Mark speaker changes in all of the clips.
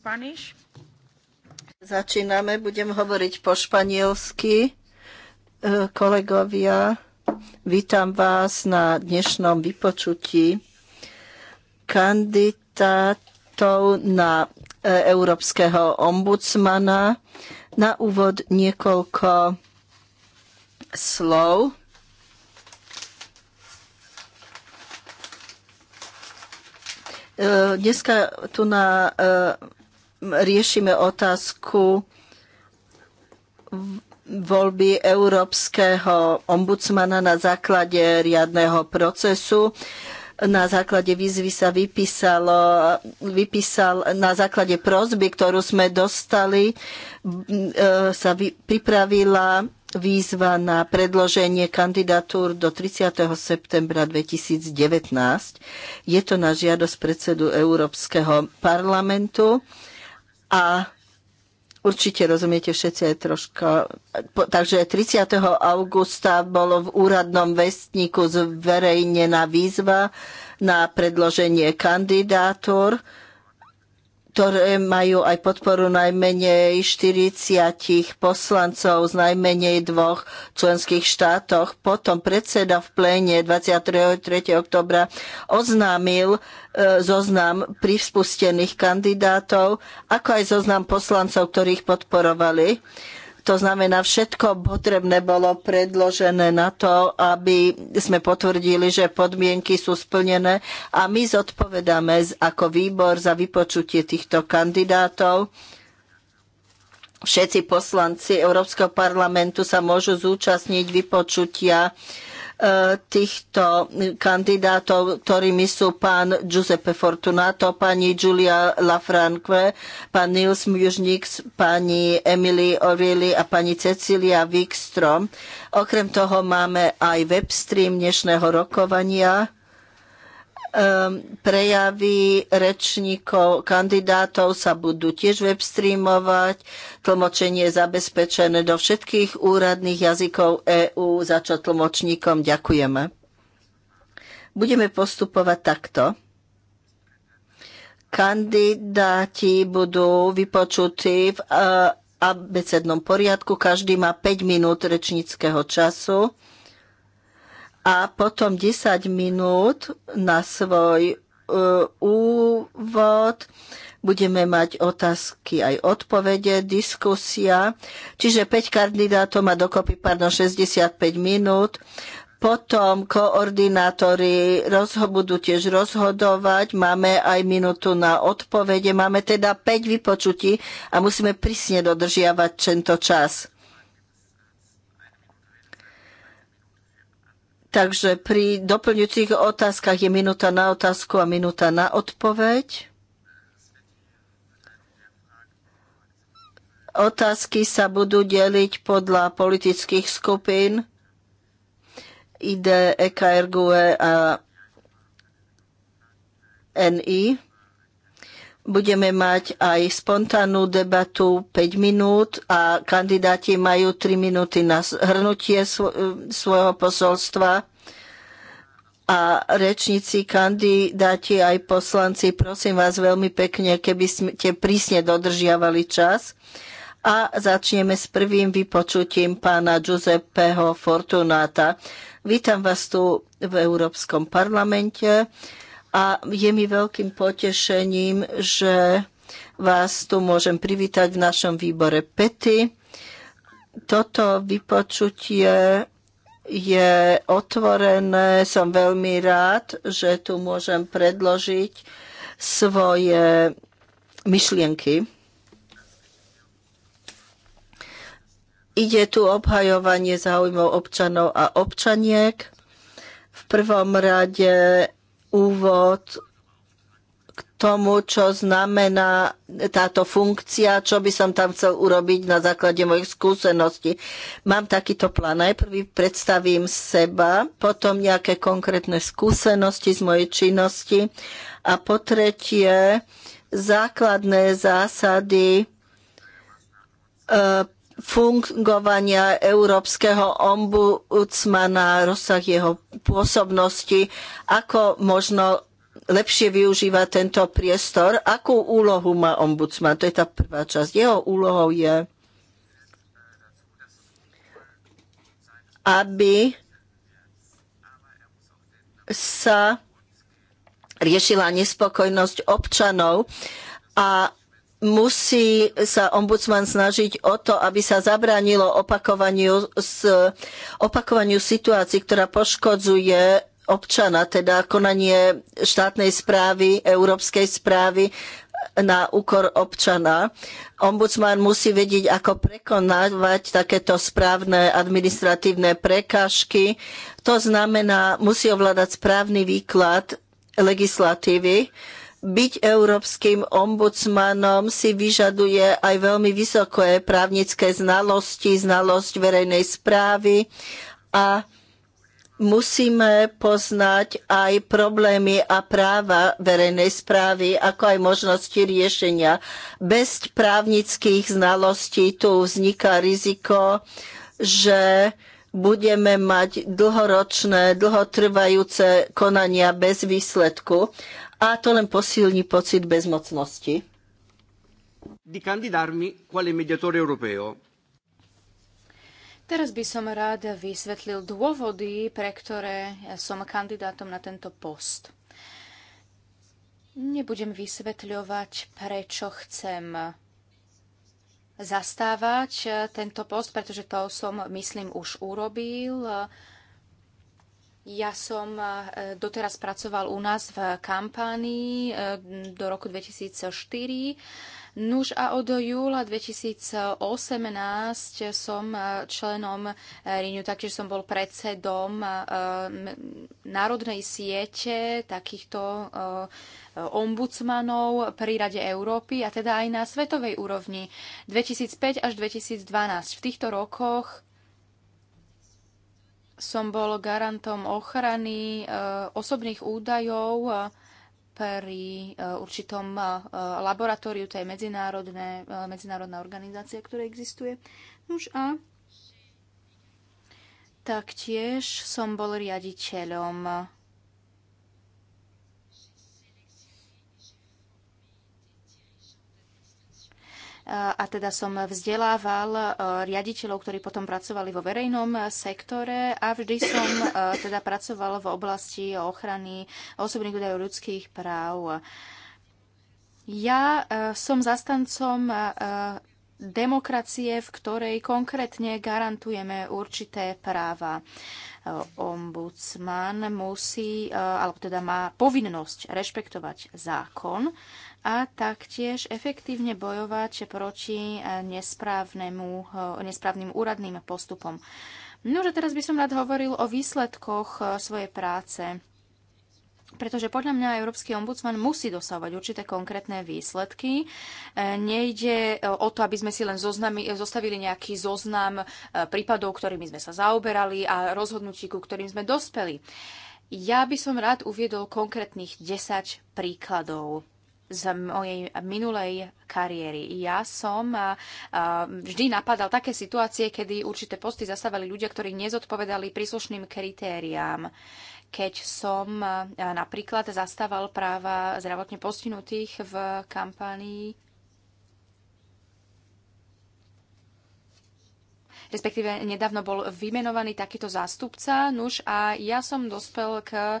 Speaker 1: Spanish. Začíname, budem hovoriť po španielsky. E, kolegovia, vítam vás na dnešnom vypočutí kandidátov na e, európskeho ombudsmana. Na úvod niekoľko slov. E, dneska tu na riešime otázku voľby európskeho ombudsmana na základe riadného procesu. Na základe výzvy sa vypísalo, vypísal, na základe prozby, ktorú sme dostali, sa vy, pripravila výzva na predloženie kandidatúr do 30. septembra 2019. Je to na žiadosť predsedu Európskeho parlamentu. A Určite rozumiete všetci aj troška. Po, takže 30. augusta bolo v úradnom vestníku zverejnená výzva na predloženie kandidátor ktoré majú aj podporu najmenej 40 poslancov z najmenej dvoch členských štátoch. Potom predseda v pléne 23. oktobra oznámil e, zoznam prispustených kandidátov, ako aj zoznam poslancov, ktorých podporovali. To znamená, všetko potrebné bolo predložené na to, aby sme potvrdili, že podmienky sú splnené a my zodpovedáme ako výbor za vypočutie týchto kandidátov. Všetci poslanci Európskeho parlamentu sa môžu zúčastniť vypočutia týchto kandidátov, ktorými sú pán Giuseppe Fortunato, pani Giulia Lafranque, pán Nils Mjužnik, pani Emily O'Reilly a pani Cecilia Wikstrom. Okrem toho máme aj webstream dnešného rokovania Ehm, prejavy rečníkov, kandidátov sa budú tiež webstreamovať. Tlmočenie je zabezpečené do všetkých úradných jazykov EÚ, za čo tlmočníkom ďakujeme. Budeme postupovať takto. Kandidáti budú vypočutí v eh, abecednom poriadku. Každý má 5 minút rečníckého času a potom 10 minút na svoj e, úvod. Budeme mať otázky aj odpovede, diskusia. Čiže 5 kandidátov má dokopy pardon, 65 minút. Potom koordinátori rozho- budú tiež rozhodovať. Máme aj minútu na odpovede. Máme teda 5 vypočutí a musíme prísne dodržiavať tento čas. Takže pri doplňujúcich otázkach je minúta na otázku a minúta na odpoveď. Otázky sa budú deliť podľa politických skupín ID, EKR, GUE a NI. Budeme mať aj spontánnu debatu 5 minút a kandidáti majú 3 minúty na zhrnutie e, svojho posolstva a rečníci, kandidáti aj poslanci, prosím vás veľmi pekne, keby ste prísne dodržiavali čas. A začneme s prvým vypočutím pána Giuseppeho Fortunata. Vítam vás tu v Európskom parlamente a je mi veľkým potešením, že vás tu môžem privítať v našom výbore PETY. Toto vypočutie je otvorené. Som veľmi rád, že tu môžem predložiť svoje myšlienky. Ide tu obhajovanie záujmov občanov a občaniek. V prvom rade úvod k tomu, čo znamená táto funkcia, čo by som tam chcel urobiť na základe mojich skúseností. Mám takýto plán. Najprv predstavím seba, potom nejaké konkrétne skúsenosti z mojej činnosti a po tretie základné zásady e, fungovania európskeho ombudsmana, rozsah jeho pôsobnosti, ako možno lepšie využíva tento priestor, akú úlohu má ombudsman. To je tá prvá časť. Jeho úlohou je, aby sa riešila nespokojnosť občanov a musí sa ombudsman snažiť o to, aby sa zabránilo opakovaniu, opakovaniu situácií, ktorá poškodzuje občana, teda konanie štátnej správy, európskej správy na úkor občana. Ombudsman musí vedieť, ako prekonávať takéto správne administratívne prekážky. To znamená, musí ovládať správny výklad legislatívy byť európskym ombudsmanom si vyžaduje aj veľmi vysoké právnické znalosti, znalosť verejnej správy a musíme poznať aj problémy a práva verejnej správy, ako aj možnosti riešenia. Bez právnických znalostí tu vzniká riziko, že budeme mať dlhoročné, dlhotrvajúce konania bez výsledku a to len posilní pocit bezmocnosti. Di candidarmi
Speaker 2: quale mediatore europeo.
Speaker 3: Teraz by som rád vysvetlil dôvody, pre ktoré ja som kandidátom na tento post. Nebudem vysvetľovať, prečo chcem zastávať tento post, pretože to som, myslím, už urobil ja som e, doteraz pracoval u nás v kampánii e, do roku 2004. Nuž a od júla 2018 som e, členom Riniu, takže som bol predsedom národnej siete takýchto ombudsmanov pri Rade Európy a teda aj na svetovej úrovni 2005 až 2012. V týchto rokoch som bol garantom ochrany e, osobných údajov e, pri e, určitom laboratóriu, tej medzinárodné medzinárodná organizácia, ktorá existuje. Už a taktiež som bol riaditeľom a teda som vzdelával e, riaditeľov, ktorí potom pracovali vo verejnom sektore a vždy som e, teda pracoval v oblasti ochrany osobných údajov ľudských práv. Ja e, som zastancom demokracie, v ktorej konkrétne garantujeme určité práva. Ombudsman musí, alebo teda má povinnosť rešpektovať zákon a taktiež efektívne bojovať proti eh, nesprávnemu, eh, nesprávnym úradným postupom. No, že teraz by som rád hovoril o výsledkoch eh, svojej práce. Pretože podľa mňa Európsky ombudsman musí dosahovať určité konkrétne výsledky. Nejde o to, aby sme si len zoznami, zostavili nejaký zoznam prípadov, ktorými sme sa zaoberali a rozhodnutí, ku ktorým sme dospeli. Ja by som rád uviedol konkrétnych 10 príkladov z mojej minulej kariéry. Ja som vždy napadal také situácie, kedy určité posty zastávali ľudia, ktorí nezodpovedali príslušným kritériám. Keď som napríklad zastával práva zdravotne postihnutých v kampanii respektíve nedávno bol vymenovaný takýto zástupca. Nuž a ja som dospel k e,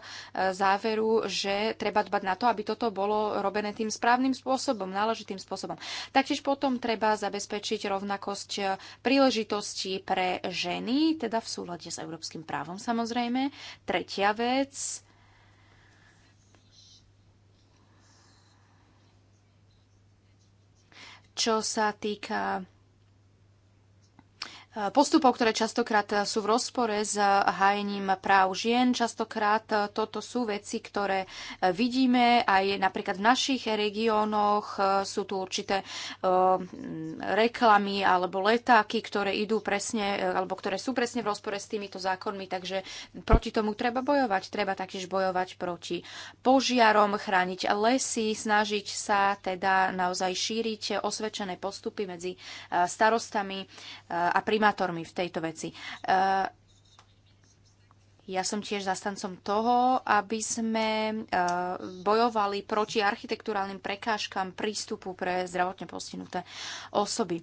Speaker 3: záveru, že treba dbať na to, aby toto bolo robené tým správnym spôsobom, náležitým spôsobom. Taktiež potom treba zabezpečiť rovnakosť e, príležitostí pre ženy, teda v súlade s európskym právom samozrejme. Tretia vec, čo sa týka postupov, ktoré častokrát sú v rozpore s hájením práv žien. Častokrát e, toto sú veci, ktoré e, vidíme aj napríklad v našich regiónoch. E, sú tu určité reklamy alebo letáky, ktoré idú presne, alebo ktoré sú presne v rozpore s týmito zákonmi, takže proti tomu treba bojovať. Treba taktiež bojovať proti požiarom, chrániť lesy, snažiť sa teda naozaj šíriť osvedčené postupy medzi starostami a pri primátormi v tejto veci. E, ja som tiež zastancom toho, aby sme e, bojovali proti architekturálnym prekážkam prístupu pre zdravotne postihnuté osoby.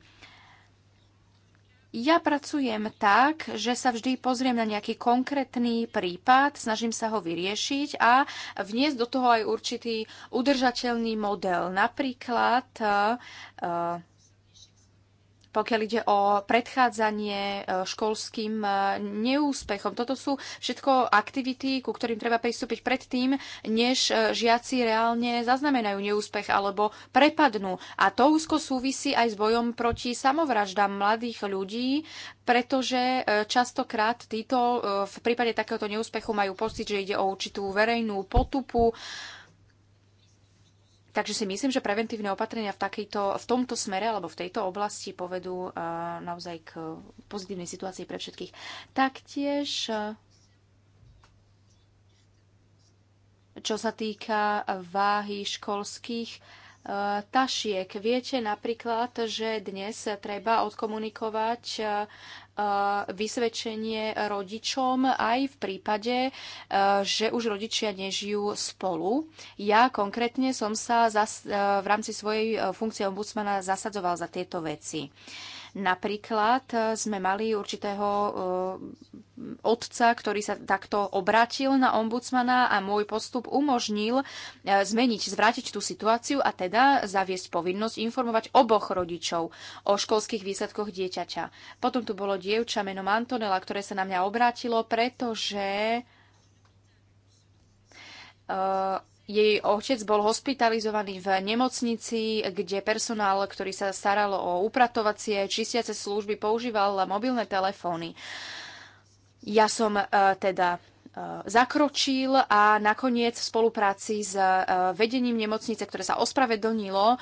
Speaker 3: Ja pracujem tak, že sa vždy pozriem na nejaký konkrétny prípad, snažím sa ho vyriešiť a vniesť do toho aj určitý udržateľný model. Napríklad e, pokiaľ ide o predchádzanie e, školským e, neúspechom. Toto sú všetko aktivity, ku ktorým treba pristúpiť predtým, než e, žiaci reálne zaznamenajú neúspech alebo prepadnú. A to úzko súvisí aj s bojom proti samovraždám mladých ľudí, pretože častokrát títo v prípade takéhoto neúspechu majú pocit, že ide o určitú verejnú potupu, Takže si myslím, že preventívne opatrenia v, takejto, v tomto smere alebo v tejto oblasti povedú eh, naozaj k pozitívnej situácii pre všetkých. Taktiež eh, čo sa týka váhy školských eh, tašiek. Viete napríklad, že dnes treba odkomunikovať vysvedčenie rodičom aj v prípade, že už rodičia nežijú spolu. Ja konkrétne som sa v rámci svojej funkcie ombudsmana zasadzoval za tieto veci. Napríklad e, sme mali určitého e, otca, ktorý sa takto obratil na ombudsmana a môj postup umožnil e, zmeniť, zvrátiť tú situáciu a teda zaviesť povinnosť informovať oboch rodičov o školských výsledkoch dieťaťa. Potom tu bolo dievča menom Antonela, ktoré sa na mňa obrátilo, pretože jej otec bol hospitalizovaný v nemocnici, kde personál, ktorý sa staral o upratovacie, čistiace služby, používal mobilné telefóny. Ja som uh, teda e, zakročil a nakoniec v spolupráci s e, vedením nemocnice, ktoré sa ospravedlnilo,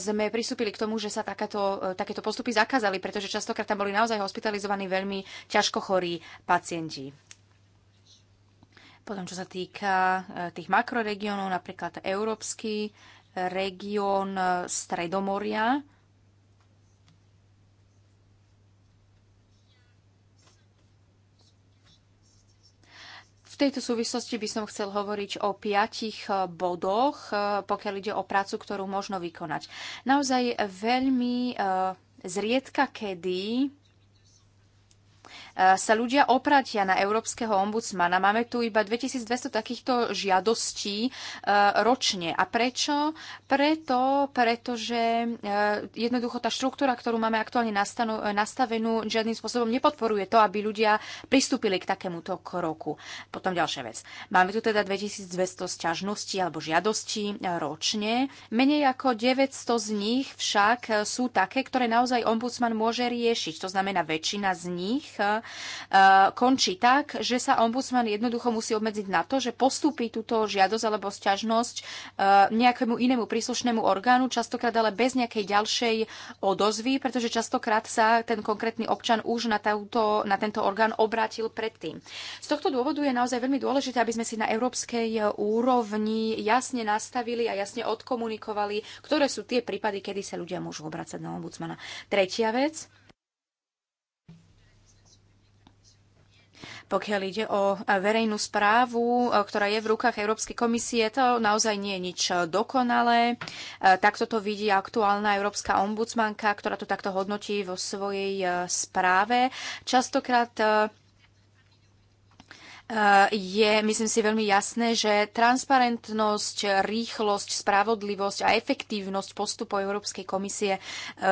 Speaker 3: sme pristúpili k tomu, že sa takáto, takéto postupy zakázali, pretože častokrát tam boli naozaj hospitalizovaní veľmi ťažko chorí pacienti. Potom, čo sa týka eh, tých makroregiónov, napríklad Európsky región eh, Stredomoria, V tejto súvislosti by som chcel hovoriť o piatich eh, bodoch, pokiaľ ide o prácu, ktorú možno vykonať. Naozaj veľmi zriedka kedy Eh, sa ľudia opratia na európskeho ombudsmana. Máme tu iba 2200 takýchto žiadostí eh, ročne. A prečo? Preto, pretože eh, jednoducho tá štruktúra, ktorú máme aktuálne nastavenú, žiadnym spôsobom nepodporuje to, aby ľudia pristúpili k takémuto kroku. Potom ďalšia vec. Máme tu teda 2200 sťažností alebo žiadostí ročne. Menej ako 900 z nich však sú také, ktoré naozaj ombudsman môže riešiť. To znamená, väčšina z nich Eh, končí tak, že sa ombudsman jednoducho musí obmedziť na to, že postupí túto žiadosť alebo sťažnosť eh, nejakému inému príslušnému orgánu, častokrát ale bez nejakej ďalšej odozvy, pretože častokrát sa ten konkrétny občan už na, táto, na tento orgán obrátil predtým. Z tohto dôvodu je naozaj veľmi dôležité, aby sme si na európskej úrovni jasne nastavili a jasne odkomunikovali, ktoré sú tie prípady, kedy sa ľudia môžu obrácať na ombudsmana. Tretia vec, Pokiaľ ide o e, verejnú správu, e, ktorá je v rukách Európskej komisie, to naozaj nie je nič e, dokonalé. Takto to vidí aktuálna Európska ombudsmanka, ktorá to takto hodnotí vo svojej správe. Častokrát je, myslím si, veľmi jasné, že transparentnosť, rýchlosť, spravodlivosť a efektívnosť postupov Európskej komisie e,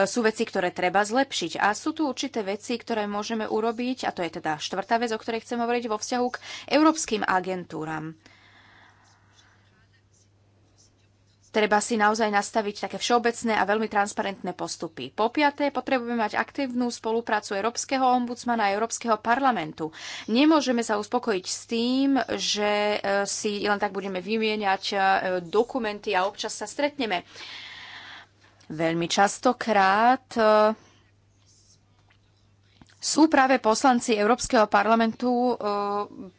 Speaker 3: sú veci, ktoré treba zlepšiť. A sú tu určité veci, ktoré môžeme urobiť, a to je teda štvrtá vec, o ktorej chcem hovoriť, vo vzťahu k európskym agentúram. Treba si naozaj nastaviť také všeobecné a veľmi transparentné postupy. Po piaté, potrebujeme mať aktívnu spoluprácu Európskeho ombudsmana a Európskeho parlamentu. Nemôžeme sa uspokojiť s tým, že e, si len tak budeme vymieňať e, dokumenty a občas sa stretneme. Veľmi častokrát e, sú práve poslanci Európskeho parlamentu e,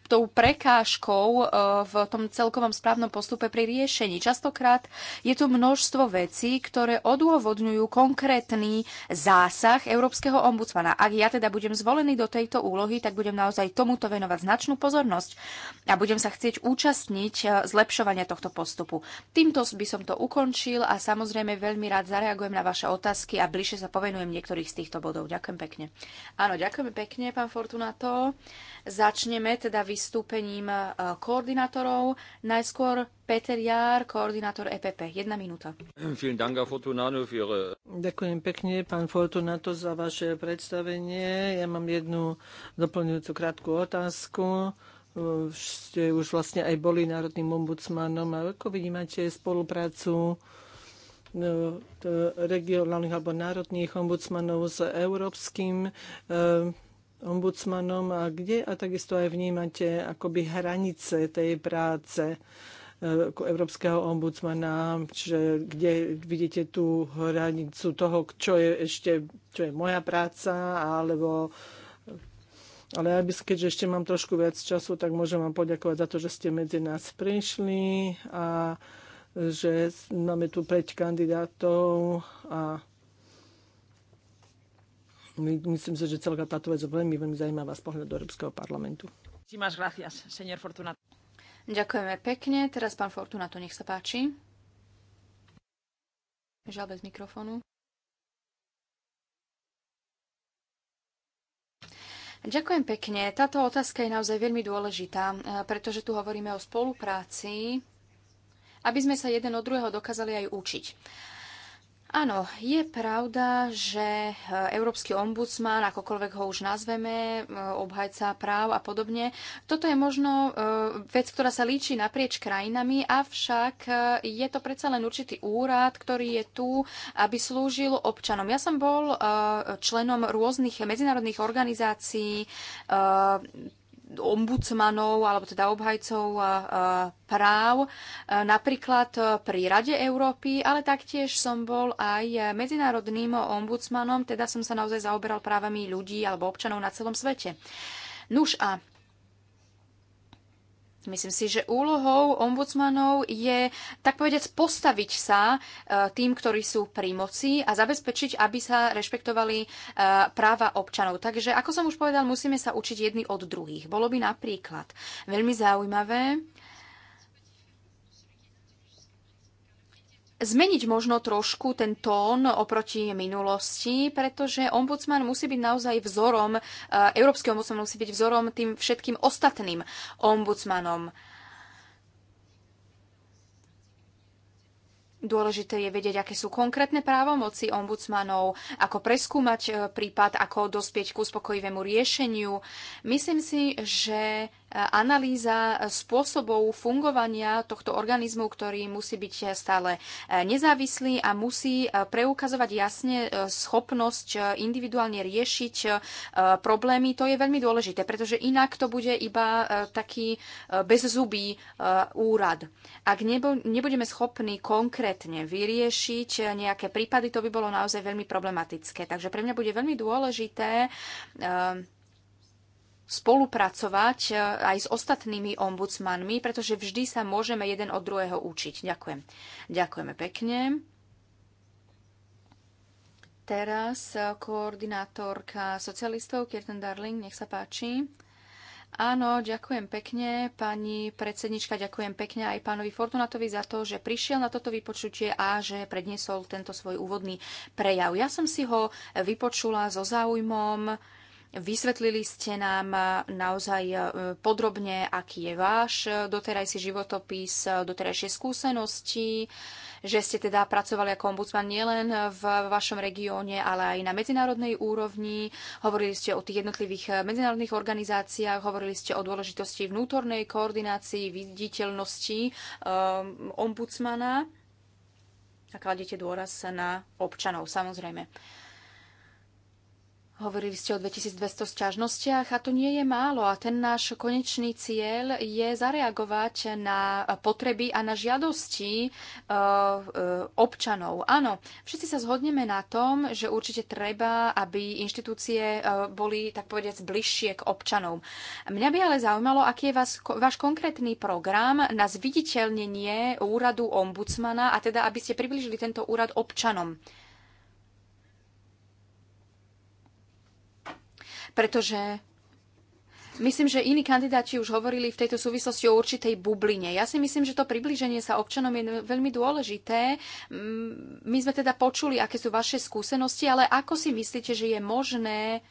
Speaker 3: tou prekážkou e, v tom celkovom správnom postupe pri riešení. Častokrát je tu množstvo vecí, ktoré odôvodňujú konkrétny zásah Európskeho ombudsmana. Ak ja teda budem zvolený do tejto úlohy, tak budem naozaj tomuto venovať značnú pozornosť a budem sa chcieť účastniť e, zlepšovania tohto postupu. Týmto by som to ukončil a samozrejme veľmi rád zareagujem na vaše otázky a bližšie sa povenujem niektorých z týchto bodov. Ďakujem pekne. A Áno, ďakujeme pekne, pán Fortunato. Začneme teda vystúpením e, koordinátorov. Najskôr Peter Jár, koordinátor EPP. Jedna minúta.
Speaker 4: Ďakujem pekne, pán Fortunato, za vaše predstavenie. Ja mám jednu doplňujúcu krátku otázku e, ste už vlastne aj boli národným ombudsmanom. A ako vnímate spoluprácu No, regionálnych alebo národných ombudsmanov s európskym eh, ombudsmanom a kde a takisto aj vnímate akoby hranice tej práce eh, európskeho ombudsmana, čiže kde vidíte tú hranicu toho, čo je ešte čo je moja práca, alebo ale aby, keďže ešte mám trošku viac času, tak môžem vám poďakovať za to, že ste medzi nás prišli a že máme tu 5 kandidátov a myslím si, že celá táto vec je veľmi, veľmi zaujímavá z pohľadu
Speaker 3: Európskeho parlamentu. Ďakujeme pekne. Teraz pán Fortunato, nech sa páči. Žiaľ bez mikrofónu. Ďakujem pekne. Táto otázka je naozaj veľmi dôležitá, pretože tu hovoríme o spolupráci aby sme sa jeden od druhého dokázali aj učiť. Áno, je pravda, že eh, Európsky ombudsman, akokoľvek ho už nazveme, eh, obhajca práv a podobne, toto je možno eh, vec, ktorá sa líči naprieč krajinami, avšak je to predsa len určitý úrad, ktorý je tu, aby slúžil občanom. Ja som bol členom rôznych medzinárodných organizácií, ombudsmanov alebo teda obhajcov práv, e, napríklad e, pri Rade Európy, ale taktiež som bol aj medzinárodným ombudsmanom, teda som sa naozaj zaoberal právami ľudí alebo občanov na celom svete. Nuž a Myslím si, že úlohou ombudsmanov je, tak povedec, postaviť sa e, tým, ktorí sú pri moci a zabezpečiť, aby sa rešpektovali e, práva občanov. Takže, ako som už povedal, musíme sa učiť jedni od druhých. Bolo by napríklad veľmi zaujímavé, zmeniť možno trošku ten tón oproti minulosti, pretože ombudsman musí byť naozaj vzorom, e, európsky ombudsman musí byť vzorom tým všetkým ostatným ombudsmanom. Dôležité je vedieť, aké sú konkrétne právomoci ombudsmanov, ako preskúmať e, prípad, ako dospieť k uspokojivému riešeniu. Myslím si, že analýza spôsobov fungovania tohto organizmu, ktorý musí byť stále eh, nezávislý a musí eh, preukazovať jasne eh, schopnosť individuálne riešiť problémy. To je veľmi dôležité, pretože inak to bude iba taký bezzubý úrad. Ak nebudeme schopní konkrétne vyriešiť nejaké prípady, to by bolo naozaj veľmi problematické. Takže pre mňa bude veľmi dôležité spolupracovať e, aj s ostatnými ombudsmanmi, pretože vždy sa môžeme jeden od druhého učiť. Ďakujem. Ďakujeme pekne. Teraz e, koordinátorka socialistov Kirsten Darling, nech sa páči. Áno, ďakujem pekne, pani predsednička, ďakujem pekne aj pánovi Fortunatovi za to, že prišiel na toto vypočutie a že predniesol tento svoj úvodný prejav. Ja som si ho vypočula so záujmom Vysvetlili ste nám e, naozaj e, podrobne, aký je váš e, doterajší životopis, doterajšie skúsenosti, že ste teda pracovali ako ombudsman nielen v vašom regióne, ale aj na medzinárodnej úrovni. Hovorili ste o tých jednotlivých medzinárodných organizáciách, hovorili ste o dôležitosti vnútornej koordinácii, viditeľnosti ombudsmana a kladete dôraz na občanov, samozrejme. Hovorili ste o 2200 sťažnostiach a to nie je málo a ten náš konečný cieľ je zareagovať na potreby a na žiadosti e, e, občanov. Áno, všetci sa zhodneme na tom, že určite treba, aby inštitúcie e, boli, tak povediac, bližšie k občanov. Mňa by ale zaujímalo, aký je vás, váš konkrétny program na zviditeľnenie úradu ombudsmana a teda, aby ste približili tento úrad občanom. pretože Myslím, že iní kandidáti už hovorili v tejto súvislosti o určitej bubline. Ja si myslím, že to približenie sa občanom je veľmi dôležité. Mm, my sme teda počuli, aké sú vaše skúsenosti, ale ako si myslíte, že je možné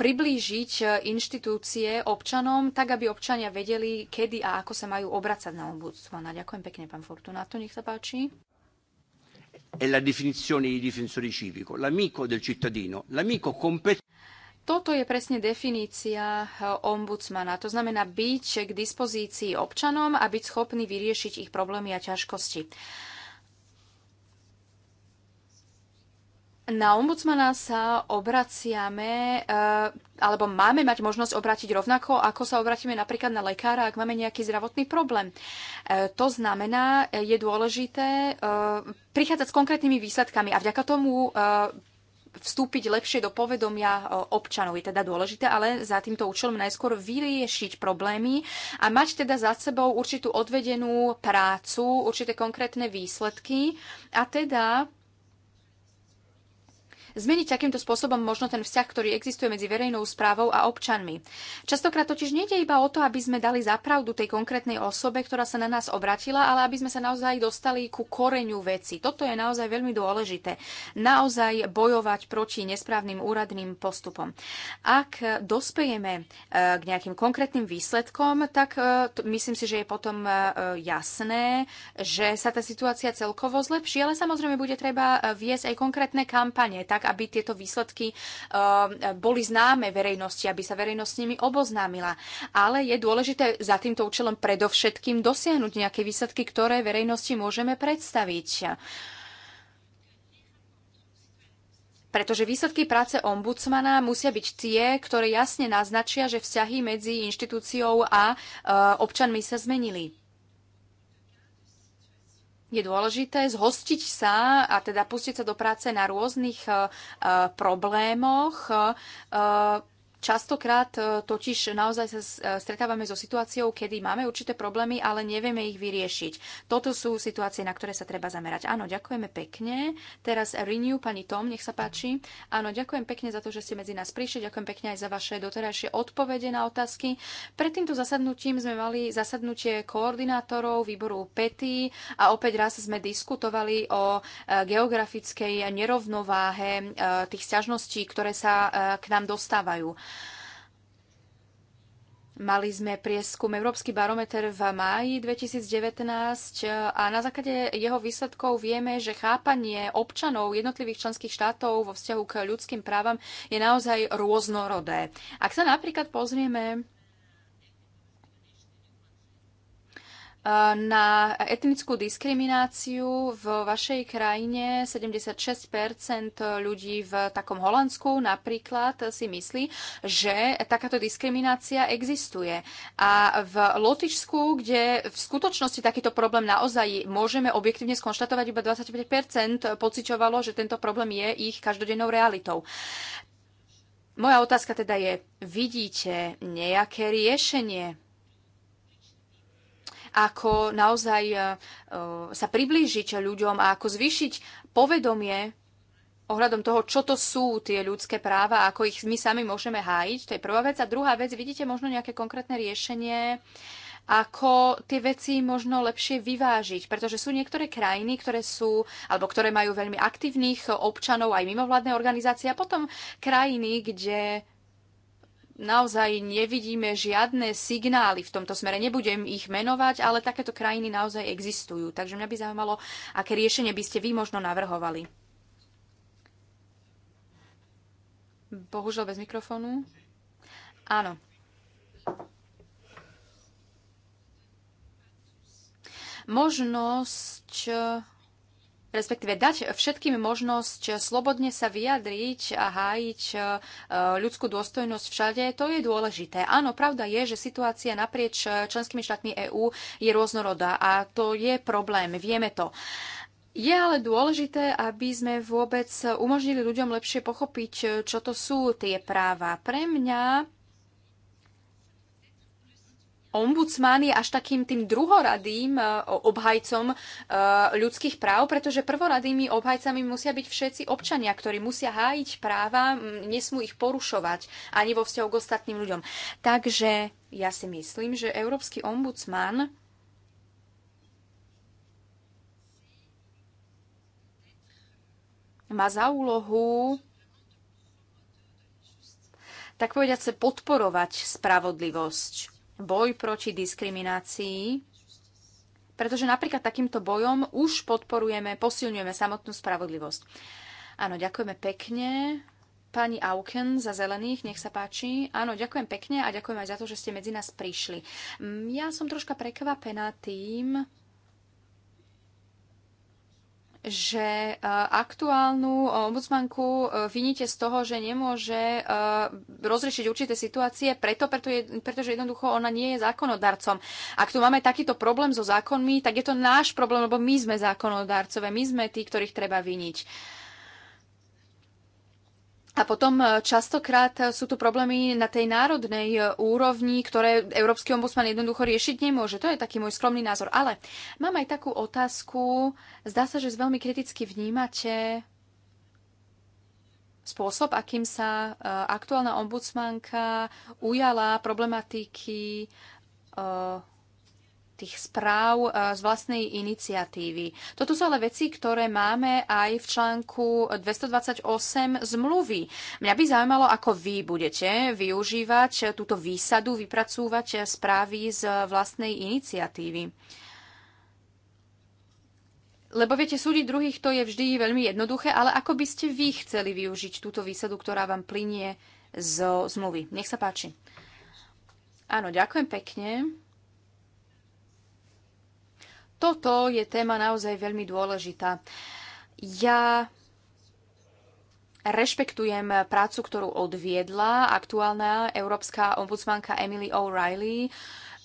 Speaker 3: priblížiť e, inštitúcie občanom, tak aby občania vedeli, kedy a ako sa majú obracať na ombudsmana. Ďakujem pekne, pán To nech sa páči
Speaker 2: è la definizione di difensore civico, l'amico del cittadino, l'amico competente.
Speaker 3: Toto je presne definícia eh, ombudsmana. To znamená byť k dispozícii občanom a byť schopný vyriešiť ich problémy a ťažkosti. Na ombudsmana sa obraciame, eh, alebo máme mať možnosť obrátiť rovnako, ako sa obratíme napríklad na lekára, ak máme nejaký zdravotný problém. Eh, to znamená, eh, je dôležité prichádzať s konkrétnymi výsledkami a vďaka tomu vstúpiť lepšie do povedomia občanov. Je teda dôležité, ale za týmto účelom najskôr vyriešiť problémy a mať teda za sebou určitú odvedenú prácu, určité konkrétne výsledky a teda Zmeniť takýmto spôsobom možno ten vzťah, ktorý existuje medzi verejnou správou a občanmi. Častokrát totiž nejde iba o to, aby sme dali zapravdu tej konkrétnej osobe, ktorá sa na nás obratila, ale aby sme sa naozaj dostali ku koreňu veci. Toto je naozaj veľmi dôležité. Naozaj bojovať proti nesprávnym úradným postupom. Ak dospejeme e, k nejakým konkrétnym výsledkom, tak e, myslím si, že je potom e, jasné, že sa tá situácia celkovo zlepší, ale samozrejme bude treba viesť aj konkrétne kampane, tak tak, aby tieto výsledky eh, boli známe verejnosti, aby sa verejnosť s nimi oboznámila. Ale je dôležité za týmto účelom predovšetkým dosiahnuť nejaké výsledky, ktoré verejnosti môžeme predstaviť pretože výsledky práce ombudsmana musia byť tie, ktoré jasne naznačia, že vzťahy medzi inštitúciou a eh, občanmi sa zmenili je dôležité zhostiť sa a teda pustiť sa do práce na rôznych eh, eh, problémoch eh, Častokrát e, totiž naozaj sa e, stretávame so situáciou, kedy máme určité problémy, ale nevieme ich vyriešiť. Toto sú situácie, na ktoré sa treba zamerať. Áno, ďakujeme pekne. Teraz Renew, pani Tom, nech sa páči. Áno, ďakujem pekne za to, že ste medzi nás prišli. Ďakujem pekne aj za vaše doterajšie odpovede na otázky. Pred týmto zasadnutím sme mali zasadnutie koordinátorov výboru PETI a opäť raz sme diskutovali o e, geografickej nerovnováhe tých sťažností, ktoré sa k nám dostávajú. Mali sme prieskum Európsky barometer v máji 2019 a na základe jeho výsledkov vieme, že chápanie občanov jednotlivých členských štátov vo vzťahu k ľudským právam je naozaj rôznorodé. Ak sa napríklad pozrieme na etnickú diskrimináciu v vašej krajine 76% ľudí v takom Holandsku napríklad si myslí, že takáto diskriminácia existuje. A v Lotyšsku, kde v skutočnosti takýto problém naozaj môžeme objektívne skonštatovať, iba 25% pociťovalo, že tento problém je ich každodennou realitou. Moja otázka teda je, vidíte nejaké riešenie ako naozaj e, e, sa priblížiť ľuďom a ako zvýšiť povedomie ohľadom toho, čo to sú tie ľudské práva, ako ich my sami môžeme hájiť. To je prvá vec. A druhá vec, vidíte možno nejaké konkrétne riešenie, ako tie veci možno lepšie vyvážiť, pretože sú niektoré krajiny, ktoré sú, alebo ktoré majú veľmi aktívnych občanov, aj mimovládne organizácie a potom krajiny, kde naozaj nevidíme žiadne signály v tomto smere. Nebudem ich menovať, ale takéto krajiny naozaj existujú. Takže mňa by zaujímalo, aké riešenie by ste vy možno navrhovali. Bohužiaľ bez mikrofónu. Áno. Možnosť respektíve dať všetkým možnosť slobodne sa vyjadriť a hájiť e, ľudskú dôstojnosť všade, to je dôležité. Áno, pravda je, že situácia naprieč e, členskými štátmi EÚ je rôznorodá a to je problém, vieme to. Je ale dôležité, aby sme vôbec umožnili ľuďom lepšie pochopiť, e, čo to sú tie práva. Pre mňa ombudsman je až takým tým druhoradým e, obhajcom e, ľudských práv, pretože prvoradými obhajcami musia byť všetci občania, ktorí musia hájiť práva, nesmú ich porušovať ani vo vzťahu k ostatným ľuďom. Takže ja si myslím, že Európsky ombudsman má za úlohu tak povediať sa podporovať spravodlivosť boj proti diskriminácii, pretože napríklad takýmto bojom už podporujeme, posilňujeme samotnú spravodlivosť. Áno, ďakujeme pekne. Pani Auken za zelených, nech sa páči. Áno, ďakujem pekne a ďakujem aj za to, že ste medzi nás prišli. Mm, ja som troška prekvapená tým, že e, aktuálnu e, ombudsmanku e, viníte z toho, že nemôže rozriešiť určité situácie, preto, preto je, pretože jednoducho ona nie je zákonodarcom. Ak tu máme takýto problém so zákonmi, tak je to náš problém, lebo my sme zákonodarcové, my sme tí, ktorých treba viniť. A potom e, častokrát e, sú tu problémy na tej národnej e, úrovni, ktoré Európsky ombudsman jednoducho riešiť nemôže. To je taký môj skromný názor. Ale mám aj takú otázku. Zdá sa, že veľmi kriticky vnímate spôsob, akým sa aktuálna ombudsmanka ujala problematiky tých správ e, z vlastnej iniciatívy. Toto sú ale veci, ktoré máme aj v článku 228 zmluvy. Mňa by zaujímalo, ako vy budete využívať túto výsadu, vypracúvať správy z vlastnej iniciatívy. Lebo viete, súdiť druhých to je vždy veľmi jednoduché, ale ako by ste vy chceli využiť túto výsadu, ktorá vám plinie z zmluvy? Nech sa páči. Áno, ďakujem pekne. Toto je téma naozaj veľmi dôležitá. Ja rešpektujem prácu, ktorú odviedla aktuálna európska ombudsmanka Emily O'Reilly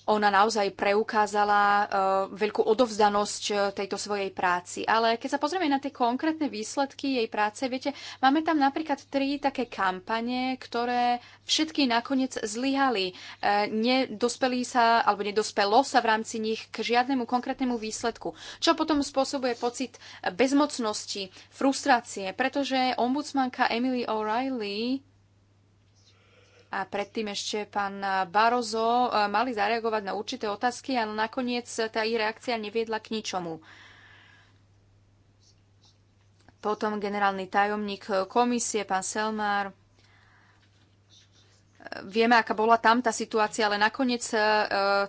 Speaker 3: ona naozaj preukázala eh, veľkú odovzdanosť eh, tejto svojej práci. Ale keď sa pozrieme na tie konkrétne výsledky jej práce, viete, máme tam napríklad tri také kampane, ktoré všetky nakoniec zlyhali. Eh, Nedospeli sa, alebo nedospelo sa v rámci nich k žiadnemu konkrétnemu výsledku. Čo potom spôsobuje pocit bezmocnosti, frustrácie, pretože ombudsmanka Emily O'Reilly a predtým ešte pán Barozo e, mali zareagovať na určité otázky, ale nakoniec tá ich reakcia neviedla k ničomu. Potom generálny tajomník komisie, pán Selmár. Vieme, aká bola tam tá situácia, ale nakoniec e,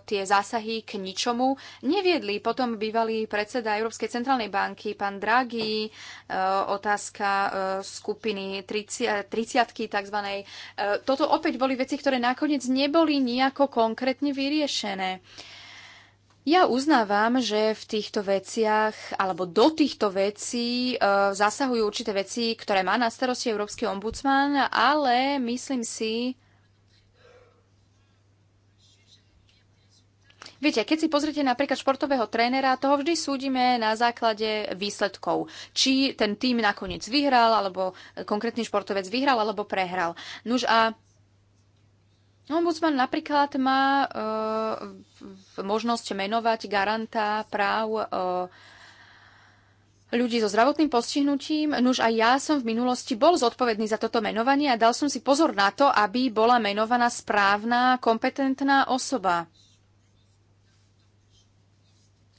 Speaker 3: tie zásahy k ničomu neviedli. Potom bývalý predseda Európskej centrálnej banky, pán Draghi, e, otázka e, skupiny 30, tzv. E, toto opäť boli veci, ktoré nakoniec neboli nejako konkrétne vyriešené. Ja uznávam, že v týchto veciach alebo do týchto vecí e, zasahujú určité veci, ktoré má na starosti Európsky ombudsman, ale myslím si, Viete, keď si pozrite napríklad športového trénera, toho vždy súdime na základe výsledkov. Či ten tým nakoniec vyhral, alebo konkrétny športovec vyhral, alebo prehral. Nuž a Ombudsman napríklad má e, možnosť menovať garanta práv e, ľudí so zdravotným postihnutím. Nuž aj ja som v minulosti bol zodpovedný za toto menovanie a dal som si pozor na to, aby bola menovaná správna, kompetentná osoba.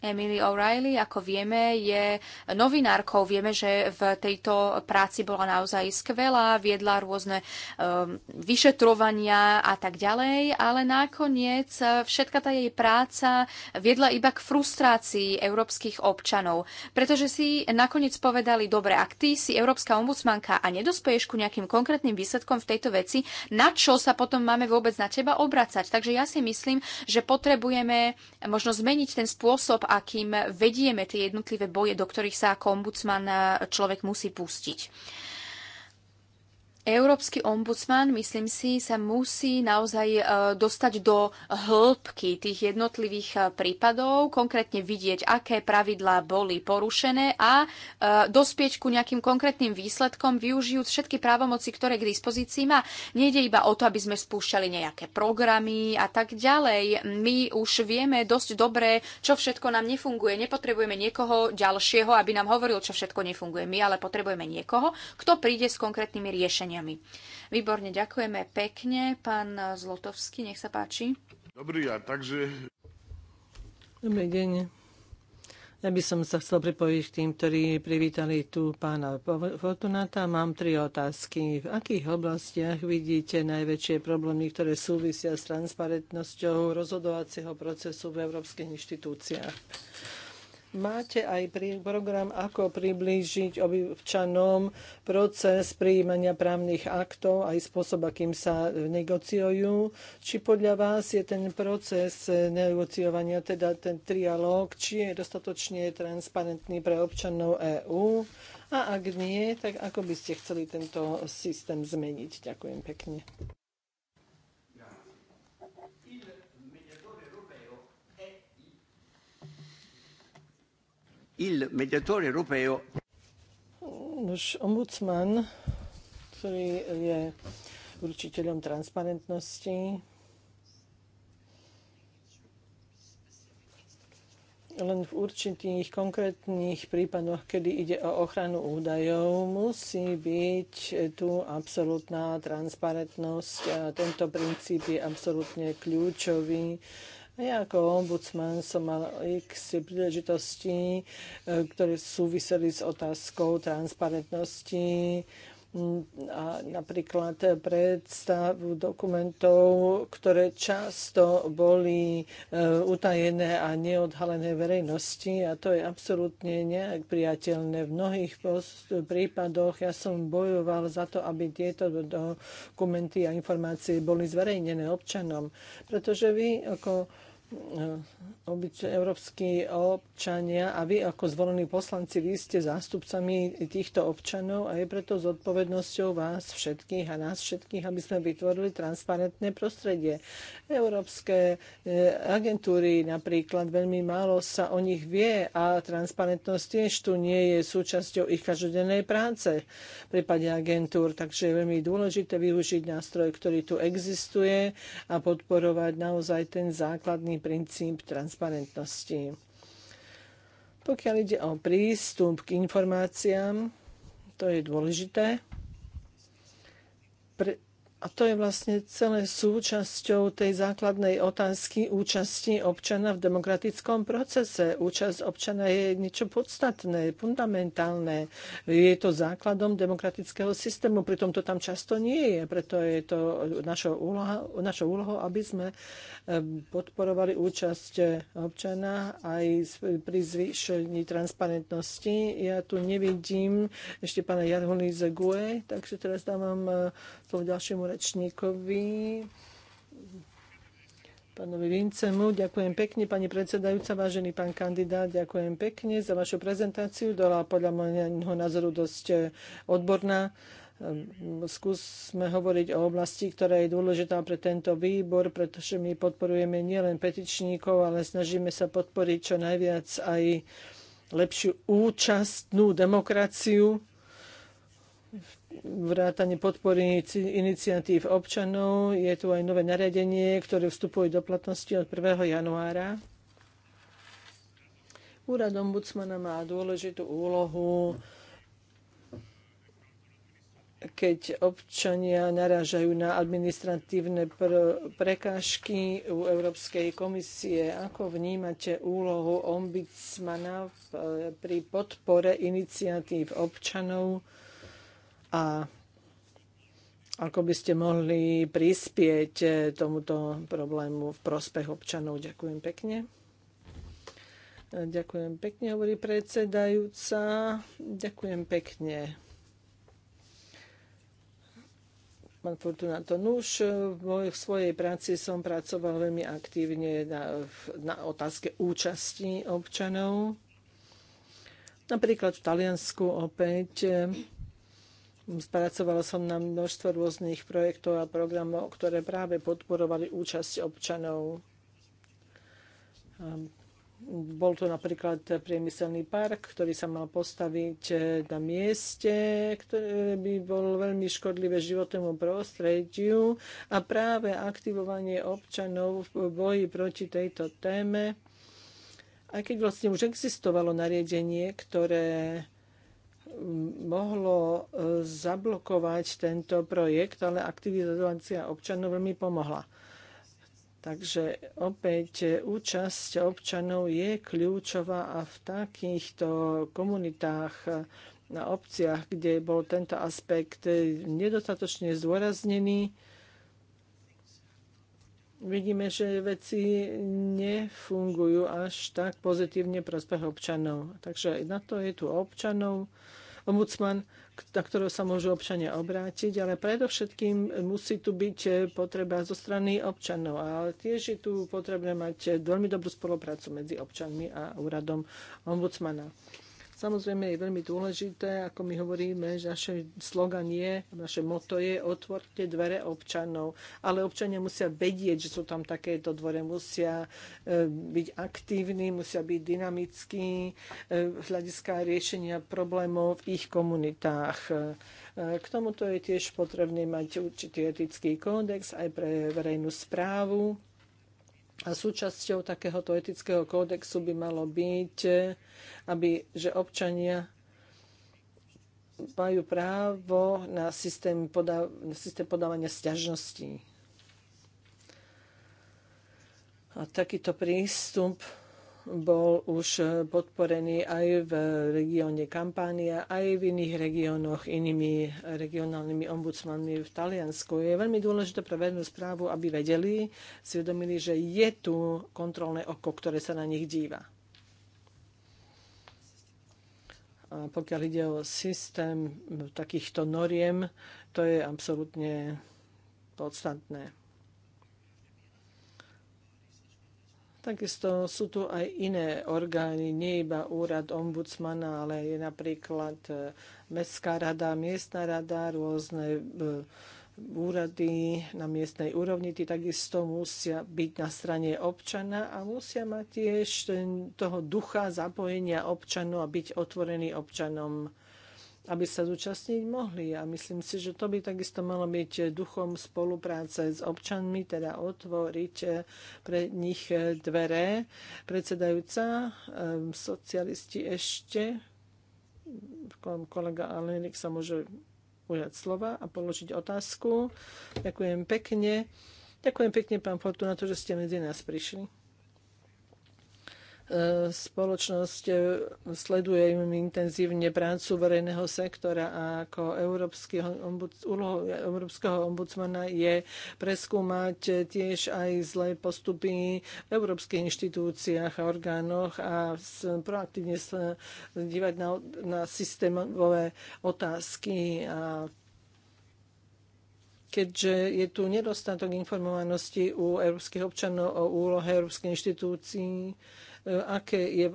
Speaker 3: Emily O'Reilly, ako vieme, je novinárkou. Vieme, že v tejto práci bola naozaj skvelá, viedla rôzne um, vyšetrovania a tak ďalej, ale nakoniec eh, všetka tá jej práca viedla iba k frustrácii európskych občanov, pretože si nakoniec povedali, dobre, ak ty si európska ombudsmanka a nedospeješ ku nejakým konkrétnym výsledkom v tejto veci, na čo sa potom máme vôbec na teba obracať? Takže ja si myslím, že potrebujeme možno zmeniť ten spôsob, a kým vedieme tie jednotlivé boje, do ktorých sa ako ombudsman človek musí pustiť. Európsky ombudsman, myslím si, sa musí naozaj e, dostať do hĺbky tých jednotlivých e, prípadov, konkrétne vidieť, aké pravidlá boli porušené a e, dospieť ku nejakým konkrétnym výsledkom, využijúc všetky právomoci, ktoré k dispozícii má. Nejde iba o to, aby sme spúšťali nejaké programy a tak ďalej. My už vieme dosť dobre, čo všetko nám nefunguje. Nepotrebujeme niekoho ďalšieho, aby nám hovoril, čo všetko nefunguje. My ale potrebujeme niekoho, kto príde s konkrétnymi riešeniami opatreniami. Výborne, ďakujeme pekne. Pán Zlotovský, nech sa páči.
Speaker 4: Dobrý ja, takže... Dobrý deň. Ja by som sa chcel pripojiť k tým, ktorí privítali tu pána Fortunata. Mám tri otázky. V akých oblastiach vidíte najväčšie problémy, ktoré súvisia s transparentnosťou rozhodovacieho procesu v európskych inštitúciách? Máte aj program, ako priblížiť občanom proces prijímania právnych aktov, aj spôsob, akým sa negociujú. Či podľa vás je ten proces negociovania, teda ten trialóg, či je dostatočne transparentný pre občanov EÚ? A ak nie, tak ako by ste chceli tento systém zmeniť? Ďakujem pekne.
Speaker 2: il mediatore europeo.
Speaker 4: Už ombudsman, ktorý je určiteľom transparentnosti, len v určitých konkrétnych prípadoch, kedy ide o ochranu údajov, musí byť tu absolútna transparentnosť a tento princíp je absolútne kľúčový ja ako ombudsman som mal x príležitostí, e, ktoré súviseli s otázkou transparentnosti, a napríklad predstavu dokumentov, ktoré často boli e, utajené a neodhalené verejnosti a to je absolútne nejak priateľné. V mnohých prípadoch ja som bojoval za to, aby tieto dokumenty a informácie boli zverejnené občanom, pretože vy ako Eh, európsky občania a vy ako zvolení poslanci, vy ste zástupcami týchto občanov a je preto zodpovednosťou vás všetkých a nás všetkých, aby sme vytvorili transparentné prostredie. Európske eh, agentúry napríklad veľmi málo sa o nich vie a transparentnosť tiež tu nie je súčasťou ich každodennej práce v prípade agentúr, takže je veľmi dôležité využiť nástroj, ktorý tu existuje a podporovať naozaj ten základný princíp transparentnosti. Pokiaľ ide o prístup k informáciám, to je dôležité. Pre, a to je vlastne celé súčasťou tej základnej otázky účasti občana v demokratickom procese. Účasť občana je niečo podstatné, fundamentálne. Je to základom demokratického systému, pritom to tam často nie je. Preto je to našou, úlohou, našou úloho, aby sme e, podporovali účasť občana aj pri zvýšení transparentnosti. Ja tu nevidím ešte pána Jarhony Zegue, takže teraz dávam e, slovo ďalšiemu rečníkovi pánovi Vincemu. Ďakujem pekne, pani predsedajúca, vážený pán kandidát, ďakujem pekne za vašu prezentáciu. Dola podľa môjho názoru dosť e, odborná. Ehm, skúsme hovoriť o oblasti, ktorá je dôležitá pre tento výbor, pretože my podporujeme nielen petičníkov, ale snažíme sa podporiť čo najviac aj lepšiu účastnú demokraciu vrátanie podpory iniciatív občanov. Je tu aj nové nariadenie, ktoré vstupuje do platnosti od 1. januára. Úrad ombudsmana má dôležitú úlohu, keď občania narážajú na administratívne pr- prekážky u Európskej komisie. Ako vnímate úlohu ombudsmana pri podpore iniciatív občanov? a ako by ste mohli prispieť eh, tomuto problému v prospech občanov. Ďakujem pekne. Eh, ďakujem pekne, hovorí predsedajúca. Ďakujem pekne. Pán Fortunato Nuž, eh, v svojej práci som pracoval veľmi aktívne na, na otázke účasti občanov. Napríklad v Taliansku opäť Spracovala som na množstvo rôznych projektov a programov, ktoré práve podporovali účasť občanov. Ehm, bol to napríklad priemyselný park, ktorý sa mal postaviť eh, na mieste, ktoré by bol veľmi škodlivé životnému prostrediu a práve aktivovanie občanov v boji proti tejto téme, aj keď vlastne už existovalo nariadenie, ktoré mohlo e, zablokovať tento projekt, ale aktivizácia občanov veľmi pomohla. Takže opäť e, účasť občanov je kľúčová a v takýchto komunitách na obciach, kde bol tento aspekt e, nedostatočne zdôraznený, vidíme, že veci nefungujú až tak pozitívne prospech občanov. Takže na to je tu občanov, ombudsman, na ktorého sa môžu občania obrátiť, ale predovšetkým musí tu byť eh, potreba zo strany občanov. A tiež je tu potrebné mať eh, veľmi dobrú spoluprácu medzi občanmi a úradom ombudsmana. Samozrejme je veľmi dôležité, ako my hovoríme, že naše slogan je, naše moto je otvorte dvere občanov. Ale občania musia vedieť, že sú tam takéto dvore, musia e, byť aktívni, musia byť dynamickí e, z hľadiska riešenia problémov v ich komunitách. E, k tomuto je tiež potrebné mať určitý etický kódex aj pre verejnú správu a súčasťou takéhoto etického kódexu by malo byť, e, aby, že občania majú právo na systém, podá, systém podávania sťažností. A takýto prístup bol už e, podporený aj v regióne Kampánia, aj v iných regiónoch inými regionálnymi ombudsmanmi v Taliansku. Je veľmi dôležité pre verejnú správu, aby vedeli, si uvedomili, že je tu kontrolné oko, ktoré sa na nich díva. A pokiaľ ide o systém takýchto noriem, to je absolútne podstatné. Takisto sú tu aj iné orgány, nie iba úrad ombudsmana, ale je napríklad e, Mestská rada, miestna rada, rôzne e, úrady na miestnej úrovni, tí takisto musia byť na strane občana a musia mať tiež toho ducha zapojenia občanov a byť otvorený občanom aby sa zúčastniť mohli. A myslím si, že to by takisto malo byť duchom spolupráce s občanmi, teda otvoriť pre nich dvere. Predsedajúca, ehm, socialisti ešte, kolega Alenik sa môže ujať slova a položiť otázku. Ďakujem pekne. Ďakujem pekne, pán Fortuna, to, že ste medzi nás prišli spoločnosť e, sleduje im intenzívne prácu verejného sektora a ako Európsky úlohou Európskeho ombudsmana je preskúmať tiež aj zlé postupy v európskych inštitúciách a orgánoch a proaktívne sa dívať na, na systémové otázky a keďže je tu nedostatok informovanosti u európskych občanov o úlohe európskej inštitúcií, E, aké, je,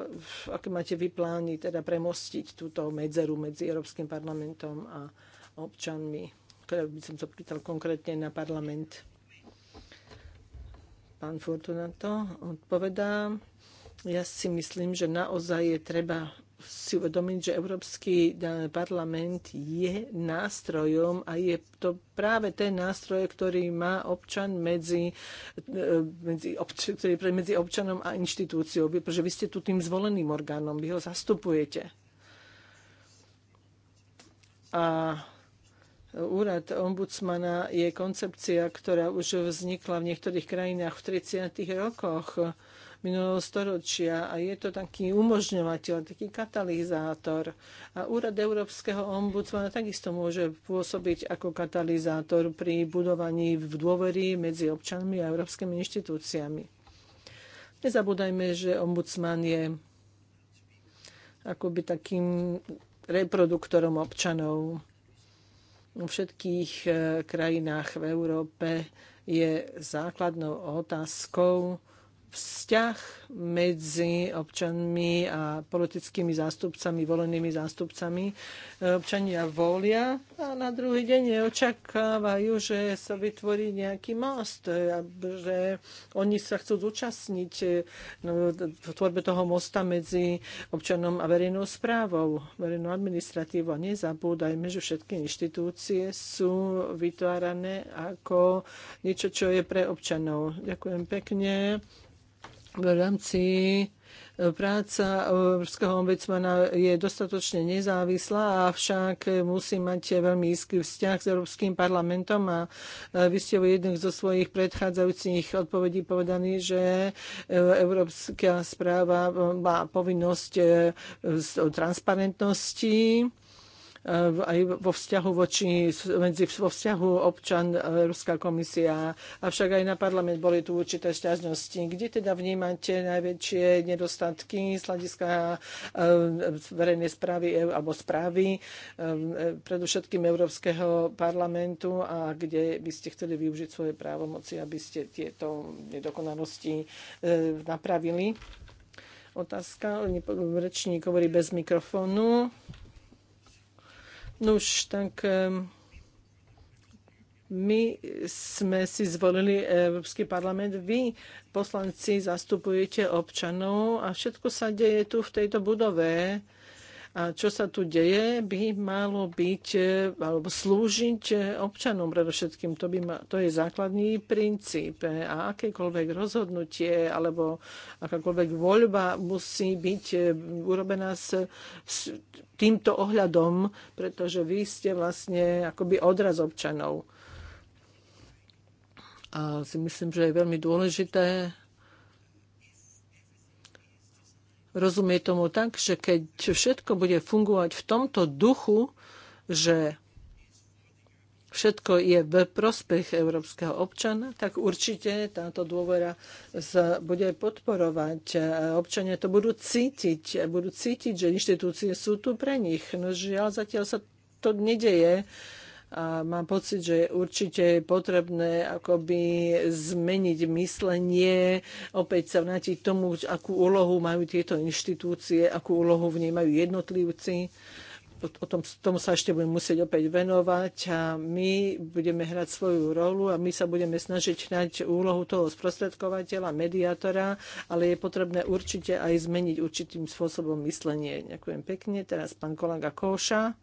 Speaker 4: aké máte vy plány teda premostiť túto medzeru medzi Európskym parlamentom a občanmi? Ktoré teda by som to pýtal konkrétne na parlament. Pán Fortunato odpovedá. Ja si myslím, že naozaj je treba si uvedomiť, že Európsky parlament je nástrojom a je to práve ten nástroj, ktorý má občan medzi, e, medzi, obč- ktorý je medzi občanom a inštitúciou, pretože vy ste tu tým zvoleným orgánom, vy ho zastupujete. A úrad ombudsmana je koncepcia, ktorá už vznikla v niektorých krajinách v 30. rokoch minulého storočia a je to taký umožňovateľ, taký katalizátor. A úrad Európskeho ombudsmana takisto môže pôsobiť ako katalizátor pri budovaní v dôvery medzi občanmi a európskymi inštitúciami. Nezabúdajme, že ombudsman je akoby takým reproduktorom občanov vo všetkých eh, krajinách v Európe je základnou otázkou, vzťah medzi občanmi a politickými zástupcami, volenými zástupcami. E, občania volia a na druhý deň očakávajú, že sa vytvorí nejaký most, e, že oni sa chcú zúčastniť e, no, v tvorbe toho mosta medzi občanom a verejnou správou, verejnou administratívou. Nezabúdajme, že všetky inštitúcie sú vytvárané ako niečo, čo je pre občanov. Ďakujem pekne v rámci e, práca Európskeho ombudsmana je dostatočne nezávislá, avšak musí mať veľmi íský vzťah s Európskym parlamentom a e, vy ste v jednej zo svojich predchádzajúcich odpovedí povedaní, že e, Európska správa má povinnosť transparentnosti Eh, aj vo vzťahu voči, medzi, vo vzťahu občan Európska eh, komisia, avšak aj na parlament boli tu určité šťažnosti. Kde teda vnímate najväčšie nedostatky z hľadiska eh, verejnej správy alebo správy predovšetkým Európskeho parlamentu a kde by ste chceli využiť svoje právomoci, aby ste tieto nedokonalosti napravili? Otázka, rečník hovorí bez mikrofónu. Nuž, tak my sme si zvolili Európsky parlament, vy poslanci zastupujete občanov a všetko sa deje tu v tejto budove. A čo sa tu deje, by malo byť e, alebo slúžiť e, občanom predovšetkým. To, by ma, to je základný princíp. E, a akékoľvek rozhodnutie alebo akákoľvek voľba musí byť urobená s, s týmto ohľadom, pretože vy ste vlastne akoby odraz občanov. A si myslím, že je veľmi dôležité rozumie tomu tak, že keď všetko bude fungovať v tomto duchu, že všetko je v prospech európskeho občana, tak určite táto dôvera sa bude podporovať. Občania to budú cítiť, budú cítiť, že inštitúcie sú tu pre nich. No žiaľ, zatiaľ sa to nedeje a mám pocit, že je určite potrebné akoby zmeniť myslenie, opäť sa vnátiť tomu, akú úlohu majú tieto inštitúcie, akú úlohu v nej majú jednotlivci. O tom, tomu sa ešte budeme musieť opäť venovať a my budeme hrať svoju rolu a my sa budeme snažiť hrať úlohu toho sprostredkovateľa, mediátora, ale je potrebné určite aj zmeniť určitým spôsobom myslenie. Ďakujem pekne. Teraz pán kolega Koša.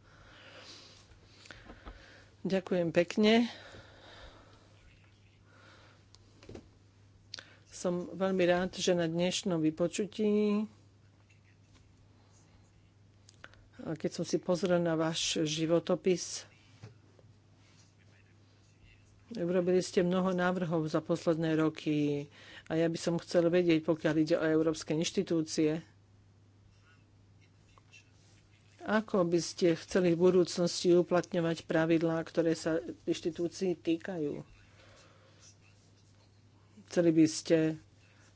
Speaker 4: Ďakujem pekne. Som veľmi rád, že na dnešnom vypočutí, keď som si pozrel na váš životopis, Urobili ste mnoho návrhov za posledné roky a ja by som chcel vedieť, pokiaľ ide o európske inštitúcie, ako by ste chceli v budúcnosti uplatňovať pravidlá, ktoré sa inštitúcií týkajú? Chceli by ste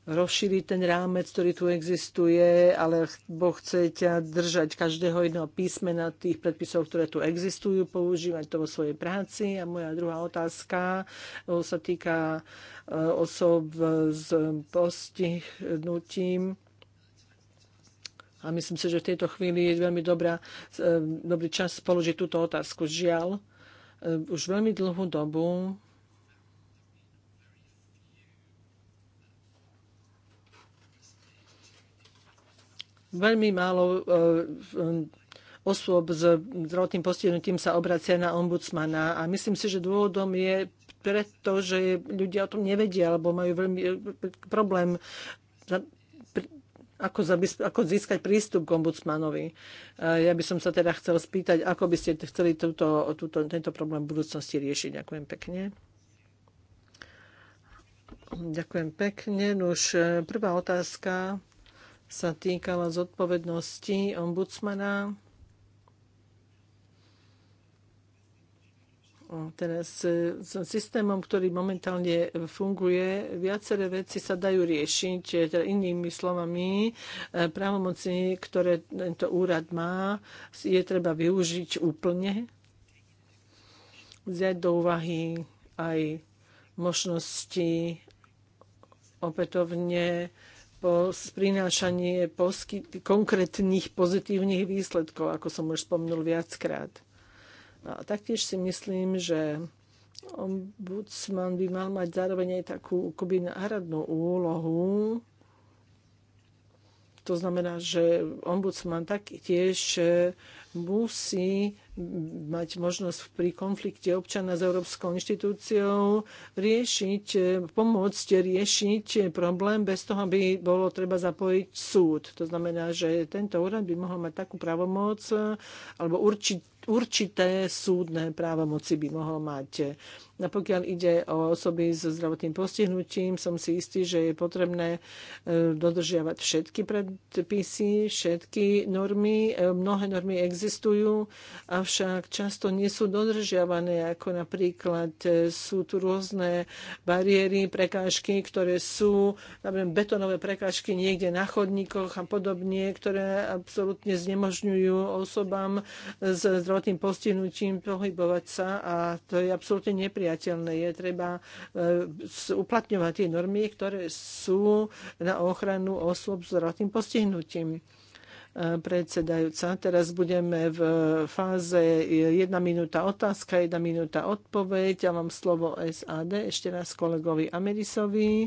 Speaker 4: rozšíriť ten rámec, ktorý tu existuje, ale Boh chce ťa držať každého jedného písmena tých predpisov, ktoré tu existujú, používať to vo svojej práci. A moja druhá otázka sa týka e, osob s postihnutím a myslím si, že v tejto chvíli je veľmi dobrá, e, dobrý čas položiť túto otázku. Žiaľ, e, už veľmi dlhú dobu veľmi málo e, osôb s zdravotným postihnutím sa obracia na ombudsmana a myslím si, že dôvodom je preto, že ľudia o tom nevedia alebo majú veľmi problém ako, ako získať prístup k ombudsmanovi. E, ja by som sa teda chcel spýtať, ako by ste chceli túto, túto, tento problém v budúcnosti riešiť. Ďakujem pekne. Ďakujem pekne. Už e, prvá otázka sa týkala zodpovednosti ombudsmana. teraz e, s systémom, ktorý momentálne funguje, viaceré veci sa dajú riešiť, e, teda inými slovami, e, právomoci, ktoré tento úrad má, je treba využiť úplne, vziať do úvahy aj možnosti opätovne po prinášanie konkrétnych pozitívnych výsledkov, ako som už spomnul viackrát. A taktiež si myslím, že ombudsman by mal mať zároveň aj takú akoby náhradnú úlohu. To znamená, že ombudsman taktiež e, musí mať možnosť pri konflikte občana s Európskou inštitúciou riešiť, e, pomôcť riešiť problém bez toho, aby bolo treba zapojiť súd. To znamená, že tento úrad by mohol mať takú pravomoc alebo určiť určité súdne právomoci by mohol mať. A pokiaľ ide o osoby so zdravotným postihnutím, som si istý, že je potrebné e, dodržiavať všetky predpisy, všetky normy. E, mnohé normy existujú, avšak často nie sú dodržiavané, ako napríklad e, sú tu rôzne bariéry, prekážky, ktoré sú, napríklad betonové prekážky niekde na chodníkoch a podobne, ktoré absolútne znemožňujú osobám s zdravotným zdravotným postihnutím pohybovať sa a to je absolútne nepriateľné. Je treba e, uplatňovať tie normy, ktoré sú na ochranu osôb s zdravotným postihnutím e, predsedajúca. Teraz budeme v fáze jedna minúta otázka, jedna minúta odpoveď. Ja mám slovo SAD, ešte raz kolegovi Amerisovi.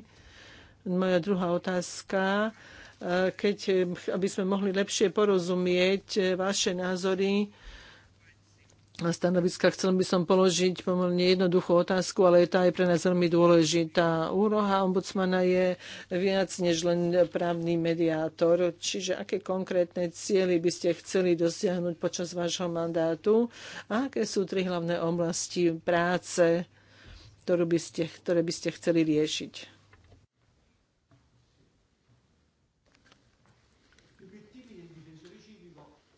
Speaker 4: Moja druhá otázka, e, keď, aby sme mohli lepšie porozumieť vaše názory, stanoviska. Chcel by som položiť pomerne jednoduchú otázku, ale tá je pre nás veľmi dôležitá. Úroha ombudsmana je viac než len právny mediátor. Čiže aké konkrétne cieľy by ste chceli dosiahnuť počas vášho mandátu a aké sú tri hlavné oblasti práce, ktorú by ste, ktoré by ste chceli
Speaker 2: riešiť?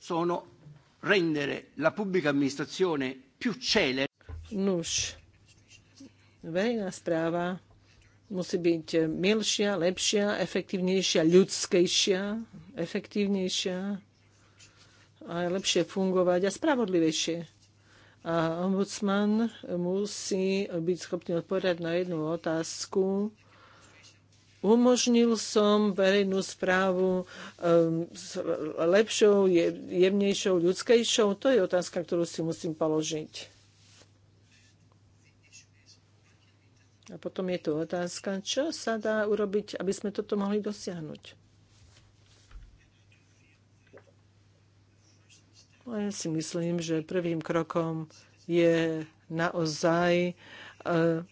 Speaker 2: Sono rendere la pubblica amministrazione più celere.
Speaker 4: Nuž, verejná správa musí byť milšia, lepšia, efektívnejšia, ľudskejšia, efektívnejšia a lepšie fungovať a spravodlivejšie. A ombudsman musí byť schopný odpovedať na jednu otázku Umožnil som verejnú správu ehm, lepšou, jemnejšou, ľudskejšou? To je otázka, ktorú si musím položiť. A potom je tu otázka, čo sa dá urobiť, aby sme toto mohli dosiahnuť. No ja si myslím, že prvým krokom je naozaj eh,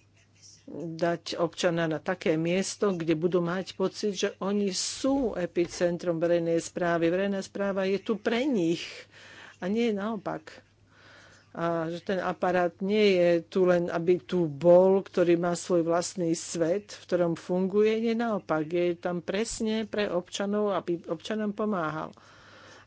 Speaker 4: dať občana na také miesto, kde budú mať pocit, že oni sú epicentrom verejnej správy. Verejná správa je tu pre nich a nie naopak a že ten aparát nie je tu len, aby tu bol, ktorý má svoj vlastný svet, v ktorom funguje, nie naopak, je tam presne pre občanov, aby občanom pomáhal.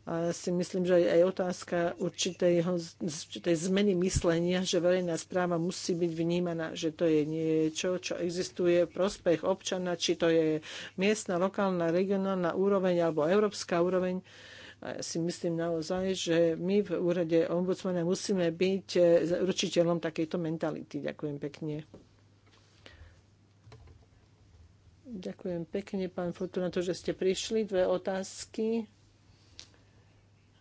Speaker 4: A si myslím, že aj otázka určitej, určitej zmeny myslenia, že verejná správa musí byť vnímaná, že to je niečo, čo existuje v prospech občana, či to je miestna, lokálna, regionálna úroveň alebo európska úroveň. A ja si myslím naozaj, že my v úrade ombudsmana musíme byť e, určiteľom takejto mentality. Ďakujem pekne. Ďakujem pekne, pán Fortuna, to, že ste prišli. Dve otázky.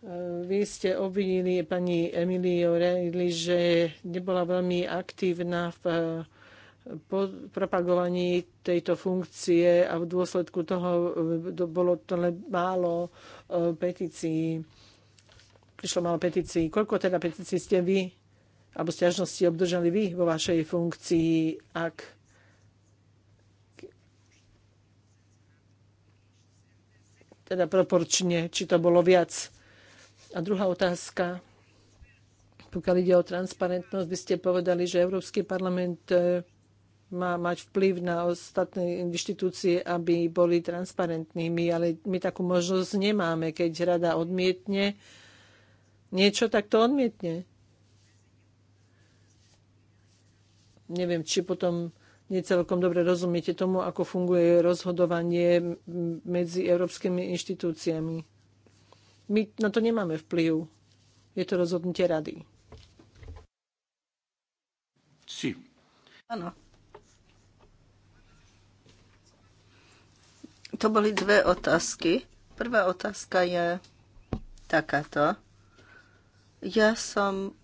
Speaker 4: Eh, vy ste obvinili pani Emilio Reilly, že nebola veľmi aktívna v eh, propagovaní tejto funkcie a v dôsledku toho eh, bolo to len málo petícií. Prišlo málo petícií. Koľko teda petícií ste vy alebo stiažnosti obdržali vy vo vašej funkcii, ak teda proporčne, či to bolo viac a druhá otázka. Pokiaľ ide o transparentnosť, vy ste povedali, že Európsky parlament e, má mať vplyv na ostatné inštitúcie, aby boli transparentnými, ale my takú možnosť nemáme. Keď rada odmietne niečo, tak to odmietne. Neviem, či potom necelkom dobre rozumiete tomu, ako funguje rozhodovanie medzi európskymi inštitúciami my na to nemáme vplyv. Je to rozhodnutie rady.
Speaker 1: Si. Áno. To boli dve otázky. Prvá otázka je takáto. Ja som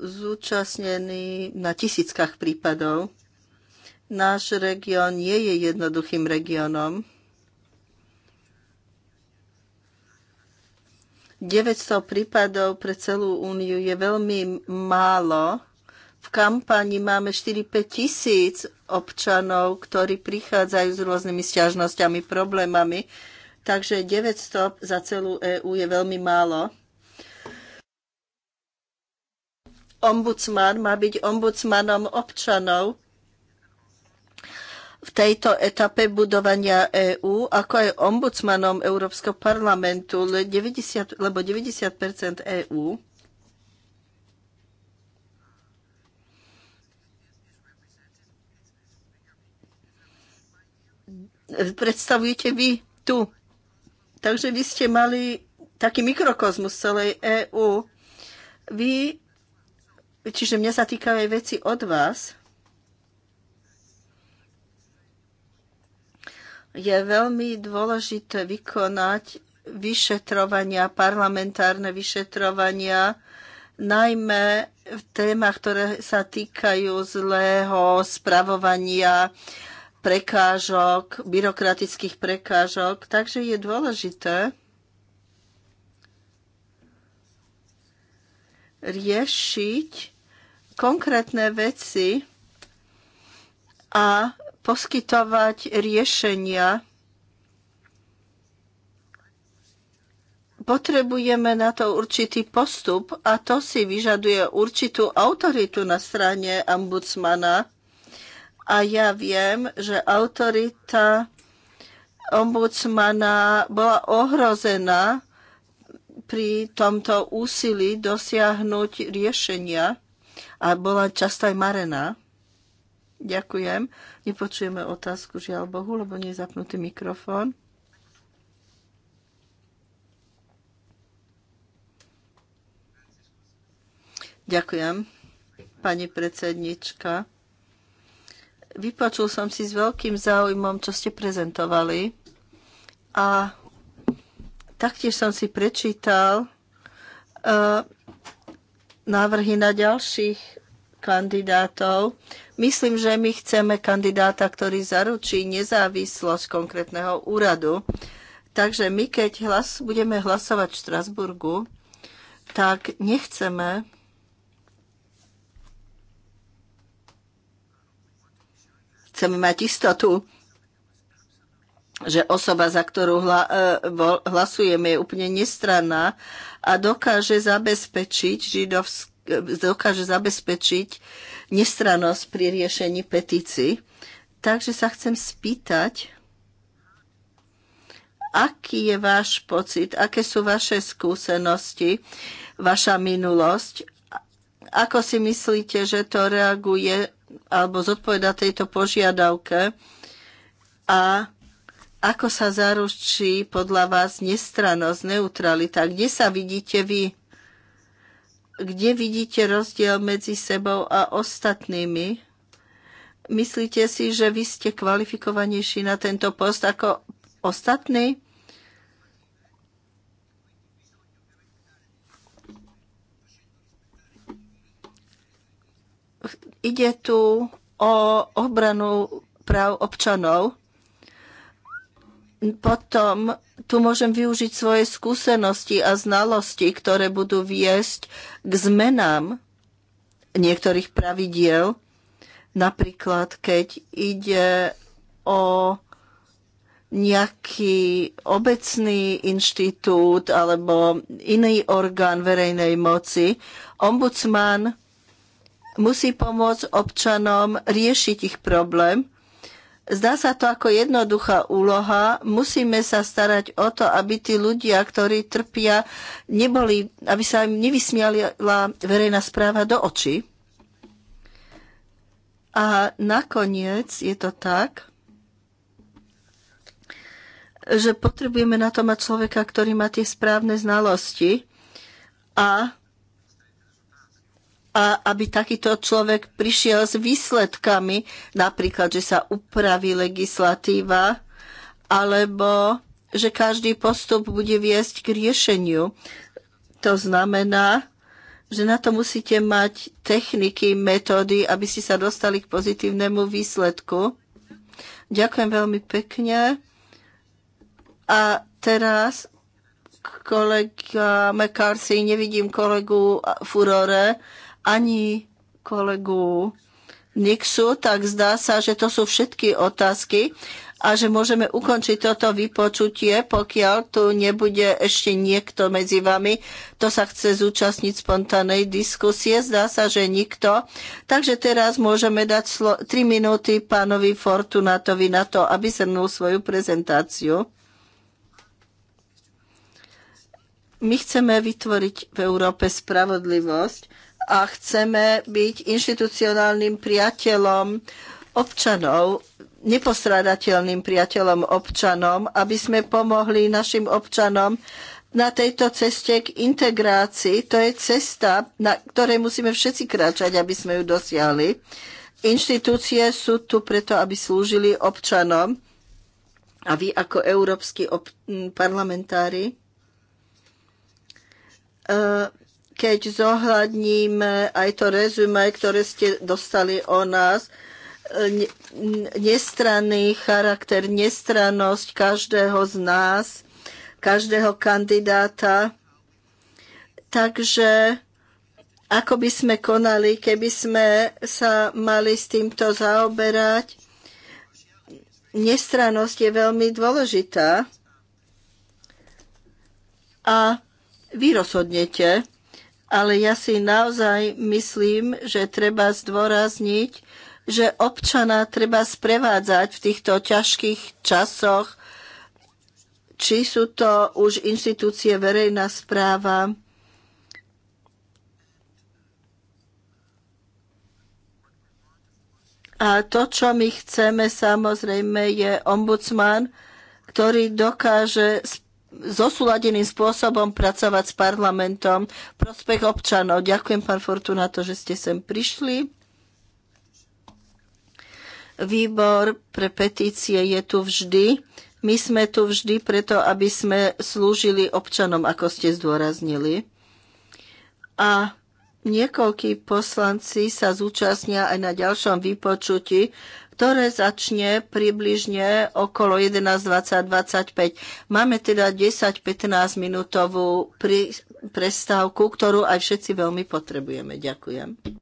Speaker 1: zúčastnený na tisíckach prípadov. Náš región nie je jednoduchým regiónom. 900 prípadov pre celú úniu je veľmi málo. V kampani máme 4-5 tisíc občanov, ktorí prichádzajú s rôznymi stiažnosťami, problémami. Takže 900 za celú EÚ je veľmi málo. Ombudsman má byť ombudsmanom občanov v tejto etape budovania EÚ, ako aj ombudsmanom Európskeho parlamentu, 90, lebo 90 EÚ predstavujete vy tu. Takže vy ste mali taký mikrokozmus celej EÚ. Vy, čiže mňa sa týkajú aj veci od vás, Je veľmi dôležité vykonať vyšetrovania, parlamentárne vyšetrovania, najmä v témach, ktoré sa týkajú zlého spravovania prekážok, byrokratických prekážok. Takže je dôležité, riešiť konkrétne veci a poskytovať riešenia. Potrebujeme na to určitý postup a to si vyžaduje určitú autoritu na strane ombudsmana. A ja viem, že autorita ombudsmana bola ohrozená pri tomto úsilí dosiahnuť riešenia a bola často aj marená. Ďakujem. Nepočujeme otázku, žiaľ Bohu, lebo nie je zapnutý mikrofón. Ďakujem, pani predsednička. Vypočul som si s veľkým záujmom, čo ste prezentovali a taktiež som si prečítal uh, návrhy na ďalších kandidátov. Myslím, že my chceme kandidáta, ktorý zaručí nezávislosť konkrétneho úradu. Takže my, keď hlas, budeme hlasovať v Štrasburgu, tak nechceme chceme mať istotu, že osoba, za ktorú hla, e, hlasujeme, je úplne nestranná a dokáže zabezpečiť židovsk dokáže zabezpečiť nestranosť pri riešení petícií. Takže sa chcem spýtať, aký je váš pocit, aké sú vaše skúsenosti, vaša minulosť, ako si myslíte, že to reaguje alebo zodpoveda tejto požiadavke a ako sa zaručí podľa vás nestrannosť, neutralita, kde sa vidíte vy kde vidíte rozdiel medzi sebou a ostatnými? Myslíte si, že vy ste kvalifikovanejší na tento post ako ostatní? Ide tu o obranu práv občanov potom tu môžem využiť svoje skúsenosti a znalosti, ktoré budú viesť k zmenám niektorých pravidiel. Napríklad, keď ide o nejaký obecný inštitút alebo iný orgán verejnej moci, ombudsman musí pomôcť občanom riešiť ich problém Zdá sa to ako jednoduchá úloha. Musíme sa starať o to, aby tí ľudia, ktorí trpia, neboli, aby sa im nevysmiala verejná správa do očí. A nakoniec je to tak, že potrebujeme na to mať človeka, ktorý má tie správne znalosti a a aby takýto človek prišiel s výsledkami, napríklad, že sa upraví legislatíva, alebo že každý postup bude viesť k riešeniu. To znamená, že na to musíte mať techniky, metódy, aby ste sa dostali k pozitívnemu výsledku. Ďakujem veľmi pekne. A teraz kolega McCarthy, nevidím kolegu Furore, ani kolegu Nixu, tak zdá sa, že to sú všetky otázky a že môžeme ukončiť toto vypočutie, pokiaľ tu nebude ešte niekto medzi vami, kto sa chce zúčastniť spontánej diskusie. Zdá sa, že nikto. Takže teraz môžeme dať 3 minúty pánovi Fortunatovi na to, aby zhrnul svoju prezentáciu. My chceme vytvoriť v Európe spravodlivosť a chceme byť inštitucionálnym priateľom občanov, nepostradateľným priateľom občanom, aby sme pomohli našim občanom na tejto ceste k integrácii. To je cesta, na ktorej musíme všetci kráčať, aby sme ju dosiahli. Inštitúcie sú tu preto, aby slúžili občanom a vy ako európsky parlamentári e, keď zohľadníme aj to rezume, ktoré ste dostali o nás, nestranný charakter, nestrannosť každého z nás, každého kandidáta. Takže ako by sme konali, keby sme sa mali s týmto zaoberať? Nestrannosť je veľmi dôležitá. A vy rozhodnete, ale ja si naozaj myslím, že treba zdôrazniť, že občana treba sprevádzať v týchto ťažkých časoch, či sú to už inštitúcie verejná správa, A to, čo my chceme, samozrejme, je ombudsman, ktorý dokáže zosúladeným spôsobom pracovať s parlamentom. Prospech občanov. Ďakujem, pán to, že ste sem prišli. Výbor pre petície je tu vždy. My sme tu vždy preto, aby sme slúžili občanom, ako ste zdôraznili. A Niekoľkí poslanci sa zúčastnia aj na ďalšom vypočutí, ktoré začne približne okolo 11.20.25. Máme teda 10-15 minútovú prestávku, ktorú aj všetci veľmi potrebujeme. Ďakujem.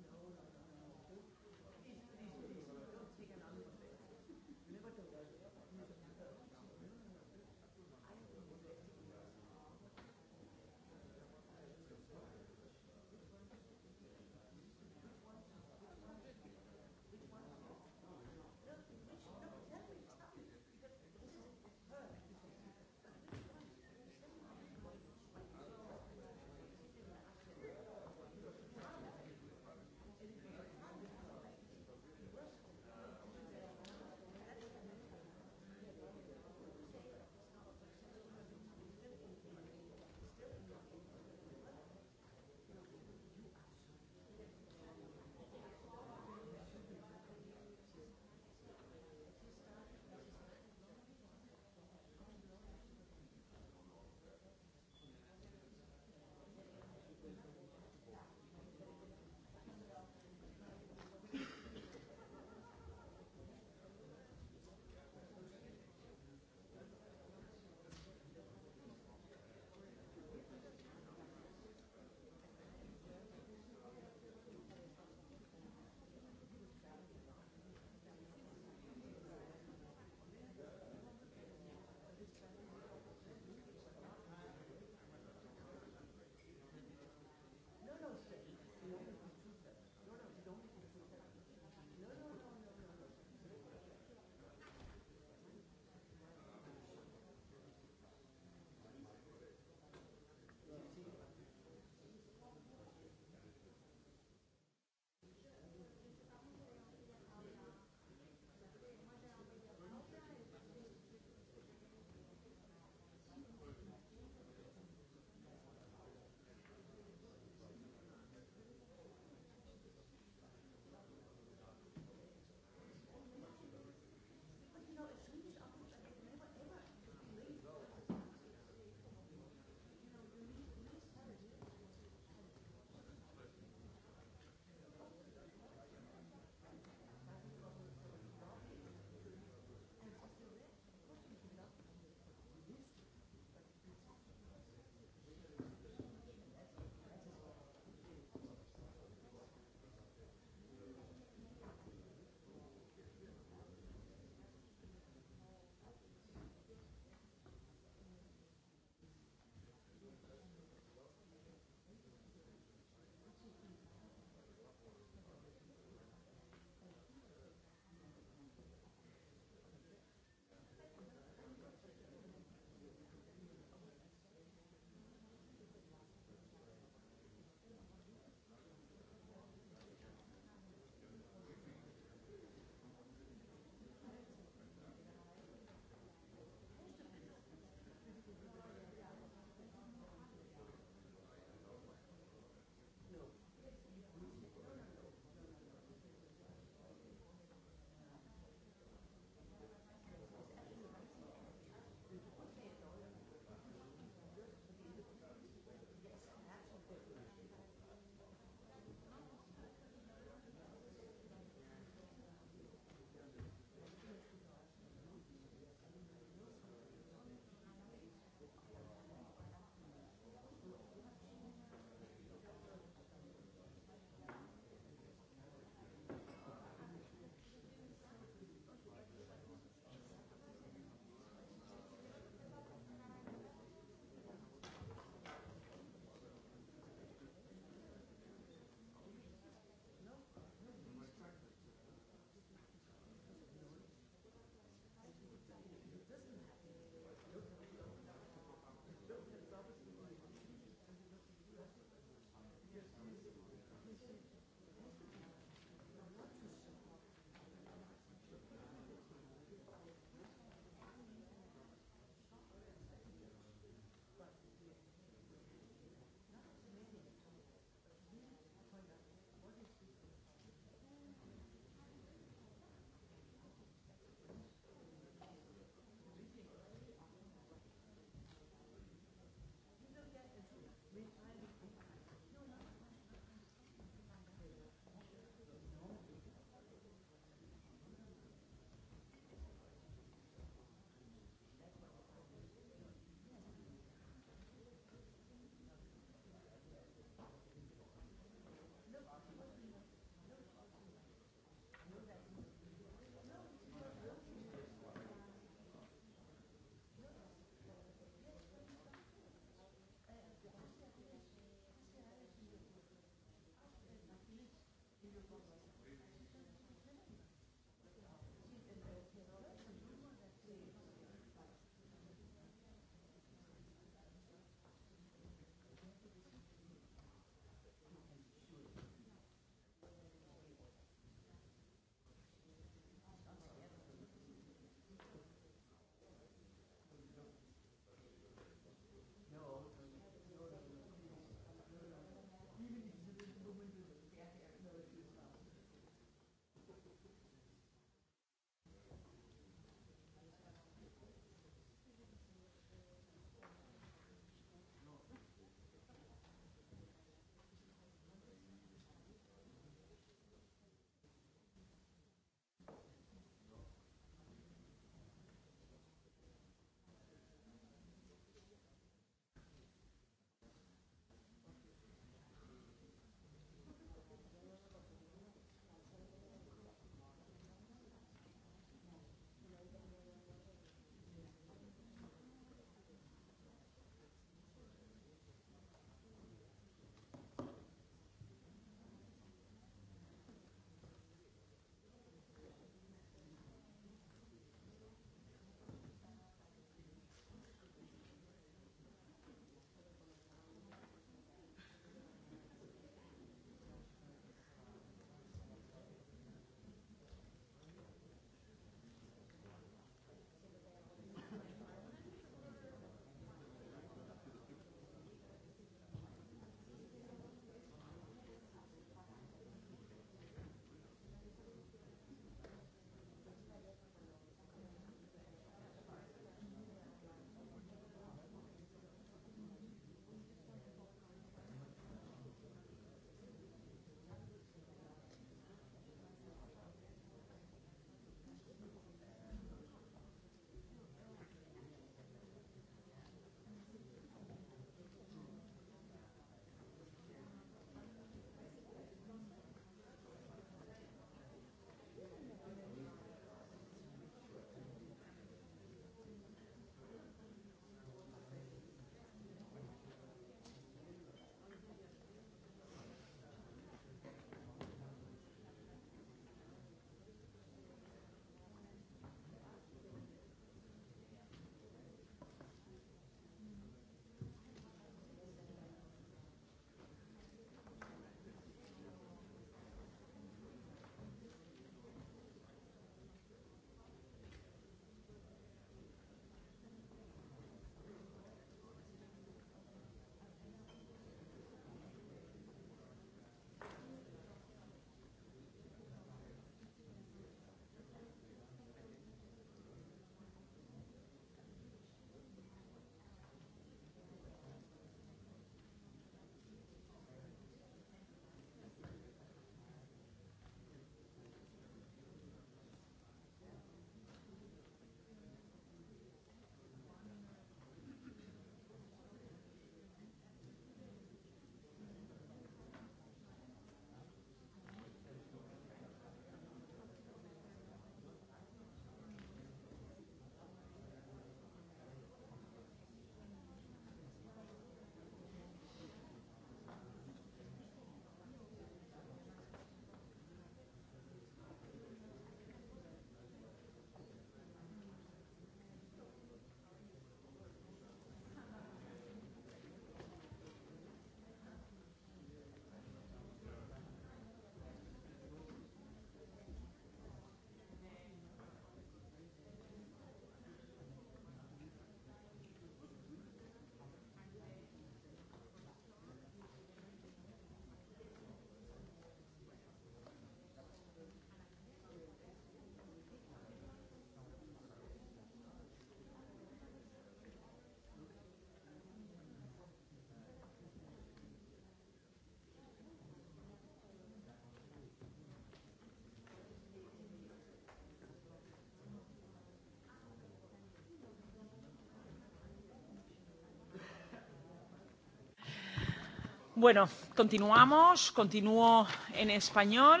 Speaker 4: Bueno, continuamos, continúo en español.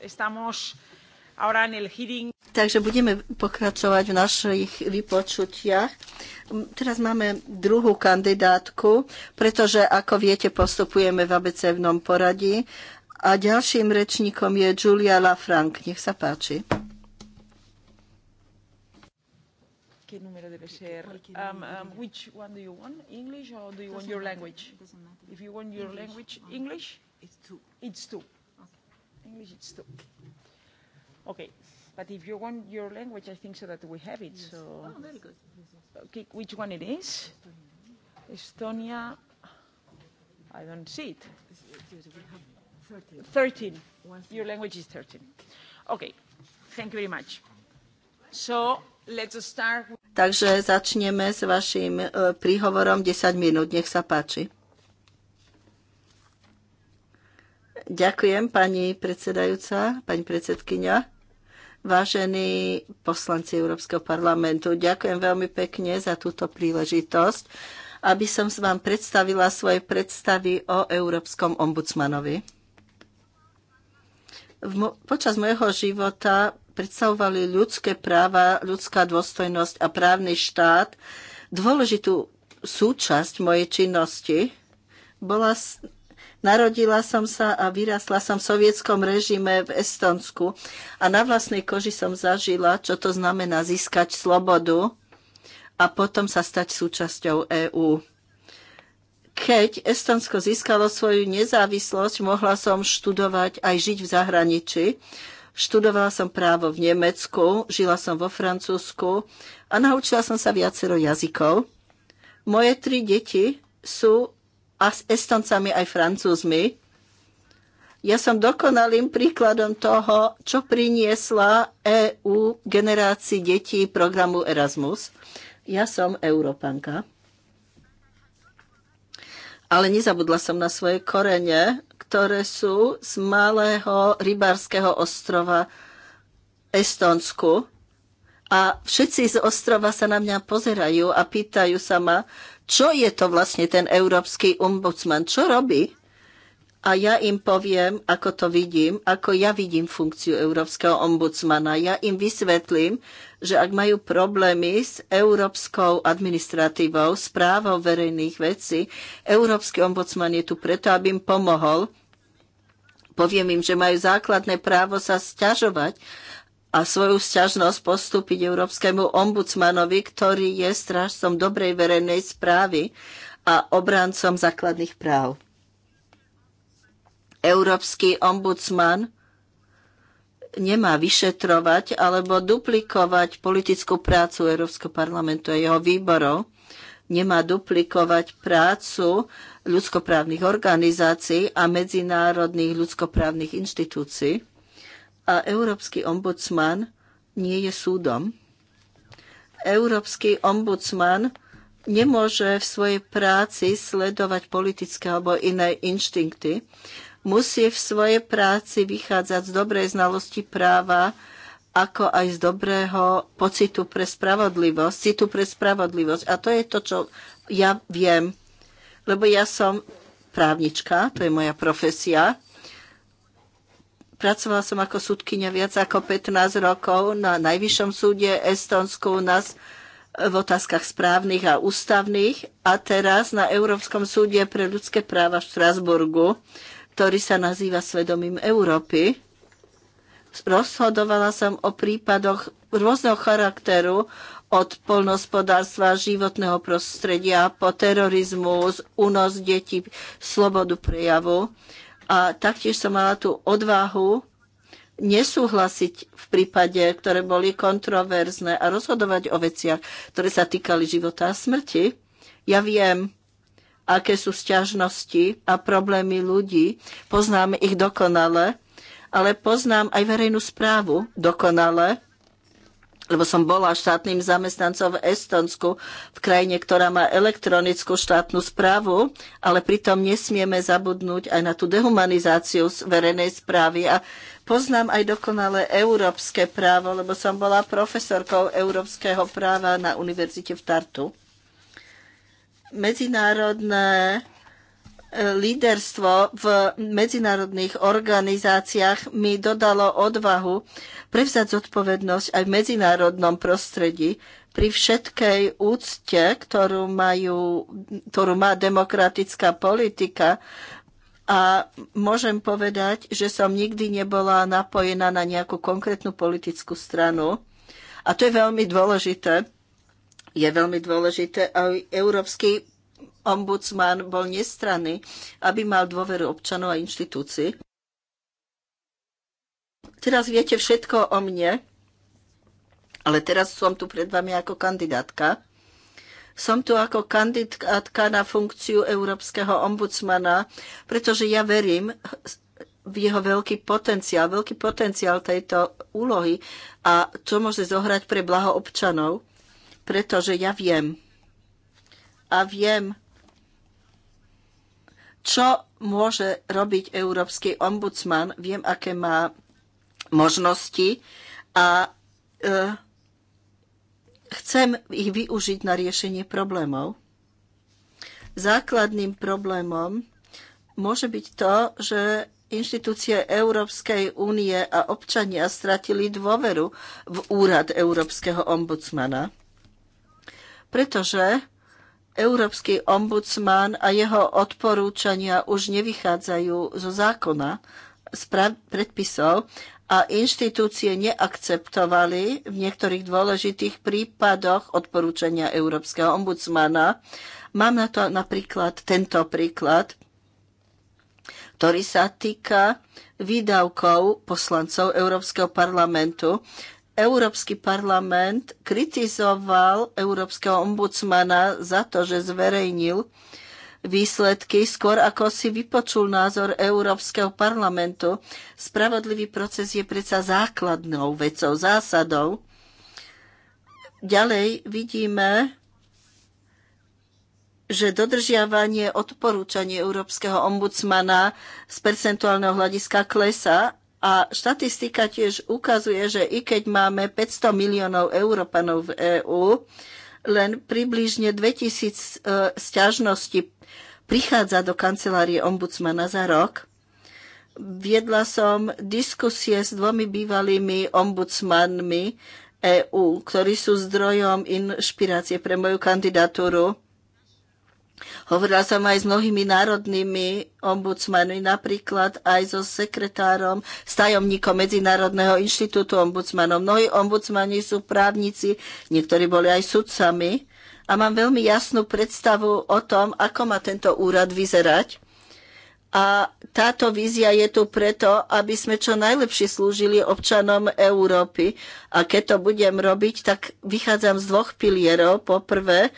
Speaker 4: Estamos ahora en el
Speaker 2: hearing.
Speaker 1: Takže budeme pokračovať v našich vypočutiach. Teraz máme druhú kandidátku, pretože, ako viete, postupujeme v abecevnom poradí. A ďalším rečníkom je Julia LaFranc. Nech sa páči.
Speaker 4: chair. Um, um, which one do you want? English or do you want your language?
Speaker 1: If you want your language, English? It's two. It's two. Okay. English, it's two. Okay. But if you want your language, I think so that we have it. So. Oh, very good. Okay, which one it
Speaker 4: is? Estonia. I don't see it. 13. Your language is 13. Okay. Thank you very much. So let's start. with
Speaker 1: Takže začneme s vašim e, príhovorom 10 minút. Nech sa páči. Ďakujem, pani predsedajúca, pani predsedkynia. Vážení poslanci Európskeho parlamentu, ďakujem veľmi pekne za túto príležitosť, aby som vám predstavila svoje predstavy o Európskom ombudsmanovi. počas môjho života predstavovali ľudské práva, ľudská dôstojnosť a právny štát dôležitú súčasť mojej činnosti. Bola, narodila som sa a vyrastla som v sovietskom režime v Estonsku a na vlastnej koži som zažila, čo to znamená získať slobodu a potom sa stať súčasťou EÚ keď Estonsko získalo svoju nezávislosť, mohla som študovať aj žiť v zahraničí. Študovala som právo v Nemecku, žila som vo Francúzsku a naučila som sa viacero jazykov. Moje tri deti sú s estoncami aj francúzmi. Ja som dokonalým príkladom toho, čo priniesla EU generácii detí programu Erasmus. Ja som Európanka. Ale nezabudla som na svoje korene ktoré sú z malého rybárskeho ostrova Estonsku. A všetci z ostrova sa na mňa pozerajú a pýtajú sa ma, čo je to vlastne ten európsky ombudsman, čo robí. A ja im poviem, ako to vidím, ako ja vidím funkciu európskeho ombudsmana. Ja im vysvetlím, že ak majú problémy s európskou administratívou, správou verejných vecí, európsky ombudsman je tu preto, aby im pomohol poviem im, že majú základné právo sa sťažovať a svoju sťažnosť postúpiť Európskemu ombudsmanovi, ktorý je strážcom dobrej verejnej správy a obrancom základných práv. Európsky ombudsman nemá vyšetrovať alebo duplikovať politickú prácu Európskeho parlamentu a jeho výborov, nemá duplikovať prácu ľudskoprávnych organizácií a medzinárodných ľudskoprávnych inštitúcií. A Európsky ombudsman nie je súdom. Európsky ombudsman nemôže v svojej práci sledovať politické alebo iné inštinkty. Musí v svojej práci vychádzať z dobrej znalosti práva, ako aj z dobrého pocitu pre spravodlivosť, citu pre spravodlivosť. A to je to, čo ja viem lebo ja som právnička, to je moja profesia. Pracovala som ako súdkynia viac ako 15 rokov na Najvyššom súde Estonsku, u nás v otázkach správnych a ústavných a teraz na Európskom súde pre ľudské práva v Strasburgu, ktorý sa nazýva Svedomím Európy. Rozhodovala som o prípadoch rôzneho charakteru, od polnospodárstva, životného prostredia, po terorizmus, únos detí, slobodu prejavu. A taktiež som mala tú odvahu nesúhlasiť v prípade, ktoré boli kontroverzné a rozhodovať o veciach, ktoré sa týkali života a smrti. Ja viem, aké sú sťažnosti a problémy ľudí. Poznám ich dokonale, ale poznám aj verejnú správu dokonale lebo som bola štátnym zamestnancom v Estonsku, v krajine, ktorá má elektronickú štátnu správu, ale pritom nesmieme zabudnúť aj na tú dehumanizáciu verejnej správy. A poznám aj dokonale európske právo, lebo som bola profesorkou európskeho práva na univerzite v Tartu. Medzinárodné líderstvo v medzinárodných organizáciách mi dodalo odvahu prevzať zodpovednosť aj v medzinárodnom prostredí pri všetkej úcte, ktorú, majú, ktorú má demokratická politika. A môžem povedať, že som nikdy nebola napojená na nejakú konkrétnu politickú stranu. A to je veľmi dôležité. Je veľmi dôležité aby európsky ombudsman bol nestranný, aby mal dôveru občanov a inštitúcií. Teraz viete všetko o mne, ale teraz som tu pred vami ako kandidátka. Som tu ako kandidátka na funkciu európskeho ombudsmana, pretože ja verím v jeho veľký potenciál, veľký potenciál tejto úlohy a čo môže zohrať pre blaho občanov, pretože ja viem a viem, čo môže robiť Európsky ombudsman. Viem, aké má možnosti a e, chcem ich využiť na riešenie problémov. Základným problémom môže byť to, že inštitúcie Európskej únie a občania stratili dôveru v úrad Európskeho ombudsmana. Pretože Európsky ombudsman a jeho odporúčania už nevychádzajú zo zákona, z predpisov a inštitúcie neakceptovali v niektorých dôležitých prípadoch odporúčania Európskeho ombudsmana. Mám na to napríklad tento príklad, ktorý sa týka výdavkov poslancov Európskeho parlamentu. Európsky parlament kritizoval Európskeho ombudsmana za to, že zverejnil výsledky skôr ako si vypočul názor Európskeho parlamentu. Spravodlivý proces je predsa základnou vecou, zásadou. Ďalej vidíme, že dodržiavanie odporúčaní Európskeho ombudsmana z percentuálneho hľadiska klesa a štatistika tiež ukazuje, že i keď máme 500 miliónov Európanov v EÚ, len približne 2000 e, sťažností prichádza do kancelárie ombudsmana za rok. Viedla som diskusie s dvomi bývalými ombudsmanmi EÚ, ktorí sú zdrojom inšpirácie pre moju kandidatúru Hovorila som aj s mnohými národnými ombudsmanmi, napríklad aj so sekretárom, s tajomníkom Medzinárodného inštitútu ombudsmanov. Mnohí ombudsmani sú právnici, niektorí boli aj sudcami a mám veľmi jasnú predstavu o tom, ako má tento úrad vyzerať. A táto vízia je tu preto, aby sme čo najlepšie slúžili občanom Európy. A keď to budem robiť, tak vychádzam z dvoch pilierov. Po prvé,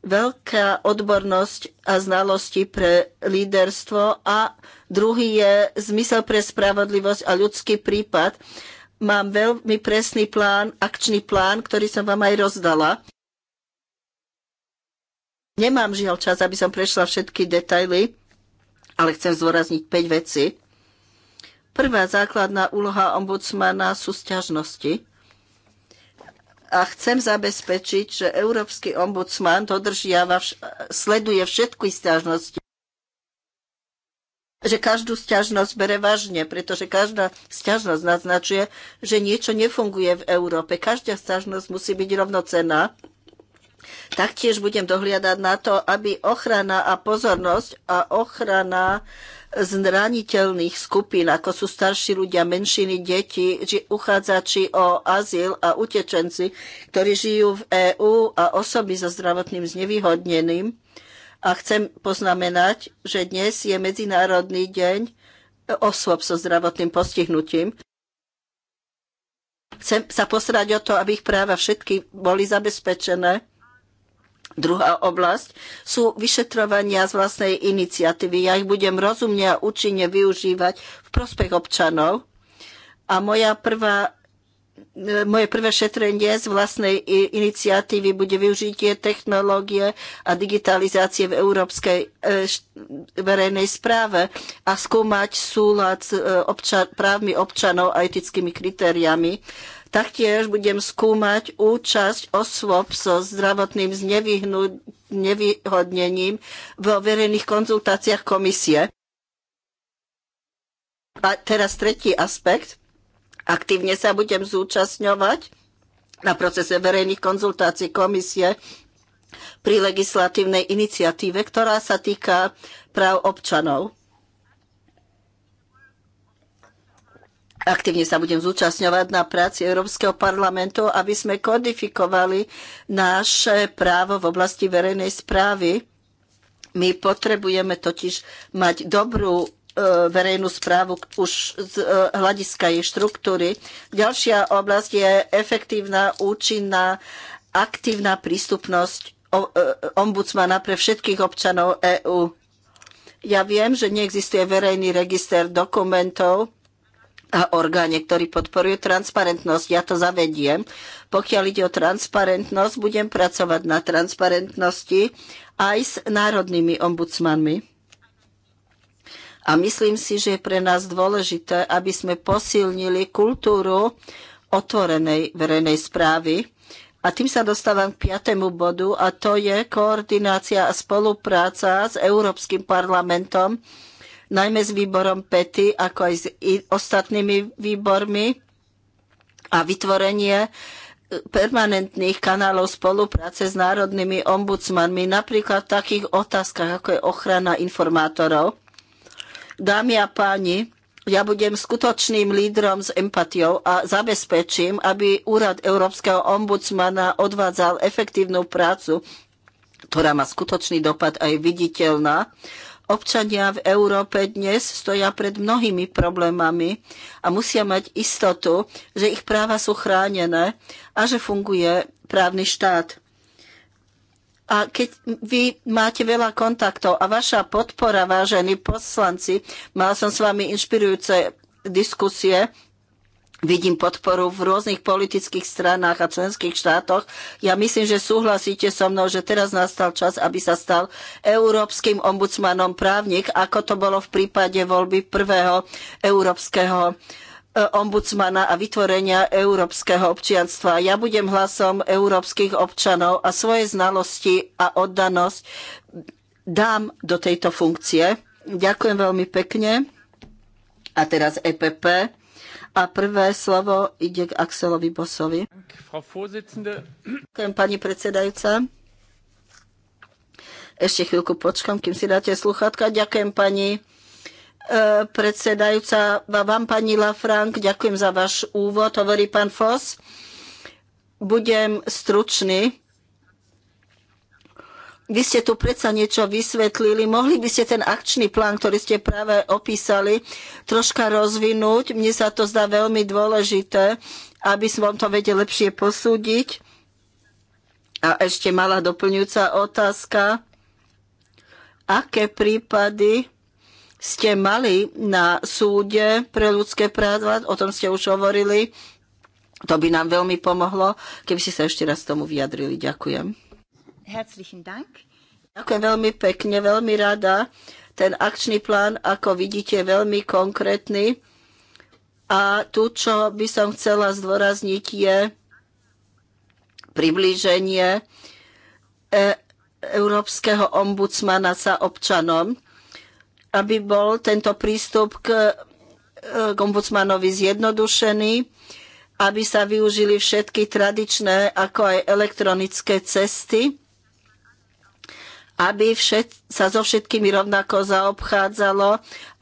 Speaker 1: veľká odbornosť a znalosti pre líderstvo a druhý je zmysel pre spravodlivosť a ľudský prípad. Mám veľmi presný plán, akčný plán, ktorý som vám aj rozdala. Nemám žiaľ čas, aby som prešla všetky detaily, ale chcem zdôrazniť 5 veci. Prvá základná úloha ombudsmana sú sťažnosti a chcem zabezpečiť, že Európsky ombudsman dodržiava, sleduje všetky stiažnosti že každú sťažnosť bere vážne, pretože každá sťažnosť naznačuje, že niečo nefunguje v Európe. Každá sťažnosť musí byť rovnocená. Taktiež budem dohliadať na to, aby ochrana a pozornosť a ochrana uh, zraniteľných skupín, ako sú starší ľudia, menšiny, deti, či uchádzači o azyl a utečenci, ktorí žijú v EÚ a osoby so zdravotným znevýhodneným. A chcem poznamenať, že dnes je Medzinárodný deň osôb so zdravotným postihnutím. Chcem sa posrať o to, aby ich práva všetky boli zabezpečené Druhá oblasť sú vyšetrovania z vlastnej iniciatívy. Ja ich budem rozumne a účinne využívať v prospech občanov. A moja prvá e, moje prvé šetrenie z vlastnej iniciatívy bude využitie technológie a digitalizácie v európskej e, verejnej správe a skúmať súlad s e, občan, právmi občanov a etickými kritériami. Taktiež budem skúmať účasť osôb so zdravotným znevýhodnením vo verejných konzultáciách komisie. A teraz tretí aspekt. Aktívne sa budem zúčastňovať na procese verejných konzultácií komisie pri legislatívnej iniciatíve, ktorá sa týka práv občanov. Aktívne sa budem zúčastňovať na práci Európskeho parlamentu, aby sme kodifikovali naše právo v oblasti verejnej správy. My potrebujeme totiž mať dobrú e, verejnú správu už z e, hľadiska jej štruktúry. Ďalšia oblasť je efektívna, účinná, aktívna prístupnosť e, ombudsmana pre všetkých občanov EÚ. Ja viem, že neexistuje verejný register dokumentov, a orgáne, ktorí podporujú transparentnosť. Ja to zavediem. Pokiaľ ide o transparentnosť, budem pracovať na transparentnosti aj s národnými ombudsmanmi. A myslím si, že je pre nás dôležité, aby sme posilnili kultúru otvorenej verejnej správy. A tým sa dostávam k piatému bodu, a to je koordinácia a spolupráca s Európskym parlamentom najmä s výborom PETI, ako aj s ostatnými výbormi a vytvorenie e, permanentných kanálov spolupráce s národnými ombudsmanmi, napríklad v takých otázkach, ako je ochrana informátorov. Dámy a páni, ja budem skutočným lídrom s empatiou a zabezpečím, aby úrad Európskeho ombudsmana odvádzal efektívnu prácu, ktorá má skutočný dopad a je viditeľná Občania v Európe dnes stoja pred mnohými problémami a musia mať istotu, že ich práva sú chránené a že funguje právny štát. A keď vy máte veľa kontaktov a vaša podpora, vážení poslanci, mala som s vami inšpirujúce diskusie, Vidím podporu v rôznych politických stranách a členských štátoch. Ja myslím, že súhlasíte so mnou, že teraz nastal čas, aby sa stal európskym ombudsmanom právnik, ako to bolo v prípade voľby prvého európskeho e, ombudsmana a vytvorenia európskeho občianstva. Ja budem hlasom európskych občanov a svoje znalosti a oddanosť dám do tejto funkcie. Ďakujem veľmi pekne. A teraz EPP. A prvé slovo ide k Axelovi Bosovi. Ďakujem, pani predsedajúca. Ešte chvíľku počkám, kým si dáte sluchátka. Ďakujem, pani e, predsedajúca. Vám, pani Lafrank, ďakujem za váš úvod, hovorí pán fos. Budem stručný. Vy ste tu predsa niečo vysvetlili. Mohli by ste ten akčný plán, ktorý ste práve opísali, troška rozvinúť? Mne sa to zdá veľmi dôležité, aby som vám to vedel lepšie posúdiť. A ešte malá doplňujúca otázka. Aké prípady ste mali na súde pre ľudské práva? O tom ste už hovorili. To by nám veľmi pomohlo, keby ste sa ešte raz tomu vyjadrili. Ďakujem. Herzlichen Dank. Ďakujem veľmi pekne, veľmi rada. Ten akčný plán, ako vidíte, je veľmi konkrétny. A tu, čo by som chcela zdôrazniť, je priblíženie e európskeho ombudsmana sa občanom, aby bol tento prístup k, e, k ombudsmanovi zjednodušený, aby sa využili všetky tradičné ako aj elektronické cesty aby všet, sa so všetkými rovnako zaobchádzalo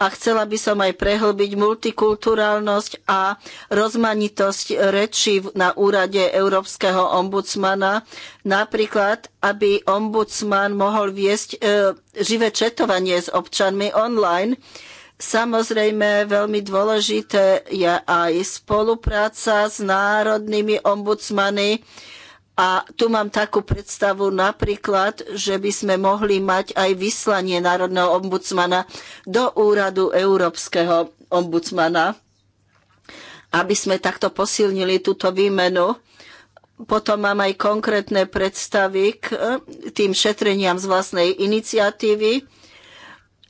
Speaker 1: a chcela by som aj prehlbiť multikulturálnosť a rozmanitosť rečí na úrade Európskeho ombudsmana. Napríklad, aby ombudsman mohol viesť e, živé četovanie s občanmi online. Samozrejme, veľmi dôležité je aj spolupráca s národnými ombudsmany, a tu mám takú predstavu napríklad, že by sme mohli mať aj vyslanie Národného ombudsmana do úradu Európskeho ombudsmana, aby sme takto posilnili túto výmenu. Potom mám aj konkrétne predstavy k e, tým šetreniam z vlastnej iniciatívy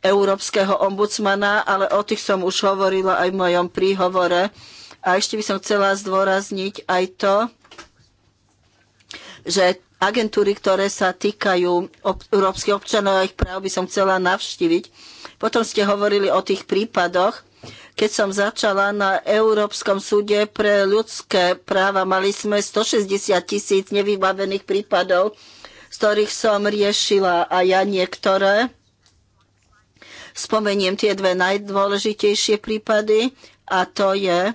Speaker 1: Európskeho ombudsmana, ale o tých som už hovorila aj v mojom príhovore. A ešte by som chcela zdôrazniť aj to, že agentúry, ktoré sa týkajú ob- európskych občanov a ich práv, by som chcela navštíviť. Potom ste hovorili o tých prípadoch. Keď som začala na Európskom súde pre ľudské práva, mali sme 160 tisíc nevybavených prípadov, z ktorých som riešila a ja niektoré. Spomeniem tie dve najdôležitejšie prípady a to je e,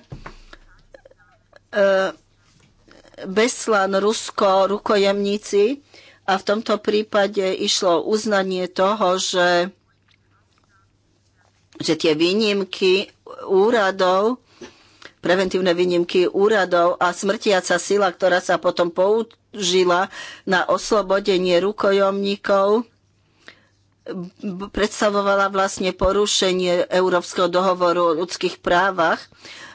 Speaker 1: Beslan, Rusko, rukojemníci a v tomto prípade išlo uznanie toho, že, že tie výnimky úradov, preventívne výnimky úradov a smrtiaca sila, ktorá sa potom použila na oslobodenie rukojomníkov, predstavovala vlastne porušenie Európskeho dohovoru o ľudských právach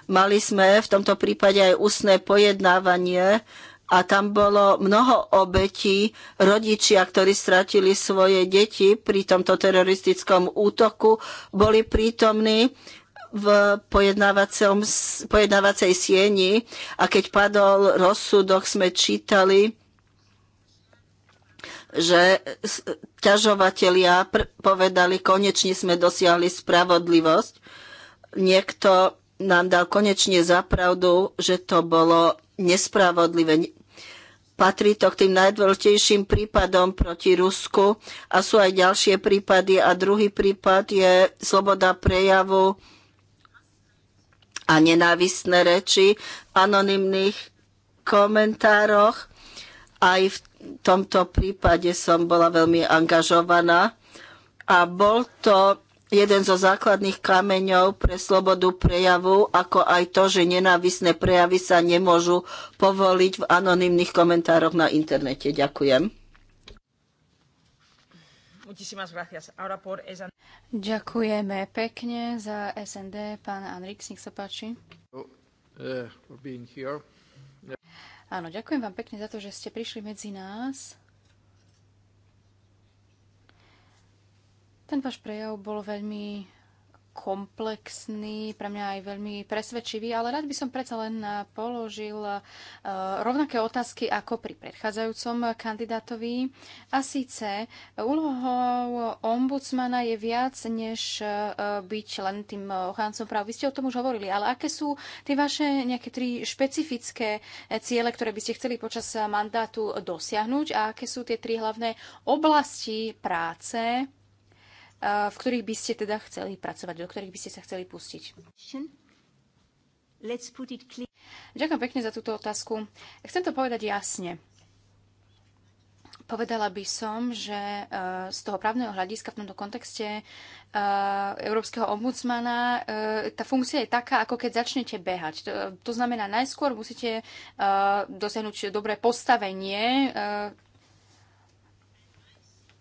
Speaker 1: Mali sme v tomto prípade aj ústne pojednávanie a tam bolo mnoho obetí, rodičia, ktorí stratili svoje deti pri tomto teroristickom útoku, boli prítomní v pojednávacej sieni a keď padol rozsudok, sme čítali, že ťažovatelia povedali, konečne sme dosiahli spravodlivosť. Niekto nám dal konečne zapravdu, že to bolo nespravodlivé. Patrí to k tým najdôležitejším prípadom proti Rusku a sú aj ďalšie prípady a druhý prípad je sloboda prejavu a nenávistné reči v anonimných komentároch. Aj v tomto prípade som bola veľmi angažovaná a bol to jeden zo základných kameňov pre slobodu prejavu, ako aj to, že nenávisné prejavy sa nemôžu povoliť v anonymných komentároch na internete. Ďakujem.
Speaker 3: Ďakujeme pekne za SND. Pán Anrik, nech sa páči. Oh, eh, Áno, ďakujem vám pekne za to, že ste prišli medzi nás. Ten váš prejav bol veľmi komplexný, pre mňa aj veľmi presvedčivý, ale rád by som predsa len eh, položil eh, rovnaké otázky ako pri predchádzajúcom kandidátovi. A síce úlohou ombudsmana je viac, než eh, byť len tým ochráncom práv. Vy ste o tom už hovorili, ale aké sú tie vaše nejaké tri špecifické ciele, ktoré by ste chceli počas mandátu dosiahnuť a aké sú tie tri hlavné oblasti práce, v ktorých by ste teda chceli pracovať, do ktorých by ste sa chceli pustiť? Ďakujem pekne za túto otázku. Chcem to povedať jasne. Povedala by som, že eh, z toho právneho hľadiska v tomto kontexte eh, európskeho ombudsmana eh, tá funkcia je taká, ako keď začnete behať. To, to znamená, najskôr musíte dosiahnuť dobré postavenie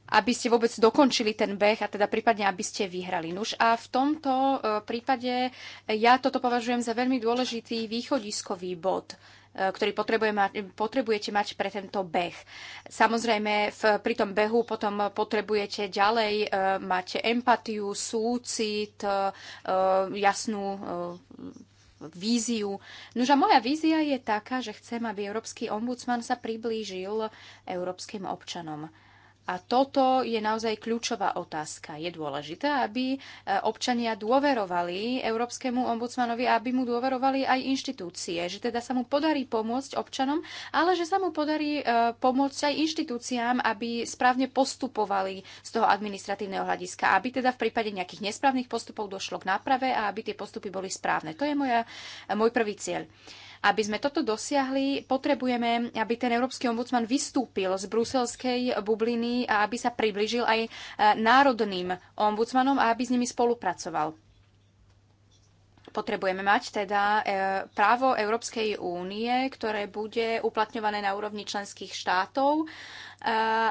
Speaker 3: aby ste vôbec dokončili ten beh a teda prípadne, aby ste vyhrali. Nuž a v tomto e, prípade ja toto považujem za veľmi dôležitý východiskový bod e, ktorý potrebuje mať, potrebujete mať pre tento beh. Samozrejme, v, pri tom behu potom potrebujete ďalej e, mať empatiu, súcit, e, e jasnú e, víziu. Nože moja vízia je taká, že chcem, aby Európsky ombudsman sa priblížil európskym občanom. A toto je naozaj kľúčová otázka. Je dôležité, aby e, občania dôverovali Európskemu ombudsmanovi a aby mu dôverovali aj inštitúcie. Že teda sa mu podarí pomôcť občanom, ale že sa mu podarí e, pomôcť aj inštitúciám, aby správne postupovali z toho administratívneho hľadiska. Aby teda v prípade nejakých nesprávnych postupov došlo k náprave a aby tie postupy boli správne. To je moja, e, môj prvý cieľ. Aby sme toto dosiahli, potrebujeme, aby ten Európsky ombudsman vystúpil z bruselskej bubliny a aby sa priblížil aj e, národným ombudsmanom a aby s nimi spolupracoval. Potrebujeme mať teda e, právo Európskej únie, ktoré bude uplatňované na úrovni členských štátov e,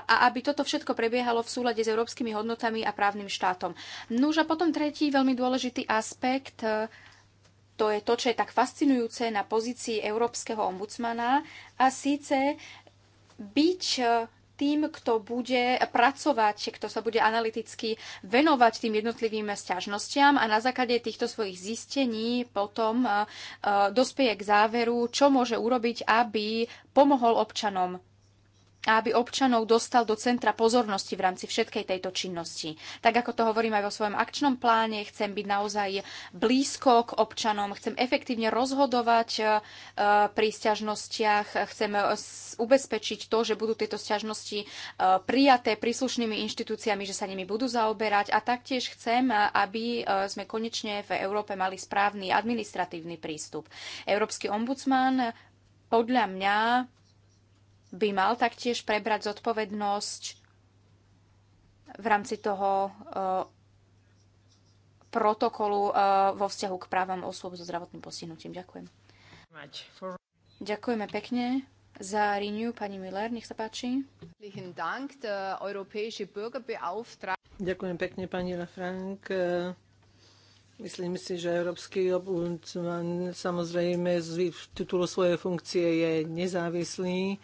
Speaker 3: a aby toto všetko prebiehalo v súlade s európskymi hodnotami a právnym štátom. Nuž a potom tretí veľmi dôležitý aspekt to je to, čo je tak fascinujúce na pozícii európskeho ombudsmana a síce byť eh, tým, kto bude pracovať, kto sa bude analyticky venovať tým jednotlivým sťažnostiam a na základe týchto svojich zistení potom eh, eh, dospeje k záveru, čo môže urobiť, aby pomohol občanom a aby občanov dostal do centra pozornosti v rámci všetkej tejto činnosti. Tak ako to hovorím aj vo svojom akčnom pláne, chcem byť naozaj blízko k občanom, chcem efektívne rozhodovať e, pri sťažnostiach, chcem e, ubezpečiť to, že budú tieto sťažnosti e, prijaté príslušnými inštitúciami, že sa nimi budú zaoberať a taktiež chcem, aby sme konečne v Európe mali správny administratívny prístup. Európsky ombudsman podľa mňa by mal taktiež prebrať zodpovednosť v rámci toho eh, protokolu eh, vo vzťahu k právam osôb so zdravotným postihnutím. Ďakujem. Ďakujeme pekne. Za Renew pani Miller, nech sa páči.
Speaker 4: Ďakujem pekne, pani Lafranc. Myslím si, že Európsky ombudsman samozrejme z titulu svojej funkcie je nezávislý,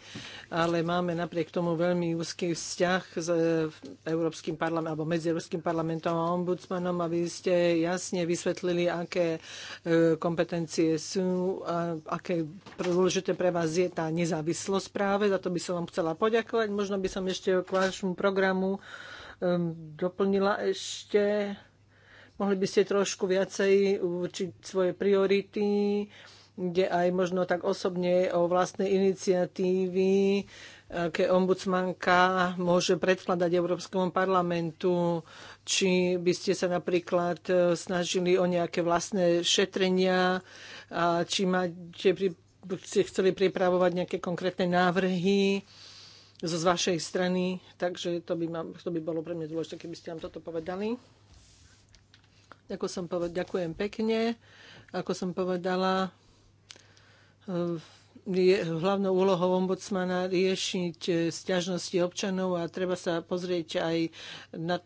Speaker 4: ale máme napriek tomu veľmi úzky vzťah s eh, Európskym parlamentom, alebo medzi Európskym parlamentom a ombudsmanom, aby ste jasne vysvetlili, aké eh, kompetencie sú, a aké dôležité pre vás je tá nezávislosť práve. Za to by som vám chcela poďakovať. Možno by som ešte k vášmu programu ehm, doplnila ešte Mohli by ste trošku viacej určiť svoje priority, kde aj možno tak osobne o vlastnej iniciatívy, aké ombudsmanka môže predkladať Európskemu parlamentu, či by ste sa napríklad e, snažili o nejaké vlastné šetrenia, či máte pri, ste chceli pripravovať nejaké konkrétne návrhy z vašej strany. Takže to by, ma, to by bolo pre mňa dôležité, keby ste nám toto povedali. Ako som povedala, ďakujem pekne. Ako som povedala, e, je hlavnou úlohou ombudsmana riešiť e, sťažnosti občanov a treba sa pozrieť aj na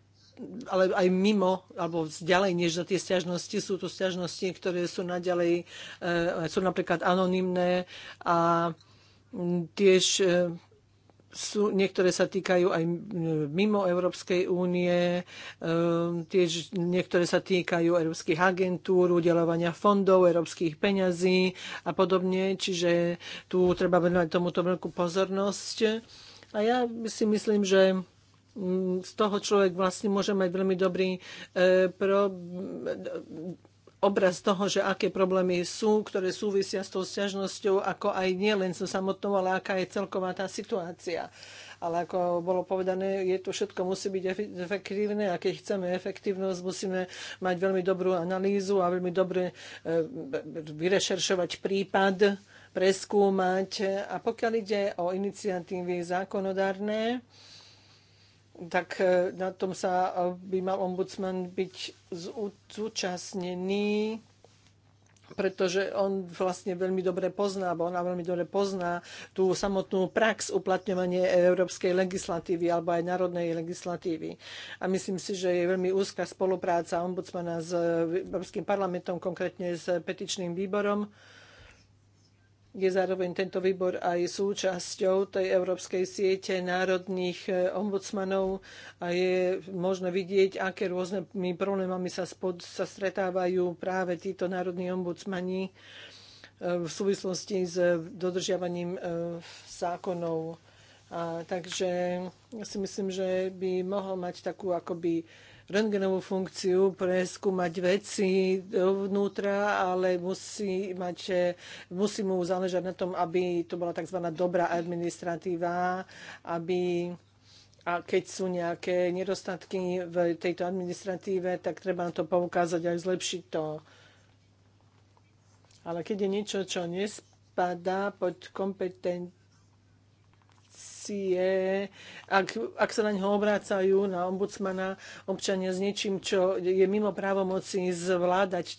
Speaker 4: ale aj mimo, alebo ďalej než na tie stiažnosti, sú to stiažnosti, ktoré sú naďalej, e, sú napríklad anonimné a tiež sú, niektoré sa týkajú aj mimo Európskej únie, ehm, tiež niektoré sa týkajú európskych agentúr, udelovania fondov, európskych peňazí a podobne. Čiže tu treba venovať tomuto veľkú pozornosť. A ja si myslím, že z toho človek vlastne môže mať veľmi dobrý e, pro, obraz toho, že aké problémy sú, ktoré súvisia s tou sťažnosťou, ako aj nielen so samotnou, ale aká je celková tá situácia. Ale ako bolo povedané, je to všetko musí byť efektívne a keď chceme efektívnosť, musíme mať veľmi dobrú analýzu a veľmi dobre e, vyrešeršovať prípad, preskúmať. A pokiaľ ide o iniciatívy zákonodárne, tak e, na tom sa e, by mal ombudsman byť zúčastnený, pretože on vlastne veľmi dobre pozná, bo ona veľmi dobre pozná tú samotnú prax uplatňovania európskej legislatívy alebo aj národnej legislatívy. A myslím si, že je veľmi úzka spolupráca ombudsmana s e, Európskym parlamentom, konkrétne s petičným výborom, je zároveň tento výbor aj súčasťou tej európskej siete národných e, ombudsmanov a je možné vidieť, aké rôznymi problémami sa, spod, sa stretávajú práve títo národní ombudsmani e, v súvislosti s dodržiavaním e, zákonov. A takže ja si myslím, že by mohol mať takú akoby rentgenovú funkciu preskúmať veci dovnútra, ale musí, mať, e, musí mu záležať na tom, aby to bola tzv. dobrá administratíva, aby a keď sú nejaké nedostatky v tejto administratíve, tak treba na to poukázať a zlepšiť to. Ale keď je niečo, čo nespadá pod kompetent petície, ak, ak sa na ňo obrácajú, na ombudsmana, občania s niečím, čo je mimo právomoci zvládať e,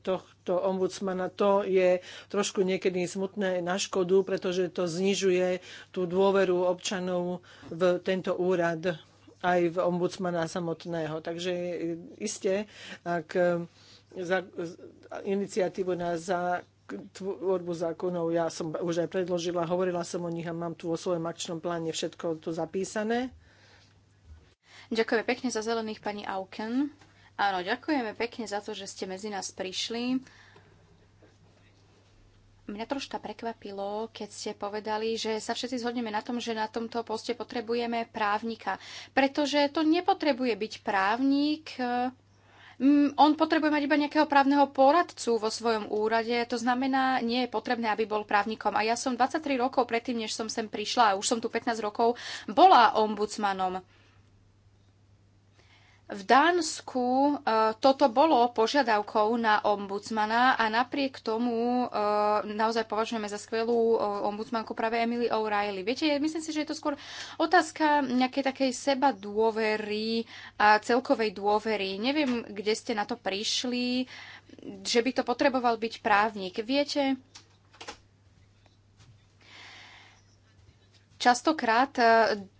Speaker 4: tohto ombudsmana, to je trošku niekedy smutné na škodu, pretože to znižuje tú dôveru občanov v tento úrad aj v ombudsmana samotného. Takže e, iste, ak e, za iniciatívu na za tvorbu zákonov. Ja som už aj predložila, hovorila som o nich a mám tu vo svojom akčnom pláne všetko to zapísané.
Speaker 3: Ďakujeme pekne za zelených pani Auken. Áno, ďakujeme pekne za to, že ste medzi nás prišli. Mňa troška prekvapilo, keď ste povedali, že sa všetci zhodneme na tom, že na tomto poste potrebujeme právnika. Pretože to nepotrebuje byť právnik, Mm, on potrebuje mať iba nejakého právneho poradcu vo svojom úrade, to znamená, nie je potrebné, aby bol právnikom. A ja som 23 rokov predtým, než som sem prišla, a už som tu 15 rokov, bola ombudsmanom. V Dánsku e, toto bolo požiadavkou na ombudsmana a napriek tomu e, naozaj považujeme za skvelú e, ombudsmanku práve Emily O'Reilly. Viete, myslím si, že je to skôr otázka nejakej takej seba dôvery a celkovej dôvery. Neviem, kde ste na to prišli, že by to potreboval byť právnik. Viete, častokrát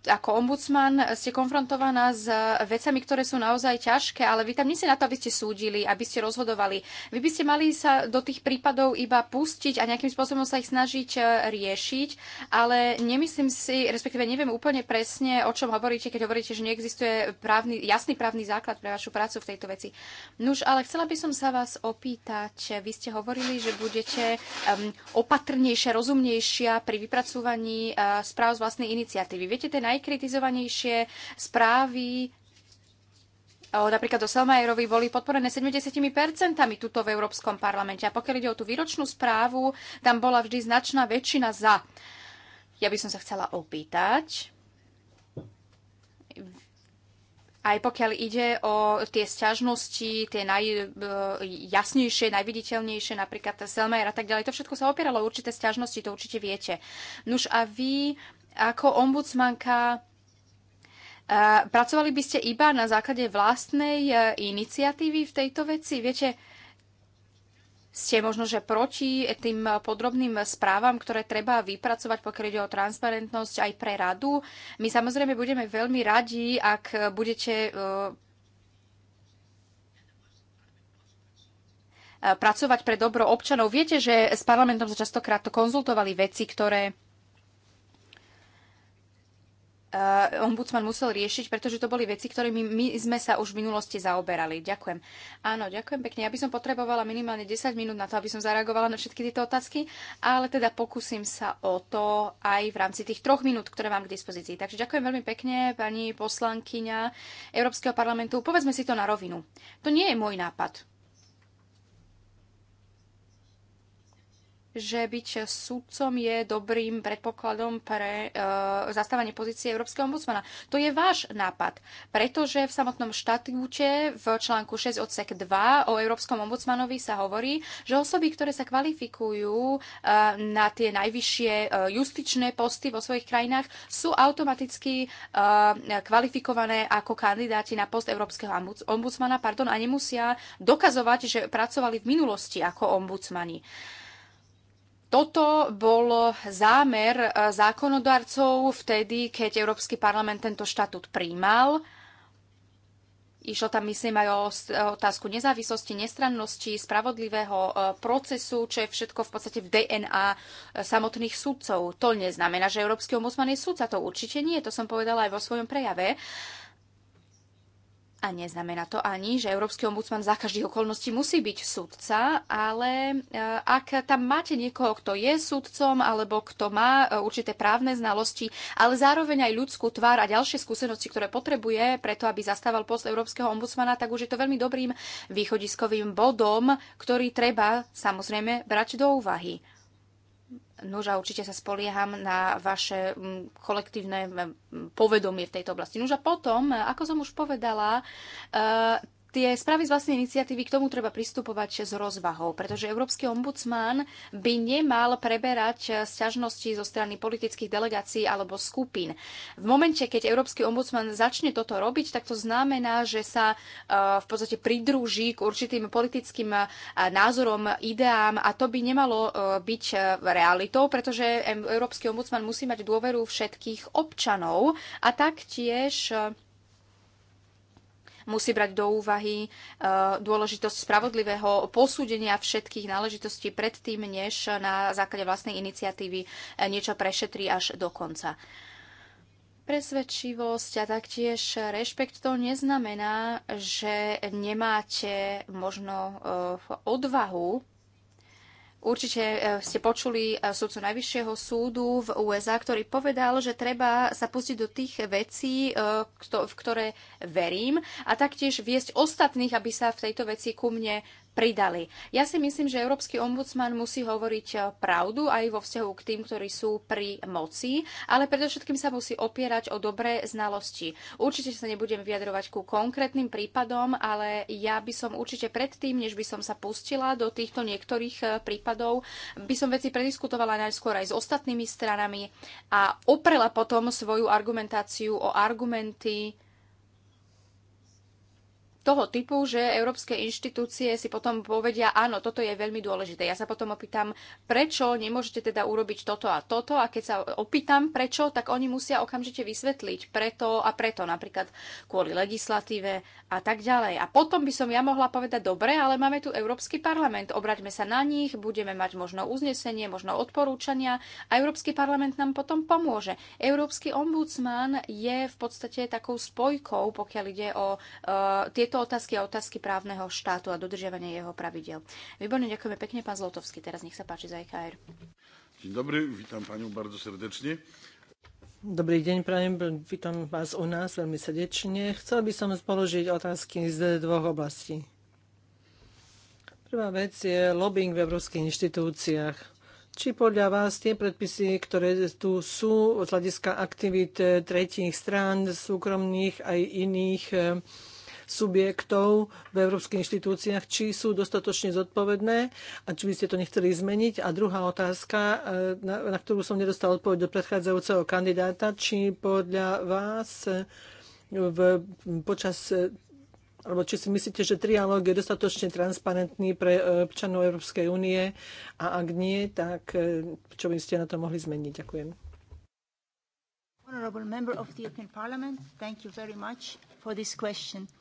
Speaker 3: ako ombudsman ste konfrontovaná s vecami, ktoré sú naozaj ťažké, ale vy tam nie ste na to, aby ste súdili, aby ste rozhodovali. Vy by ste mali sa do tých prípadov iba pustiť a nejakým spôsobom sa ich snažiť e, riešiť, ale nemyslím si, respektíve neviem úplne presne, o čom hovoríte, keď hovoríte, že neexistuje právny, jasný právny základ pre vašu prácu v tejto veci. Nuž, ale chcela by som sa vás opýtať, vy ste hovorili, že budete um, opatrnejšia, rozumnejšia pri vypracúvaní uh, e, správ z vlastnej iniciatívy. Viete, ten naj najkritizovanejšie správy napríklad do Selmajerovi boli podporené 70% tuto v Európskom parlamente. A pokiaľ ide o tú výročnú správu, tam bola vždy značná väčšina za. Ja by som sa chcela opýtať, aj pokiaľ ide o tie sťažnosti, tie najjasnejšie, e, najviditeľnejšie, napríklad Selmayer a tak ďalej, to všetko sa opieralo určité sťažnosti, to určite viete. Nuž a vy ako ombudsmanka e, pracovali by ste iba na základe vlastnej e, iniciatívy v tejto veci? Viete, ste možno, že proti tým podrobným správam, ktoré treba vypracovať, pokiaľ ide o transparentnosť aj pre radu. My samozrejme budeme veľmi radi, ak budete e, pracovať pre dobro občanov. Viete, že s parlamentom sa častokrát to konzultovali veci, ktoré Eh, ombudsman musel riešiť, pretože to boli veci, ktorými my sme sa už v minulosti zaoberali. Ďakujem. Áno, ďakujem pekne. Ja by som potrebovala minimálne 10 minút na to, aby som zareagovala na všetky tieto otázky, ale teda pokúsim sa o to aj v rámci tých troch minút, ktoré mám k dispozícii. Takže ďakujem veľmi pekne, pani poslankyňa Európskeho parlamentu. Povedzme si to na rovinu. To nie je môj nápad že byť sudcom je dobrým predpokladom pre e, eh, zastávanie pozície Európskeho ombudsmana. To je váš nápad, pretože v samotnom štatúte v článku 6 odsek 2 o Európskom ombudsmanovi sa hovorí, že osoby, ktoré sa kvalifikujú e, na tie najvyššie e, justičné posty vo svojich krajinách, sú automaticky e, kvalifikované ako kandidáti na post Európskeho ombudsmana pardon, a nemusia dokazovať, že pracovali v minulosti ako ombudsmani. Uh, toto bol zámer e, zákonodarcov vtedy, keď Európsky parlament tento štatút príjmal. Išlo tam, myslím, aj o e, otázku nezávislosti, nestrannosti, spravodlivého e, procesu, čo je všetko v podstate v DNA samotných súdcov. To neznamená, že Európsky ombudsman je súdca, to určite nie, to som povedala aj vo svojom prejave. A neznamená to ani, že Európsky ombudsman za každých okolností musí byť sudca, ale e, ak tam máte niekoho, kto je sudcom alebo kto má e, určité právne znalosti, ale zároveň aj ľudskú tvár a ďalšie skúsenosti, ktoré potrebuje preto, aby zastával post Európskeho ombudsmana, tak už je to veľmi dobrým východiskovým bodom, ktorý treba samozrejme brať do úvahy. Noža, určite sa spolieham na vaše mm, kolektívne mm, povedomie v tejto oblasti. Nuža, potom, ako som už povedala, eh, tie správy z vlastnej iniciatívy k tomu treba pristupovať s rozvahou, pretože Európsky ombudsman by nemal preberať sťažnosti zo strany politických delegácií alebo skupín. V momente, keď Európsky ombudsman začne toto robiť, tak to znamená, že sa eh, v podstate pridruží k určitým politickým eh, názorom, ideám a to by nemalo eh, byť realitou, pretože Európsky ombudsman musí mať dôveru všetkých občanov a taktiež musí brať do úvahy e, dôležitosť spravodlivého posúdenia všetkých náležitostí predtým, než na základe vlastnej iniciatívy e, niečo prešetrí až do konca. Presvedčivosť a taktiež rešpekt to neznamená, že nemáte možno e, odvahu Určite e, ste počuli e, súdcu Najvyššieho súdu v USA, ktorý povedal, že treba sa pustiť do tých vecí, e, v ktoré verím a taktiež viesť ostatných, aby sa v tejto veci ku mne pridali. Ja si myslím, že Európsky ombudsman musí hovoriť eh, pravdu aj vo vzťahu k tým, ktorí sú pri moci, ale predovšetkým sa musí opierať o dobré znalosti. Určite sa nebudem vyjadrovať ku konkrétnym prípadom, ale ja by som určite predtým, než by som sa pustila do týchto niektorých eh, prípadov, by som veci prediskutovala najskôr aj s ostatnými stranami a oprela potom svoju argumentáciu o argumenty toho typu, že európske inštitúcie si potom povedia, áno, toto je veľmi dôležité. Ja sa potom opýtam, prečo nemôžete teda urobiť toto a toto a keď sa opýtam prečo, tak oni musia okamžite vysvetliť preto a preto, napríklad kvôli legislatíve a tak ďalej. A potom by som ja mohla povedať, dobre, ale máme tu Európsky parlament, obraťme sa na nich, budeme mať možno uznesenie, možno odporúčania a Európsky parlament nám potom pomôže. Európsky ombudsman je v podstate takou spojkou, pokiaľ ide o uh, tieto tieto otázky a otázky právneho štátu a dodržiavania jeho pravidel. Výborne, ďakujeme pekne, pán Zlotovský. Teraz nech sa páči za EKR.
Speaker 1: Dzień dobry, witam panią bardzo srdečne.
Speaker 4: Dobrý deň, prajem, vítam vás u nás veľmi srdečne. Chcel by som spoložiť otázky z dvoch oblastí. Prvá vec je lobbying v európskych inštitúciách. Či podľa vás tie predpisy, ktoré tu sú z hľadiska aktivít tretích strán, súkromných aj iných, subjektov v európskych inštitúciách, či sú dostatočne zodpovedné a či by ste to nechceli zmeniť. A druhá otázka, e, na, na ktorú som nedostal odpoveď do predchádzajúceho kandidáta, či podľa vás e, v, počas e, alebo či si myslíte, že trialóg je dostatočne transparentný pre občanov Európskej únie a ak nie, tak čo by ste na to mohli zmeniť? Ďakujem.
Speaker 1: Honorable member of the European Parliament, thank you very much for this
Speaker 3: question.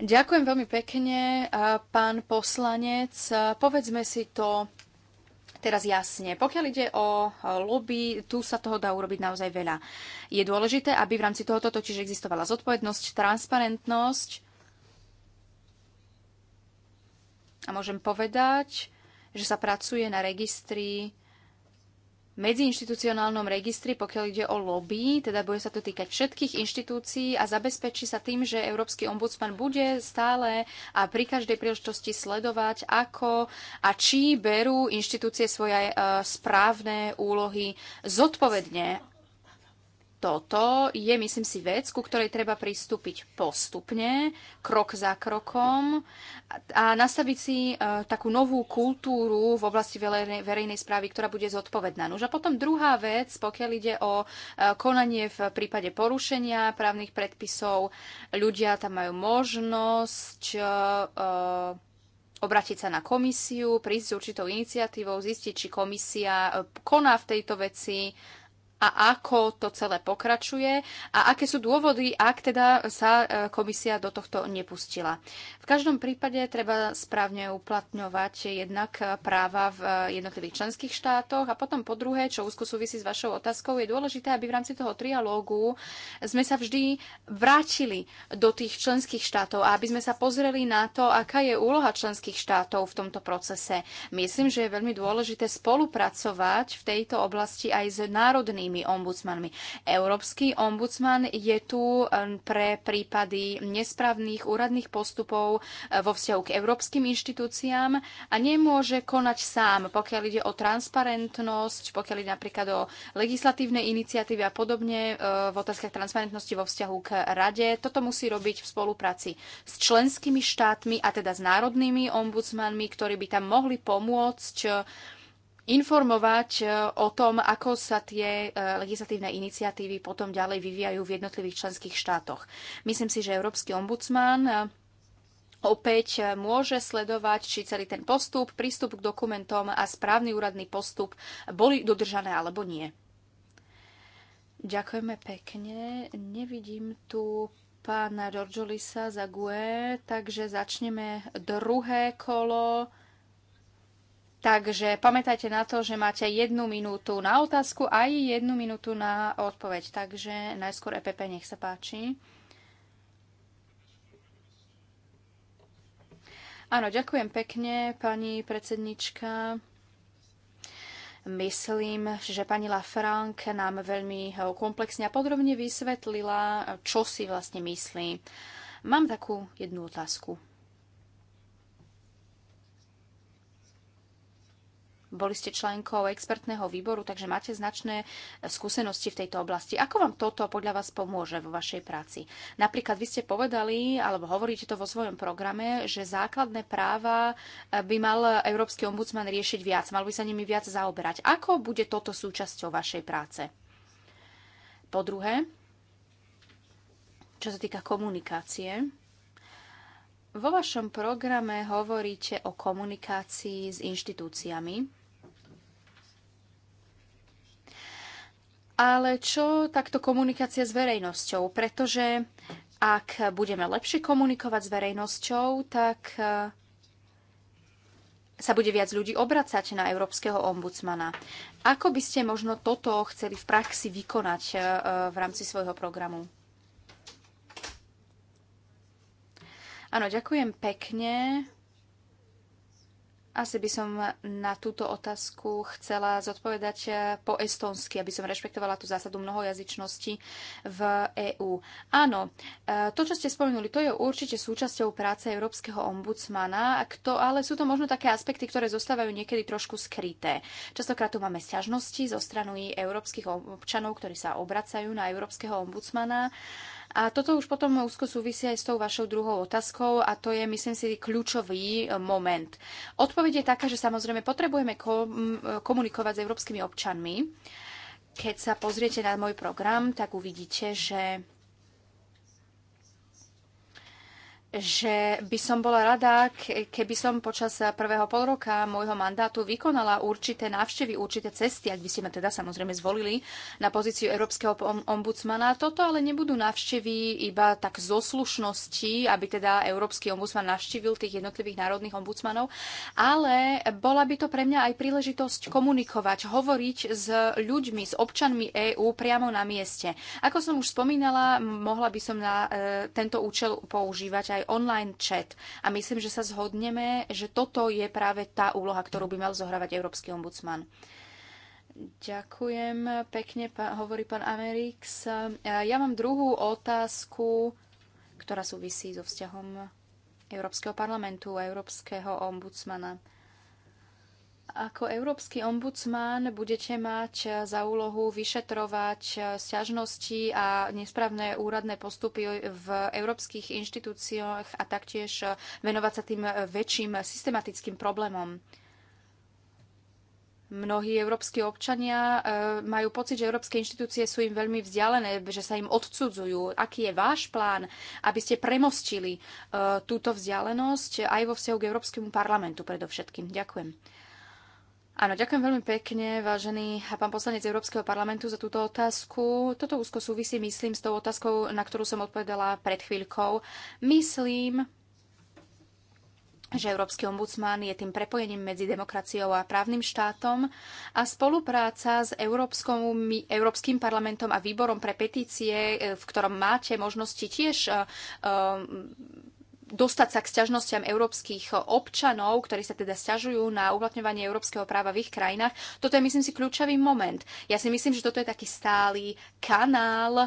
Speaker 3: Ďakujem veľmi pekne, pán poslanec. Povedzme si to Teraz jasne, pokiaľ ide o lobby, tu sa toho dá urobiť naozaj veľa. Je dôležité, aby v rámci tohoto totiž existovala zodpovednosť, transparentnosť. A môžem povedať, že sa pracuje na registri medziinštitucionálnom registri, pokiaľ ide o lobby, teda bude sa to týkať všetkých inštitúcií a zabezpečí sa tým, že Európsky ombudsman bude stále a pri každej príležitosti sledovať, ako a či berú inštitúcie svoje e, správne úlohy zodpovedne toto je, myslím si, vec, ku ktorej treba pristúpiť postupne, krok za krokom a nastaviť si e, takú novú kultúru v oblasti verejnej, verejnej správy, ktorá bude zodpovedná. Nož a potom druhá vec, pokiaľ ide o e, konanie v prípade porušenia právnych predpisov, ľudia tam majú možnosť e, obrátiť sa na komisiu, prísť s určitou iniciatívou, zistiť, či komisia koná v tejto veci, a ako to celé pokračuje a aké sú dôvody, ak teda sa e, komisia do tohto nepustila. V každom prípade treba správne uplatňovať jednak práva v e, jednotlivých členských štátoch a potom po druhé, čo úzko súvisí s vašou otázkou, je dôležité, aby v rámci toho trialógu sme sa vždy vrátili do tých členských štátov a aby sme sa pozreli na to, aká je úloha členských štátov v tomto procese. Myslím, že je veľmi dôležité spolupracovať v tejto oblasti aj s národnými národnými ombudsmanmi. Európsky ombudsman je tu um, pre prípady nesprávnych úradných postupov uh, vo vzťahu k európskym inštitúciám a nemôže konať sám, pokiaľ ide o transparentnosť, pokiaľ ide napríklad o legislatívne iniciatívy a podobne uh, v otázkach transparentnosti vo vzťahu k rade. Toto musí robiť v spolupráci s členskými štátmi a teda s národnými ombudsmanmi, ktorí by tam mohli pomôcť informovať e, o tom, ako sa tie e, legislatívne iniciatívy potom ďalej vyvíjajú v jednotlivých členských štátoch. Myslím si, že Európsky ombudsman e, opäť môže sledovať, či celý ten postup, prístup k dokumentom a správny úradný postup boli dodržané alebo nie. Ďakujeme pekne. Nevidím tu pána Roržolisa za GUE, takže začneme druhé kolo Takže pamätajte na to, že máte jednu minútu na otázku a aj jednu minútu na odpoveď. Takže najskôr EPP, nech sa páči. Áno, ďakujem pekne, pani predsednička. Myslím, že pani Lafranc nám veľmi komplexne a podrobne vysvetlila, čo si vlastne myslí. Mám takú jednu otázku. Boli ste členkou expertného výboru, takže máte značné skúsenosti v tejto oblasti. Ako vám toto podľa vás pomôže vo vašej práci? Napríklad vy ste povedali, alebo hovoríte to vo svojom programe, že základné práva eh, by mal Európsky ombudsman riešiť viac, mal by sa nimi viac zaoberať. Ako bude toto súčasťou vašej práce? Po druhé, čo sa týka komunikácie, vo vašom programe hovoríte o komunikácii s inštitúciami. ale čo takto komunikácia s verejnosťou? Pretože ak budeme lepšie komunikovať s verejnosťou, tak e, sa bude viac ľudí obracať na európskeho ombudsmana. Ako by ste možno toto chceli v praxi vykonať e, v rámci svojho programu? Áno, ďakujem pekne. Asi by som na túto otázku chcela zodpovedať eh, po estonsky, aby som rešpektovala tú zásadu mnohojazyčnosti v EÚ. Áno, eh, to, čo ste spomenuli, to je určite súčasťou práce Európskeho ombudsmana, kto, ale sú to možno také aspekty, ktoré zostávajú niekedy trošku skryté. Častokrát tu máme sťažnosti zo strany európskych občanov, ktorí sa obracajú na Európskeho ombudsmana a toto už potom úzko súvisí aj s tou vašou druhou otázkou a to je, myslím si, kľúčový e, moment. Odpoveď je taká, že samozrejme potrebujeme e, komunikovať s európskymi občanmi. Keď sa pozriete na môj program, tak uvidíte, že že by som bola rada, keby som počas prvého pol roka môjho mandátu vykonala určité návštevy, určité cesty, ak by ste ma teda samozrejme zvolili na pozíciu Európskeho ombudsmana. Toto ale nebudú návštevy iba tak zo slušnosti, aby teda Európsky ombudsman navštívil tých jednotlivých národných ombudsmanov, ale bola by to pre mňa aj príležitosť komunikovať, hovoriť s ľuďmi, s občanmi EÚ priamo na mieste. Ako som už spomínala, mohla by som na e, tento účel používať aj aj online chat. A myslím, že sa zhodneme, že toto je práve tá úloha, ktorú by mal zohrávať Európsky ombudsman. Ďakujem pekne, hovorí pán Amerix. Ja mám druhú otázku, ktorá súvisí so vzťahom Európskeho parlamentu a Európskeho ombudsmana. Ako európsky ombudsman budete mať za úlohu vyšetrovať sťažnosti a nesprávne úradné postupy v európskych inštitúciách a taktiež venovať sa tým väčším systematickým problémom. Mnohí európsky občania e, majú pocit, že európske inštitúcie sú im veľmi vzdialené, že sa im odcudzujú. Aký je váš plán, aby ste premostili e, túto vzdialenosť aj vo vzťahu k Európskemu parlamentu predovšetkým? Ďakujem. Áno, ďakujem veľmi pekne, vážený pán poslanec Európskeho parlamentu, za túto otázku. Toto úzko súvisí, myslím, s tou otázkou, na ktorú som odpovedala pred chvíľkou. Myslím, že Európsky ombudsman je tým prepojením medzi demokraciou a právnym štátom a spolupráca s Európskom, Európskym parlamentom a výborom pre petície, v ktorom máte možnosti tiež uh, dostať sa k sťažnostiam európskych občanov, ktorí sa teda sťažujú na uplatňovanie európskeho práva v ich krajinách. Toto je, myslím si, kľúčový moment. Ja si myslím, že toto je taký stály kanál, e,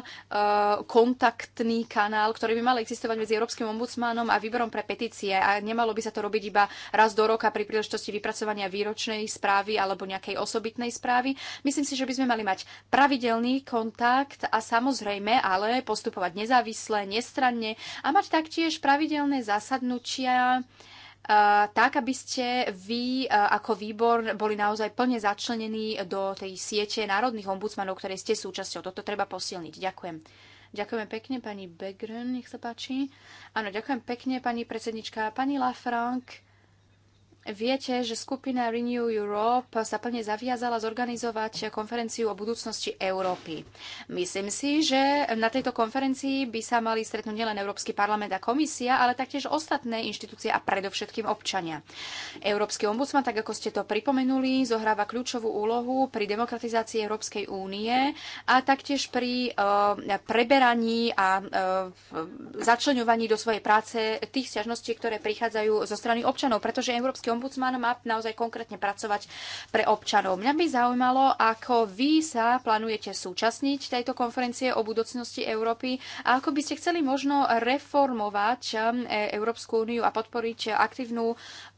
Speaker 3: kontaktný kanál, ktorý by mal existovať medzi Európskym ombudsmanom a výborom pre petície. A nemalo by sa to robiť iba raz do roka pri príležitosti vypracovania výročnej správy alebo nejakej osobitnej správy. Myslím si, že by sme mali mať pravidelný kontakt a samozrejme ale postupovať nezávisle, nestranne a mať taktiež pravidelné pravidelné zasadnutia tak, aby ste vy ako výbor boli naozaj plne začlenení do tej siete národných ombudsmanov, ktoré ste súčasťou. Toto treba posilniť. Ďakujem. Ďakujeme pekne, pani Begren, nech sa páči. Áno, ďakujem pekne, pani predsednička. Pani Lafranc, Viete, že skupina Renew Europe sa plne zaviazala zorganizovať konferenciu o budúcnosti Európy. Myslím si, že na tejto konferencii by sa mali stretnúť nielen Európsky parlament a komisia, ale taktiež ostatné inštitúcie a predovšetkým občania. Európsky ombudsman, tak ako ste to pripomenuli, zohráva kľúčovú úlohu pri demokratizácii Európskej únie a taktiež pri uh, preberaní a uh, eh, začlenovaní do svojej práce tých sťažností, ktoré prichádzajú zo strany občanov, pretože Európsky ombudsmanom má naozaj konkrétne pracovať pre občanov. Mňa by zaujímalo, ako vy sa plánujete súčasniť tejto konferencie o budúcnosti Európy a ako by ste chceli možno reformovať um, e, Európsku úniu a podporiť aktívnu uh,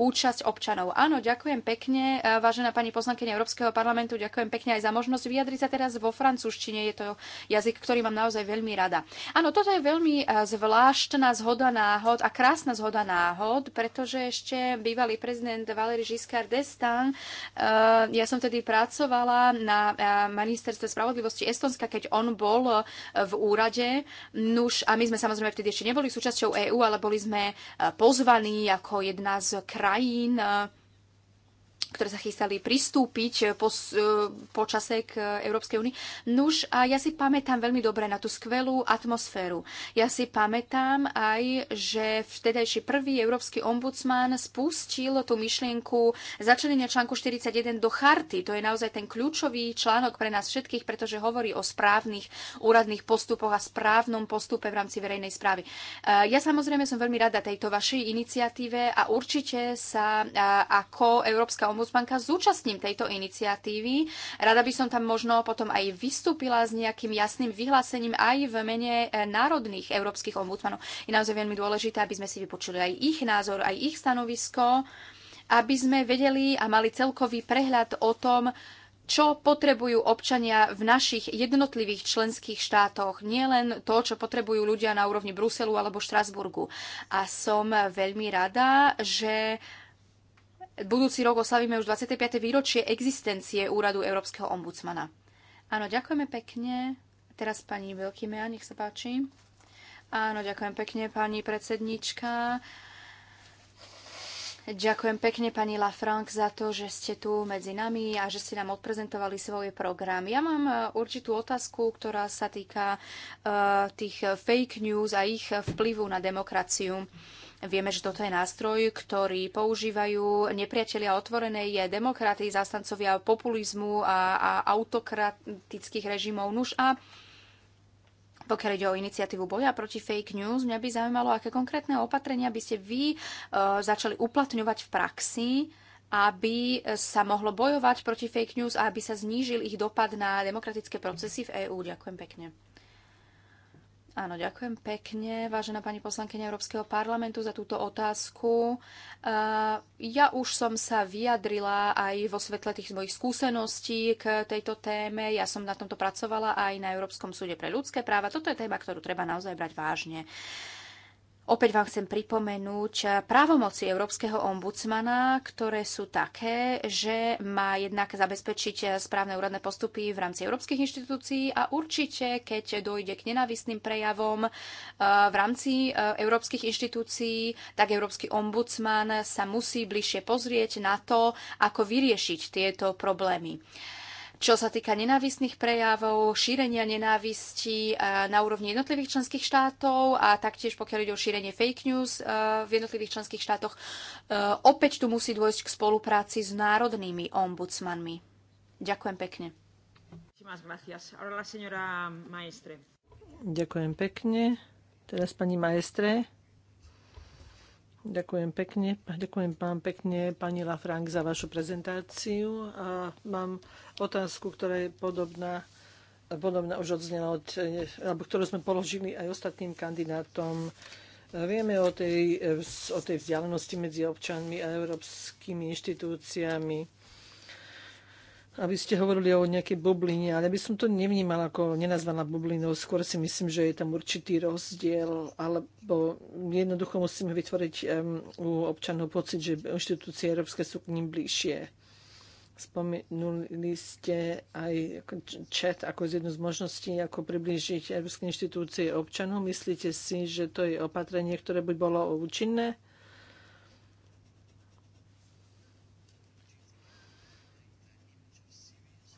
Speaker 3: účasť občanov. Áno, ďakujem pekne, uh, vážená pani poslankyňa Európskeho parlamentu, ďakujem pekne aj za možnosť vyjadriť sa teraz vo francúzštine. Je to jazyk, ktorý mám naozaj veľmi rada. Áno, toto je veľmi uh, zvláštna zhoda náhod a krásna zhoda náhod, pretože ešte bývalý prezident Valery Giscard d'Estaing. Eh, ja som tedy pracovala na eh, ministerstve spravodlivosti Estonska, keď on bol eh, v úrade. Nuž, a my sme samozrejme vtedy ešte neboli súčasťou EÚ, ale boli sme pozvaní ako jedna z krajín ktoré sa chystali pristúpiť eh, po, eh, čase k eh, Európskej únii. Nuž, a ja si pamätám veľmi dobre na tú skvelú atmosféru. Ja si pamätám aj, že vtedajší prvý európsky ombudsman spustil tú myšlienku začlenenia článku 41 do charty. To je naozaj ten kľúčový článok pre nás všetkých, pretože hovorí o správnych úradných postupoch a správnom postupe v rámci verejnej správy. Ja samozrejme som veľmi rada tejto vašej iniciatíve a určite sa ako Európska ombudsman ombudsmanka zúčastním tejto iniciatívy. Rada by som tam možno potom aj vystúpila s nejakým jasným vyhlásením aj v mene eh, národných európskych ombudsmanov. Je naozaj veľmi dôležité, aby sme si vypočuli aj ich názor, aj ich stanovisko, aby sme vedeli a mali celkový prehľad o tom, čo potrebujú občania v našich jednotlivých členských štátoch, nielen to, čo potrebujú ľudia na úrovni Bruselu alebo Štrasburgu. A som veľmi rada, že budúci rok oslavíme už 25. výročie existencie úradu Európskeho ombudsmana. Áno, ďakujeme pekne. Teraz pani Veľkymea, nech sa páči. Áno, ďakujem pekne, pani predsednička. Ďakujem pekne pani Lafranc za to, že ste tu medzi nami a že ste nám odprezentovali svoj program. Ja mám e, určitú otázku, ktorá sa týka uh, tých fake news a ich vplyvu na demokraciu. Uh, Vieme, že toto je nástroj, ktorý používajú nepriatelia otvorenej demokraty, zastancovia populizmu a, a autokratických režimov. Nuž a pokiaľ ide o iniciatívu boja proti fake news, mňa by zaujímalo, aké konkrétne opatrenia by ste vy e, začali uplatňovať v praxi, aby sa mohlo bojovať proti fake news a aby sa znížil ich dopad na demokratické procesy v EÚ. Ďakujem pekne. Áno, ďakujem pekne, vážená pani poslankyňa Európskeho parlamentu, za túto otázku. Ja už som sa vyjadrila aj vo svetle tých mojich skúseností k tejto téme. Ja som na tomto pracovala aj na Európskom súde pre ľudské práva. Toto je téma, ktorú treba naozaj brať vážne. Opäť vám chcem pripomenúť právomoci Európskeho ombudsmana, ktoré sú také, že má jednak zabezpečiť správne úradné postupy v rámci európskych inštitúcií a určite, keď dojde k nenávistným prejavom eh, v rámci eh, európskych inštitúcií, tak Európsky ombudsman sa musí bližšie pozrieť na to, ako vyriešiť tieto problémy. Čo sa týka nenávistných prejavov, šírenia nenávisti e, na úrovni jednotlivých členských štátov a taktiež pokiaľ ide o šírenie fake news e, v jednotlivých členských štátoch, e, opäť tu musí dôjsť k spolupráci s národnými ombudsmanmi. Ďakujem pekne. Ďakujem pekne. Teraz
Speaker 4: pani maestre. Ďakujem pekne. Ďakujem vám pekne, pani Lafrank, za vašu prezentáciu. A mám otázku, ktorá je podobná, podobná už odznela, od, alebo ktorú sme položili aj ostatným kandidátom. Vieme o tej, o tej vzdialenosti medzi občanmi a európskymi inštitúciami aby ste hovorili o nejakej bubline, ale by som to nevnímala ako nenazvaná bublinou. Skôr si myslím, že je tam určitý rozdiel, alebo jednoducho musíme vytvoriť u občanov pocit, že inštitúcie európske sú k ním bližšie. Spomenuli ste aj chat ako z jednu z možností, ako priblížiť európske inštitúcie občanom. Myslíte si, že to je opatrenie, ktoré by bolo účinné?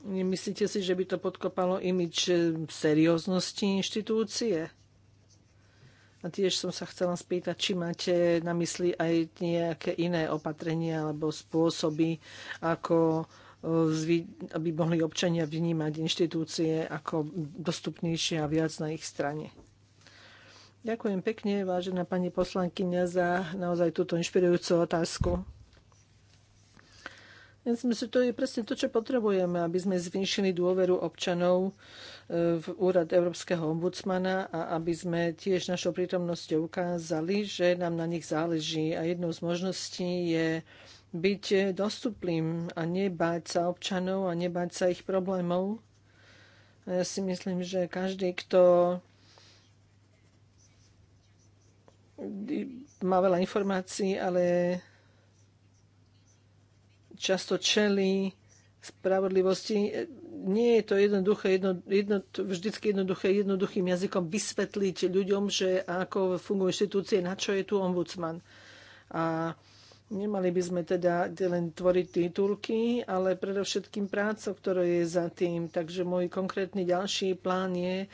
Speaker 4: Myslíte si, že by to podkopalo imič eh, serióznosti inštitúcie? A tiež som sa chcela spýtať, či máte na mysli aj nejaké iné opatrenia alebo spôsoby, ako eh, aby mohli občania vnímať inštitúcie ako dostupnejšie a viac na ich strane. Ďakujem pekne, vážená pani poslankyňa, za naozaj túto inšpirujúcu otázku. Ja myslím, že to je presne to, čo potrebujeme, aby sme zvýšili dôveru občanov e, v úrad Európskeho ombudsmana a aby sme tiež našou prítomnosťou ukázali, že nám na nich záleží. A jednou z možností je byť dostupným a nebáť sa občanov a nebáť sa ich problémov. A ja si myslím, že každý, kto má veľa informácií, ale často čelí spravodlivosti. Nie je to jednoduché, jedno, jedno, vždycky jednoduché, jednoduchým jazykom vysvetliť ľuďom, že ako fungujú inštitúcie, na čo je tu ombudsman. A nemali by sme teda len tvoriť titulky, ale predovšetkým prácu, ktorá je za tým. Takže môj konkrétny ďalší plán je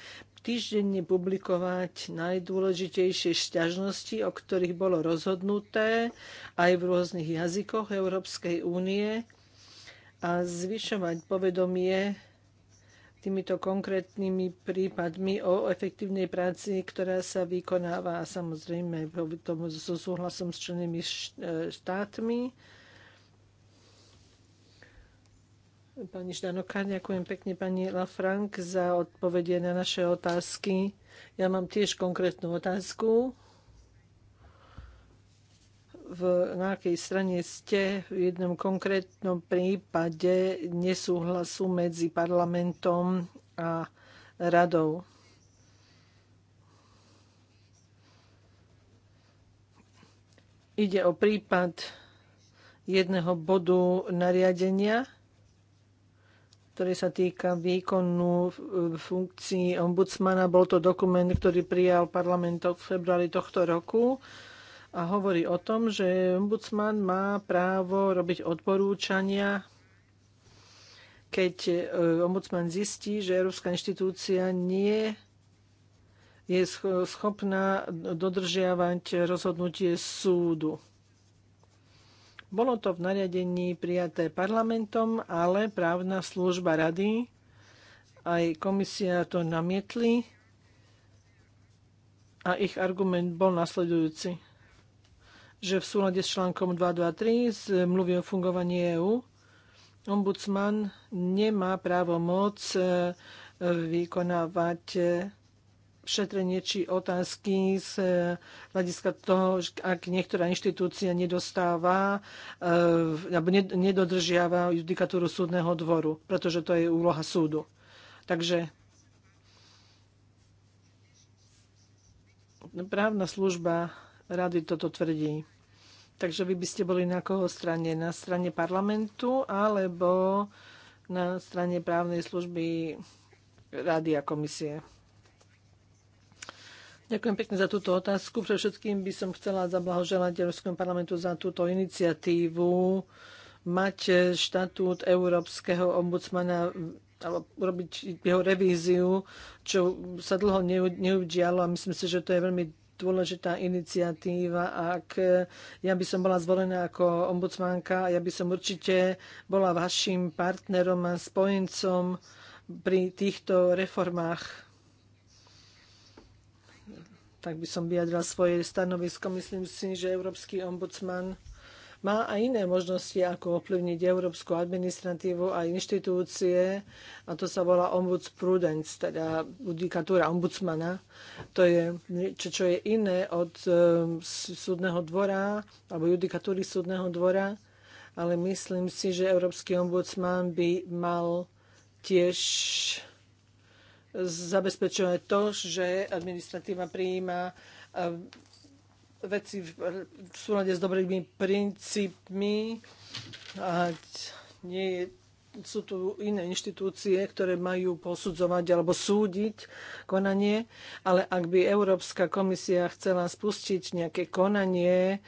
Speaker 4: týždenne publikovať najdôležitejšie šťažnosti, o ktorých bolo rozhodnuté aj v rôznych jazykoch Európskej únie a zvyšovať povedomie týmito konkrétnymi prípadmi o efektívnej práci, ktorá sa vykonáva a samozrejme so súhlasom s členými e, štátmi. Pani Šdanoka, ďakujem pekne pani Lafrank za odpovedie na naše otázky. Ja mám tiež konkrétnu otázku. V, na akej strane ste v jednom konkrétnom prípade nesúhlasu medzi parlamentom a radou? Ide o prípad jedného bodu nariadenia, ktorý sa týka výkonu e, funkcií ombudsmana. Bol to dokument, ktorý prijal parlament v februári tohto roku a hovorí o tom, že ombudsman má právo robiť odporúčania, keď e, ombudsman zistí, že Európska inštitúcia nie je schopná dodržiavať rozhodnutie súdu. Bolo to v nariadení prijaté parlamentom, ale právna služba rady aj komisia to namietli a ich argument bol nasledujúci, že v súlade s článkom 223 z mluvy o fungovaní EÚ ombudsman nemá právo moc eh, vykonávať eh, šetrenie či otázky z e, hľadiska toho, ak niektorá inštitúcia nedostáva e, alebo nedodržiava judikatúru súdneho dvoru, pretože to je úloha súdu. Takže právna služba rady toto tvrdí. Takže vy by ste boli na koho strane? Na strane parlamentu alebo na strane právnej služby rady a komisie? Ďakujem pekne za túto otázku. Pre všetkým by som chcela zablahoželať Európskom parlamentu za túto iniciatívu mať štatút Európskeho ombudsmana alebo robiť jeho revíziu, čo sa dlho neudialo a myslím si, že to je veľmi dôležitá iniciatíva. Ak ja by som bola zvolená ako ombudsmanka, ja by som určite bola vašim partnerom a spojencom pri týchto reformách tak by som vyjadral svoje stanovisko. Myslím si, že Európsky ombudsman má aj iné možnosti, ako ovplyvniť európsku administratívu a inštitúcie, a to sa volá ombudsprudence, teda judikatúra ombudsmana. To je niečo, čo je iné od e, súdneho dvora alebo judikatúry súdneho dvora, ale myslím si, že európsky ombudsman by mal tiež zabezpečuje to, že administratíva prijíma eh, veci v, v súlade s dobrými princípmi a nie je sú tu iné inštitúcie, ktoré majú posudzovať alebo súdiť konanie, ale ak by Európska komisia chcela spustiť nejaké konanie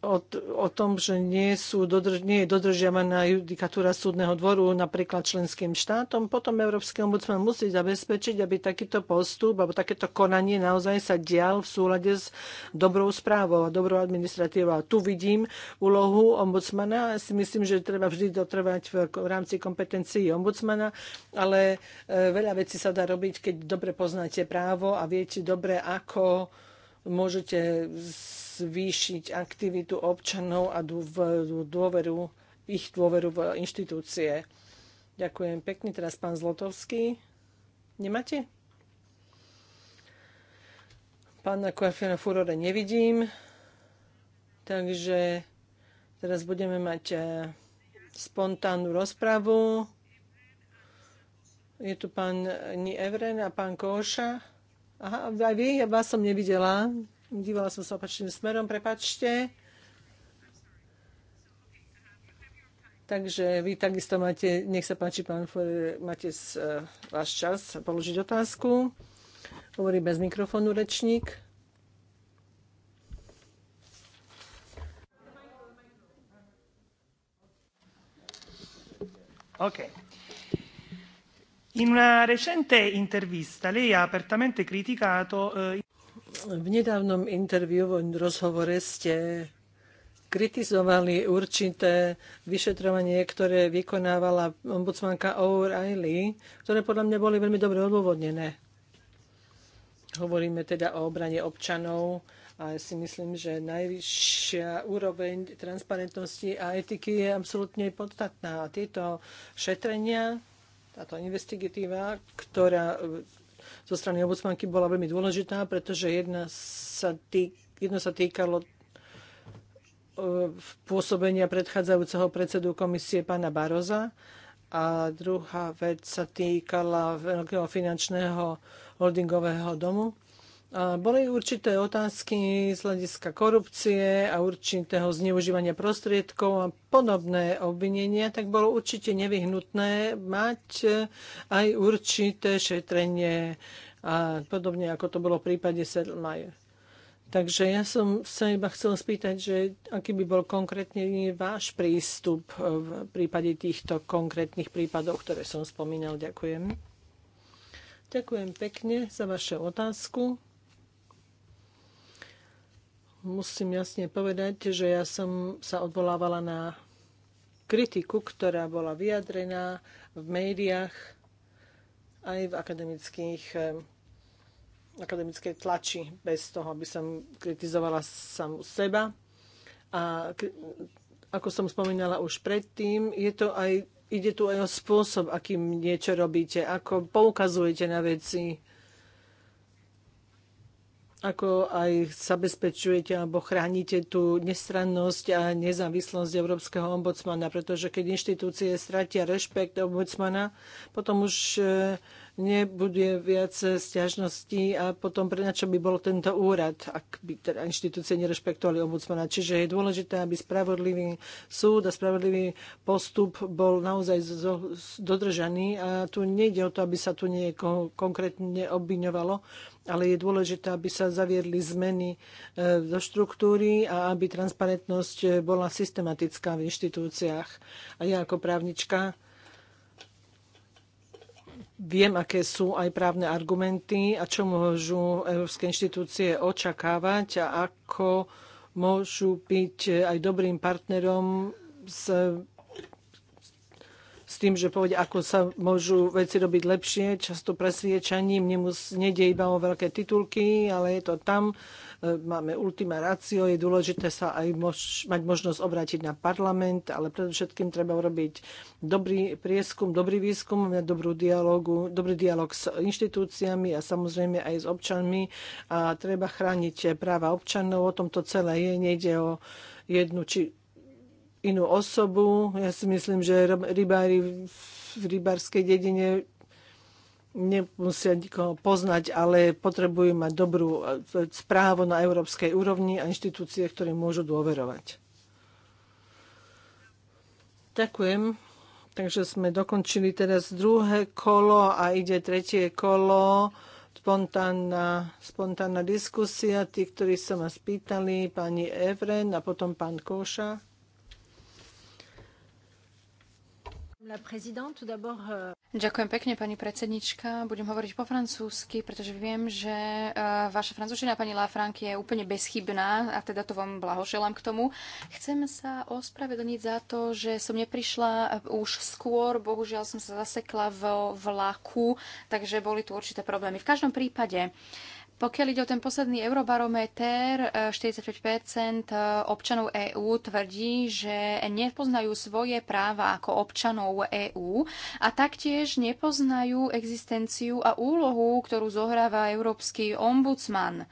Speaker 4: o, o tom, že nie, sú dodrž, nie je dodržiavaná judikatúra súdneho dvoru napríklad členským štátom, potom Európsky ombudsman musí zabezpečiť, aby takýto postup alebo takéto konanie naozaj sa dial v súlade s dobrou správou a dobrou administratívou. A tu vidím úlohu ombudsmana. Ja si myslím, že treba vždy dotrvať v, rámci kompetencií ombudsmana, ale e, veľa vecí sa dá robiť, keď dobre poznáte právo a viete dobre, ako môžete zvýšiť aktivitu občanov a dôveru, ich dôveru v inštitúcie. Ďakujem pekne. Teraz pán Zlotovský. Nemáte? Pána Koafena Furore nevidím, takže teraz budeme mať eh, spontánnu rozpravu. Je tu pán Ni Evren a pán Koša. Aha, aj vy? Ja vás som nevidela. Dívala som sa opačným smerom, prepačte. Takže vy takisto máte, nech sa páči, pán Fore, máte z, uh, e, váš čas položiť otázku. Hovorí bez mikrofónu rečník. Okay. In una recente intervista lei ha apertamente criticato... Eh... V nedávnom interviu, v rozhovore ste kritizovali určité vyšetrovanie, ktoré vykonávala ombudsmanka O'Reilly, ktoré podľa mňa boli veľmi dobre odôvodnené. Hovoríme teda o obrane občanov a ja si myslím, že najvyššia úroveň transparentnosti a etiky je absolútne podstatná. A tieto šetrenia táto investigatíva, ktorá e, zo strany obudsmanky bola veľmi dôležitá, pretože jedna sa tý, jedno sa týkalo e, pôsobenia predchádzajúceho predsedu komisie pána Baroza a druhá vec sa týkala veľkého finančného holdingového domu boli určité otázky z hľadiska korupcie a určitého zneužívania prostriedkov a podobné obvinenia, tak bolo určite nevyhnutné mať eh, aj určité šetrenie a podobne ako to bolo v prípade Sedlmajer. Takže ja som sa iba chcel spýtať, že aký by bol konkrétne váš prístup eh, v prípade týchto konkrétnych prípadov, ktoré som spomínal. Ďakujem. Ďakujem pekne za vašu otázku musím jasne povedať, že ja som sa odvolávala na kritiku, ktorá bola vyjadrená v médiách aj v akademických eh, akademickej tlači, bez toho, aby som kritizovala samú seba. A ako som spomínala už predtým, je to aj, ide tu aj o spôsob, akým niečo robíte, ako poukazujete na veci, ako aj zabezpečujete alebo chránite tú nestrannosť a nezávislosť Európskeho ombudsmana, pretože keď inštitúcie stratia rešpekt ombudsmana, potom už e, nebude viac stiažností a potom pre čo by bol tento úrad, ak by teda inštitúcie nerešpektovali ombudsmana. Čiže je dôležité, aby spravodlivý súd a spravodlivý postup bol naozaj dodržaný a tu nejde o to, aby sa tu niekoho konkrétne obviňovalo, ale je dôležité, aby sa zaviedli zmeny e, do štruktúry a aby transparentnosť e, bola systematická v inštitúciách. A ja ako právnička viem, aké sú aj právne argumenty a čo môžu európske inštitúcie očakávať a ako môžu byť e, aj dobrým partnerom s s tým, že povedia, ako sa môžu veci robiť lepšie, často presviečaním, nemus, nejde iba o veľké titulky, ale je to tam, e, máme ultima ratio, je dôležité sa aj mož, mať možnosť obrátiť na parlament, ale predovšetkým treba urobiť dobrý prieskum, dobrý výskum, mať dobrú dialogu, dobrý dialog s inštitúciami a samozrejme aj s občanmi a treba chrániť práva občanov, o tomto celé je, nejde o jednu či inú osobu. Ja si myslím, že rybári v rybárskej dedine nemusia nikoho poznať, ale potrebujú mať dobrú správu na európskej úrovni a inštitúcie, ktoré môžu dôverovať. Ďakujem. Takže sme dokončili teraz druhé kolo a ide tretie kolo. Spontánna, spontánna diskusia. Tí, ktorí sa ma spýtali, pani Evren
Speaker 3: a potom pán Koša.
Speaker 1: Euh,
Speaker 3: Ďakujem pekne, pani predsednička. Budem hovoriť po francúzsky, pretože viem, že e, vaša francúzština, pani Lafranc, je úplne bezchybná a teda to vám blahoželám k tomu. Chcem sa ospravedlniť za to, že som neprišla e, už skôr, bohužiaľ som sa zasekla v vlaku, takže boli tu určité problémy. V každom prípade, pokiaľ ide o ten posledný eurobarometer, 45 eh, eh, občanov EÚ tvrdí, že nepoznajú svoje práva ako občanov EÚ a taktiež nepoznajú existenciu a úlohu, ktorú zohráva Európsky ombudsman.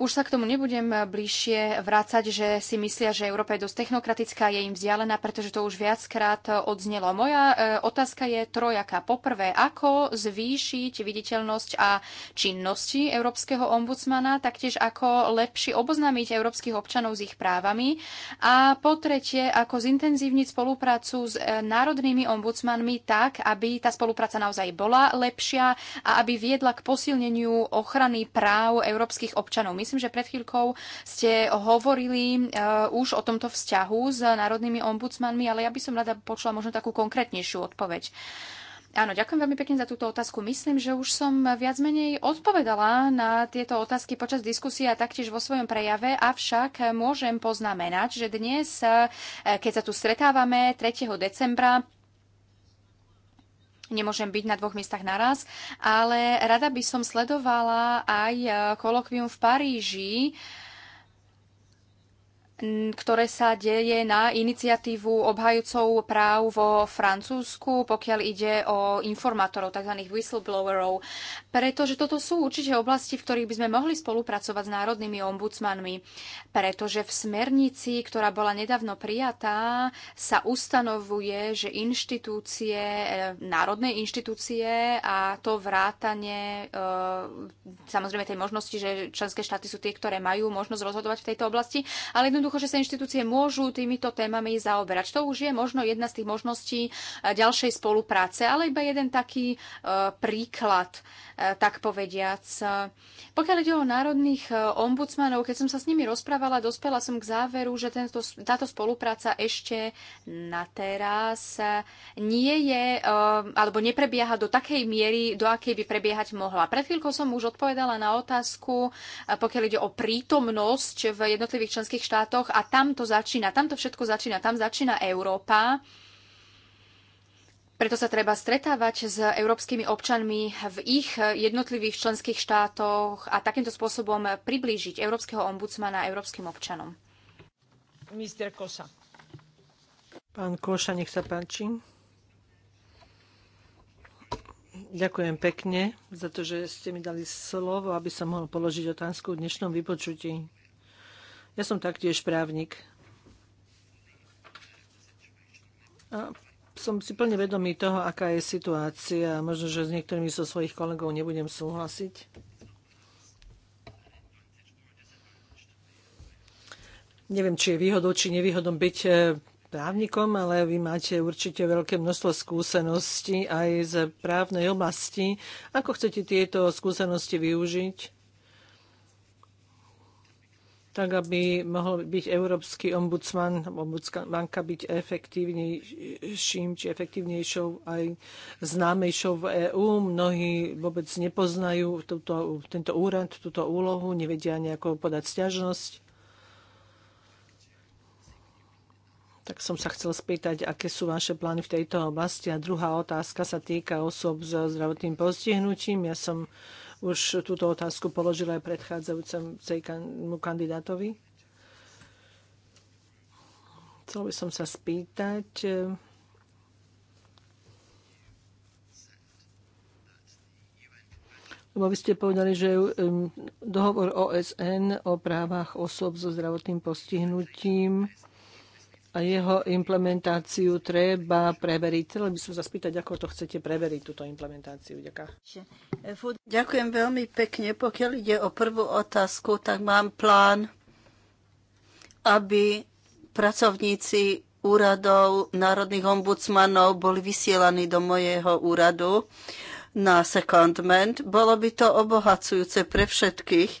Speaker 3: Už sa k tomu nebudem bližšie vrácať, že si myslia, že Európa je dosť technokratická, je im vzdialená, pretože to už viackrát odznelo. Moja e, otázka je trojaká. Poprvé, ako zvýšiť viditeľnosť a činnosti Európskeho ombudsmana, taktiež ako lepšie oboznámiť európskych občanov s ich právami a po tretie, ako zintenzívniť spoluprácu s e, národnými ombudsmanmi tak, aby tá spolupráca naozaj bola lepšia a aby viedla k posilneniu ochrany práv európskych občanov. My Myslím, že pred chvíľkou ste hovorili eh, už o tomto vzťahu s národnými ombudsmanmi, ale ja by som rada počula možno takú konkrétnejšiu odpoveď. Áno, ďakujem veľmi pekne za túto otázku. Myslím, že už som viac menej odpovedala na tieto otázky počas diskusie a taktiež vo svojom prejave, avšak môžem poznamenať, že dnes, eh, keď sa tu stretávame 3. decembra, nemôžem byť na dvoch miestach naraz, ale rada by som sledovala aj eh, kolokvium v Paríži, ktoré sa deje na iniciatívu obhajúcov práv vo Francúzsku, pokiaľ ide o informátorov, tzv. whistleblowerov. Pretože toto sú určite oblasti, v ktorých by sme mohli spolupracovať s národnými ombudsmanmi. Pretože v smernici, ktorá bola nedávno prijatá, sa ustanovuje, že inštitúcie, e, národné inštitúcie a to vrátanie e, samozrejme tej možnosti, že členské štáty sú tie, ktoré majú možnosť rozhodovať v tejto oblasti, ale jednoducho jednoducho, že sa inštitúcie môžu týmito témami zaoberať. To už je možno jedna z tých možností e, ďalšej spolupráce, ale iba jeden taký e, príklad, e, tak povediac. Pokiaľ ide o národných ombudsmanov, keď som sa s nimi rozprávala, dospela som k záveru, že tento, táto spolupráca ešte na teraz nie je, alebo neprebieha do takej miery, do akej by prebiehať mohla. Pred chvíľkou som už odpovedala na otázku, pokiaľ ide o prítomnosť v jednotlivých členských štátoch, štátoch a tam to začína, tam to všetko začína, tam začína Európa. Preto sa treba stretávať s európskymi občanmi v ich jednotlivých členských štátoch a takýmto spôsobom priblížiť európskeho ombudsmana európskym občanom. Mr. Kosa.
Speaker 4: Pán Koša, nech sa páči. Ďakujem pekne za to, že ste mi dali slovo, aby som mohol položiť otázku v dnešnom vypočutí. Ja som taktiež právnik. A som si plne vedomý toho, aká je situácia. Možno, že s niektorými zo so svojich kolegov nebudem súhlasiť. Neviem, či je výhodou, či nevýhodom byť e, právnikom, ale vy máte určite veľké množstvo skúseností aj z právnej oblasti. Ako chcete tieto skúsenosti využiť? tak aby mohol byť európsky ombudsman, ombudsmanka byť efektívnejším či efektívnejšou aj známejšou v EÚ. Mnohí vôbec nepoznajú túto, tento úrad, túto úlohu, nevedia nejako podať stiažnosť. Tak som sa chcel spýtať, aké sú vaše plány v tejto oblasti. A druhá otázka sa týka osob so zdravotným postihnutím. Ja som už túto otázku položila aj predchádzajúcemu kandidátovi. Chcel by som sa spýtať, Lebo vy ste povedali, že um, dohovor OSN o právach osob so zdravotným postihnutím a jeho implementáciu treba preveriť. Chcel by som sa spýtať, ako to chcete preveriť, túto implementáciu. Ďakujem.
Speaker 1: Ďakujem veľmi pekne. Pokiaľ ide o prvú otázku, tak mám plán, aby pracovníci úradov národných ombudsmanov boli vysielaní do mojeho úradu na secondment. Bolo by to obohacujúce pre všetkých.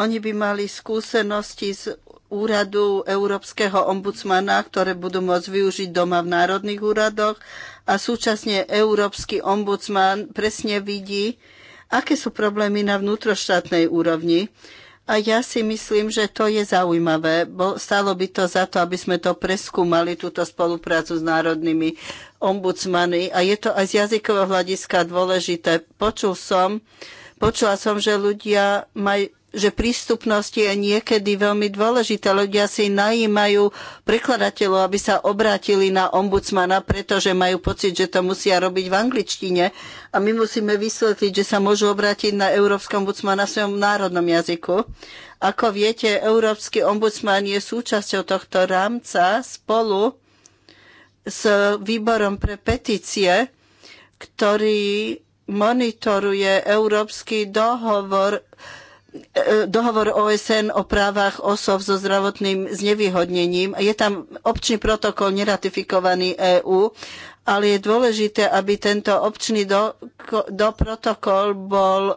Speaker 1: Oni by mali skúsenosti z úradu Európskeho ombudsmana, ktoré budú môcť využiť doma v národných úradoch a súčasne Európsky ombudsman presne vidí, aké sú problémy na vnútroštátnej úrovni. A ja si myslím, že to je zaujímavé, bo stalo by to za to, aby sme to preskúmali, túto spoluprácu s národnými ombudsmany. A je to aj z jazykového hľadiska dôležité. Počul som, počula som, že ľudia maj, že prístupnosť je niekedy veľmi dôležitá. Ľudia si najímajú prekladateľov, aby sa obrátili na ombudsmana, pretože majú pocit, že to musia robiť v angličtine. A my musíme vysvetliť, že sa môžu obrátiť na Európsky ombudsmana v svojom národnom jazyku. Ako viete, Európsky ombudsman je súčasťou tohto rámca spolu s výborom pre petície, ktorý monitoruje Európsky dohovor E, dohovor OSN o právach osob so zdravotným znevýhodnením. Je tam občný protokol neratifikovaný EÚ, ale je dôležité, aby tento občný do, do protokol bol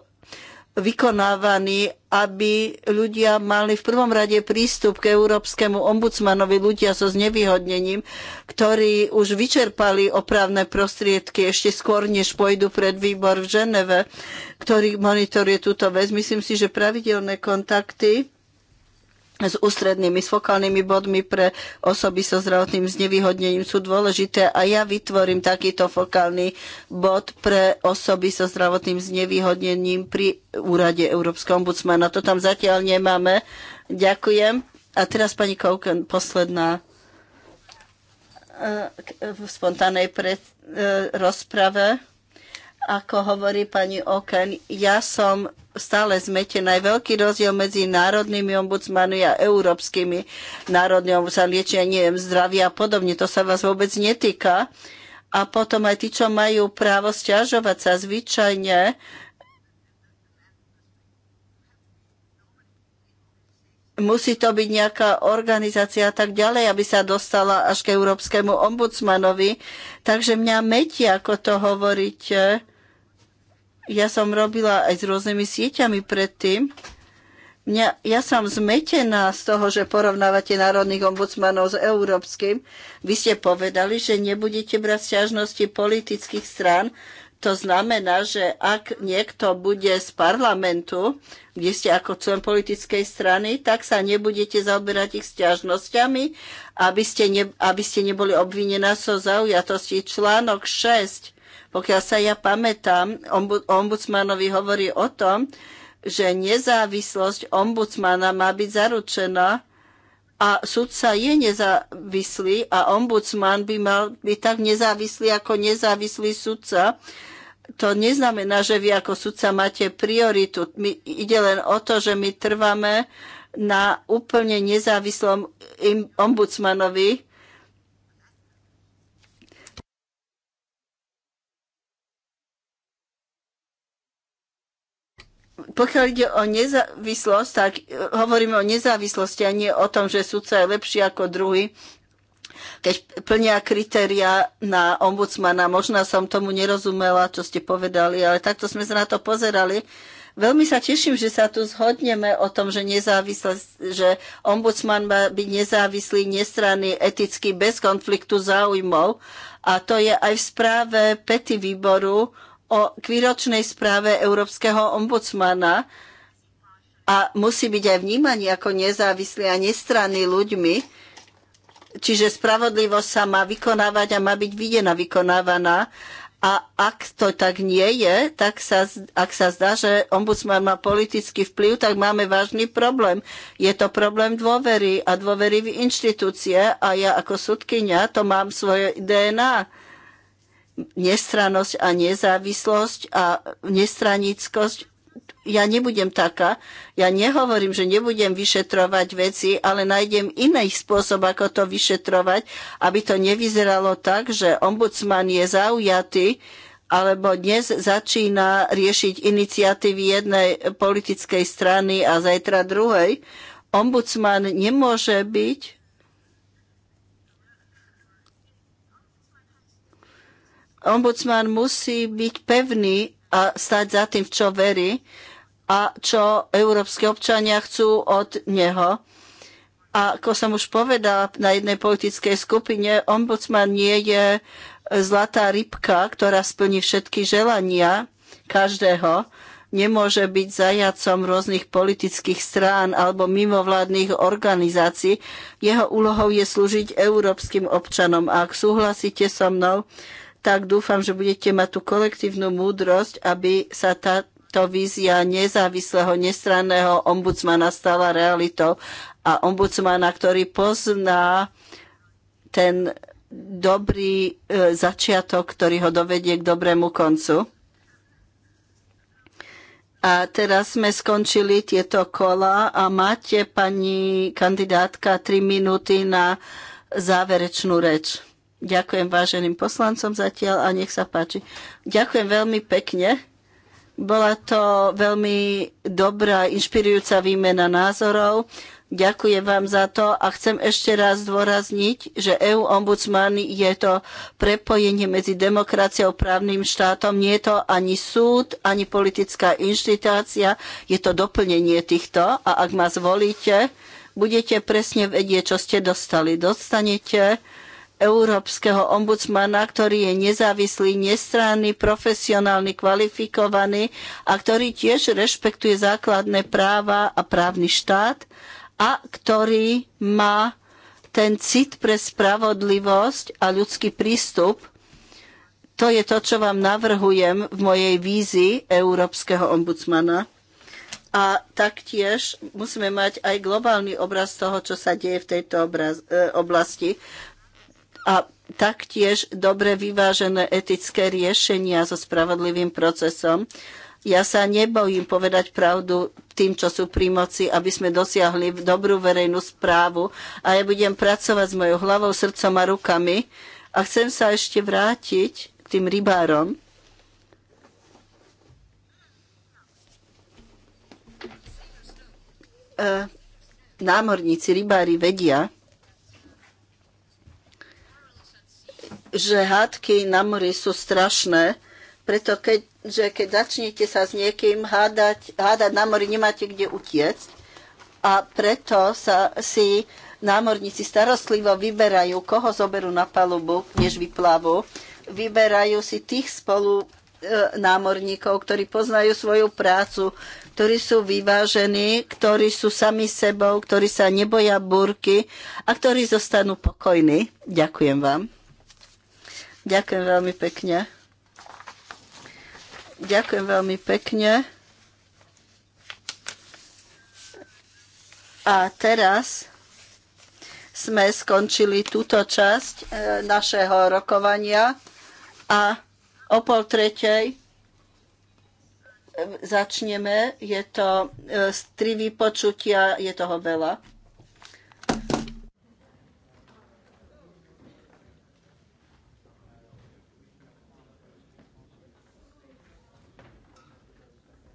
Speaker 1: vykonávaní, aby ľudia mali v prvom rade prístup k európskemu ombudsmanovi, ľudia so znevýhodnením, ktorí už vyčerpali opravné prostriedky ešte skôr, než pôjdu pred výbor v Ženeve, ktorý monitoruje túto vec. Myslím si, že pravidelné kontakty s ústrednými, s fokálnymi bodmi pre osoby so zdravotným znevýhodnením sú dôležité a ja vytvorím takýto fokálny bod pre osoby so zdravotným znevýhodnením pri úrade Európskeho ombudsmana. To tam zatiaľ nemáme. Ďakujem. A teraz pani Kouken, posledná e, e, v spontánej pred, e, rozprave. Ako hovorí pani Oken, ja som stále zmetená. Je veľký rozdiel medzi národnými ombudsmanmi a európskymi národnými ombudsmanmi, liečenia, neviem, zdravia a podobne. To sa vás vôbec netýka. A potom aj tí, čo majú právo stiažovať sa zvyčajne, musí to byť nejaká organizácia a tak ďalej, aby sa dostala až k európskemu ombudsmanovi. Takže mňa metí, ako to hovoríte ja som robila aj s rôznymi sieťami predtým. Mňa, ja som zmetená z toho, že porovnávate národných ombudsmanov s európskym. Vy ste povedali, že nebudete brať sťažnosti politických strán. To znamená, že ak niekto bude z parlamentu, kde ste ako člen politickej strany, tak sa nebudete zaoberať ich sťažnosťami, aby ste, ne, aby ste neboli obvinená so zaujatosti. Článok 6 pokiaľ sa ja pamätám, ombudsmanovi hovorí o tom, že nezávislosť ombudsmana má byť zaručená a sudca je nezávislý a ombudsman by mal byť tak nezávislý ako nezávislý sudca. To neznamená, že vy ako sudca máte prioritu. My, ide len o to, že my trvame na úplne nezávislom ombudsmanovi, pokiaľ ide o nezávislosť, tak e, hovoríme o nezávislosti a nie o tom, že sudca je lepší ako druhý. Keď plnia kritéria na ombudsmana, možno som tomu nerozumela, čo ste povedali, ale takto sme sa na to pozerali. Veľmi sa teším, že sa tu zhodneme o tom, že, že ombudsman má byť nezávislý, nestranný, etický, bez konfliktu záujmov. A to je aj v správe pety výboru o výročnej správe Európskeho ombudsmana a musí byť aj vnímaný ako nezávislý a nestranný ľuďmi. Čiže spravodlivosť sa má vykonávať a má byť videná vykonávaná. A ak to tak nie je, tak sa, ak sa zdá, že ombudsman má politický vplyv, tak máme vážny problém. Je to problém dôvery a dôvery v inštitúcie a ja ako sudkynia to mám svoje DNA nestrannosť a nezávislosť a nestranickosť. Ja nebudem taká. Ja nehovorím, že nebudem vyšetrovať veci, ale nájdem iný spôsob, ako to vyšetrovať, aby to nevyzeralo tak, že ombudsman je zaujatý, alebo dnes začína riešiť iniciatívy jednej politickej strany a zajtra druhej. Ombudsman nemôže byť Ombudsman musí byť pevný a stať za tým, v čo verí a čo európske občania chcú od neho. A ako som už povedala na jednej politickej skupine, ombudsman nie je zlatá rybka, ktorá splní všetky želania každého. Nemôže byť zajacom rôznych politických strán alebo mimovládnych organizácií. Jeho úlohou je slúžiť európskym občanom. A ak súhlasíte so mnou, tak dúfam, že budete mať tú kolektívnu múdrosť, aby sa táto vízia nezávislého, nestranného ombudsmana stala realitou a ombudsmana, ktorý pozná ten dobrý e, začiatok, ktorý ho dovedie k dobrému koncu. A teraz sme skončili tieto kola a máte, pani kandidátka, 3 minúty na záverečnú reč. Ďakujem váženým poslancom zatiaľ a nech sa páči. Ďakujem veľmi pekne. Bola to veľmi dobrá, inšpirujúca výmena názorov. Ďakujem vám za to a chcem ešte raz zdôrazniť, že EU ombudsman je to prepojenie medzi demokraciou a právnym štátom. Nie je to ani súd, ani politická inštitácia, je to doplnenie týchto a ak ma zvolíte, budete presne vedieť, čo ste dostali. Dostanete európskeho ombudsmana, ktorý je nezávislý, nestranný, profesionálny, kvalifikovaný a ktorý tiež rešpektuje základné práva a právny štát a ktorý má ten cit pre spravodlivosť a ľudský prístup. To je to, čo vám navrhujem v mojej vízii európskeho ombudsmana. A taktiež musíme mať aj globálny obraz toho, čo sa deje v tejto obraz, e, oblasti a taktiež dobre vyvážené etické riešenia so spravodlivým procesom. Ja sa nebojím povedať pravdu tým, čo sú pri moci, aby sme dosiahli dobrú verejnú správu a ja budem pracovať s mojou hlavou, srdcom a rukami. A chcem sa ešte vrátiť k tým rybárom. E, námorníci, rybári vedia, že hádky na mori sú strašné, preto keď, že keď začnete sa s niekým hádať, hádať na mori, nemáte kde utiecť. A preto sa si námorníci starostlivo vyberajú, koho zoberú na palubu, než vyplavu. Vyberajú si tých spolu e, námorníkov, ktorí poznajú svoju prácu, ktorí sú vyvážení, ktorí sú sami sebou, ktorí sa neboja búrky a ktorí zostanú pokojní. Ďakujem vám. Ďakujem veľmi pekne. Ďakujem veľmi pekne. A teraz sme skončili túto časť e, našeho rokovania a o pol tretej e, začneme. Je to e, tri vypočutia, je toho veľa.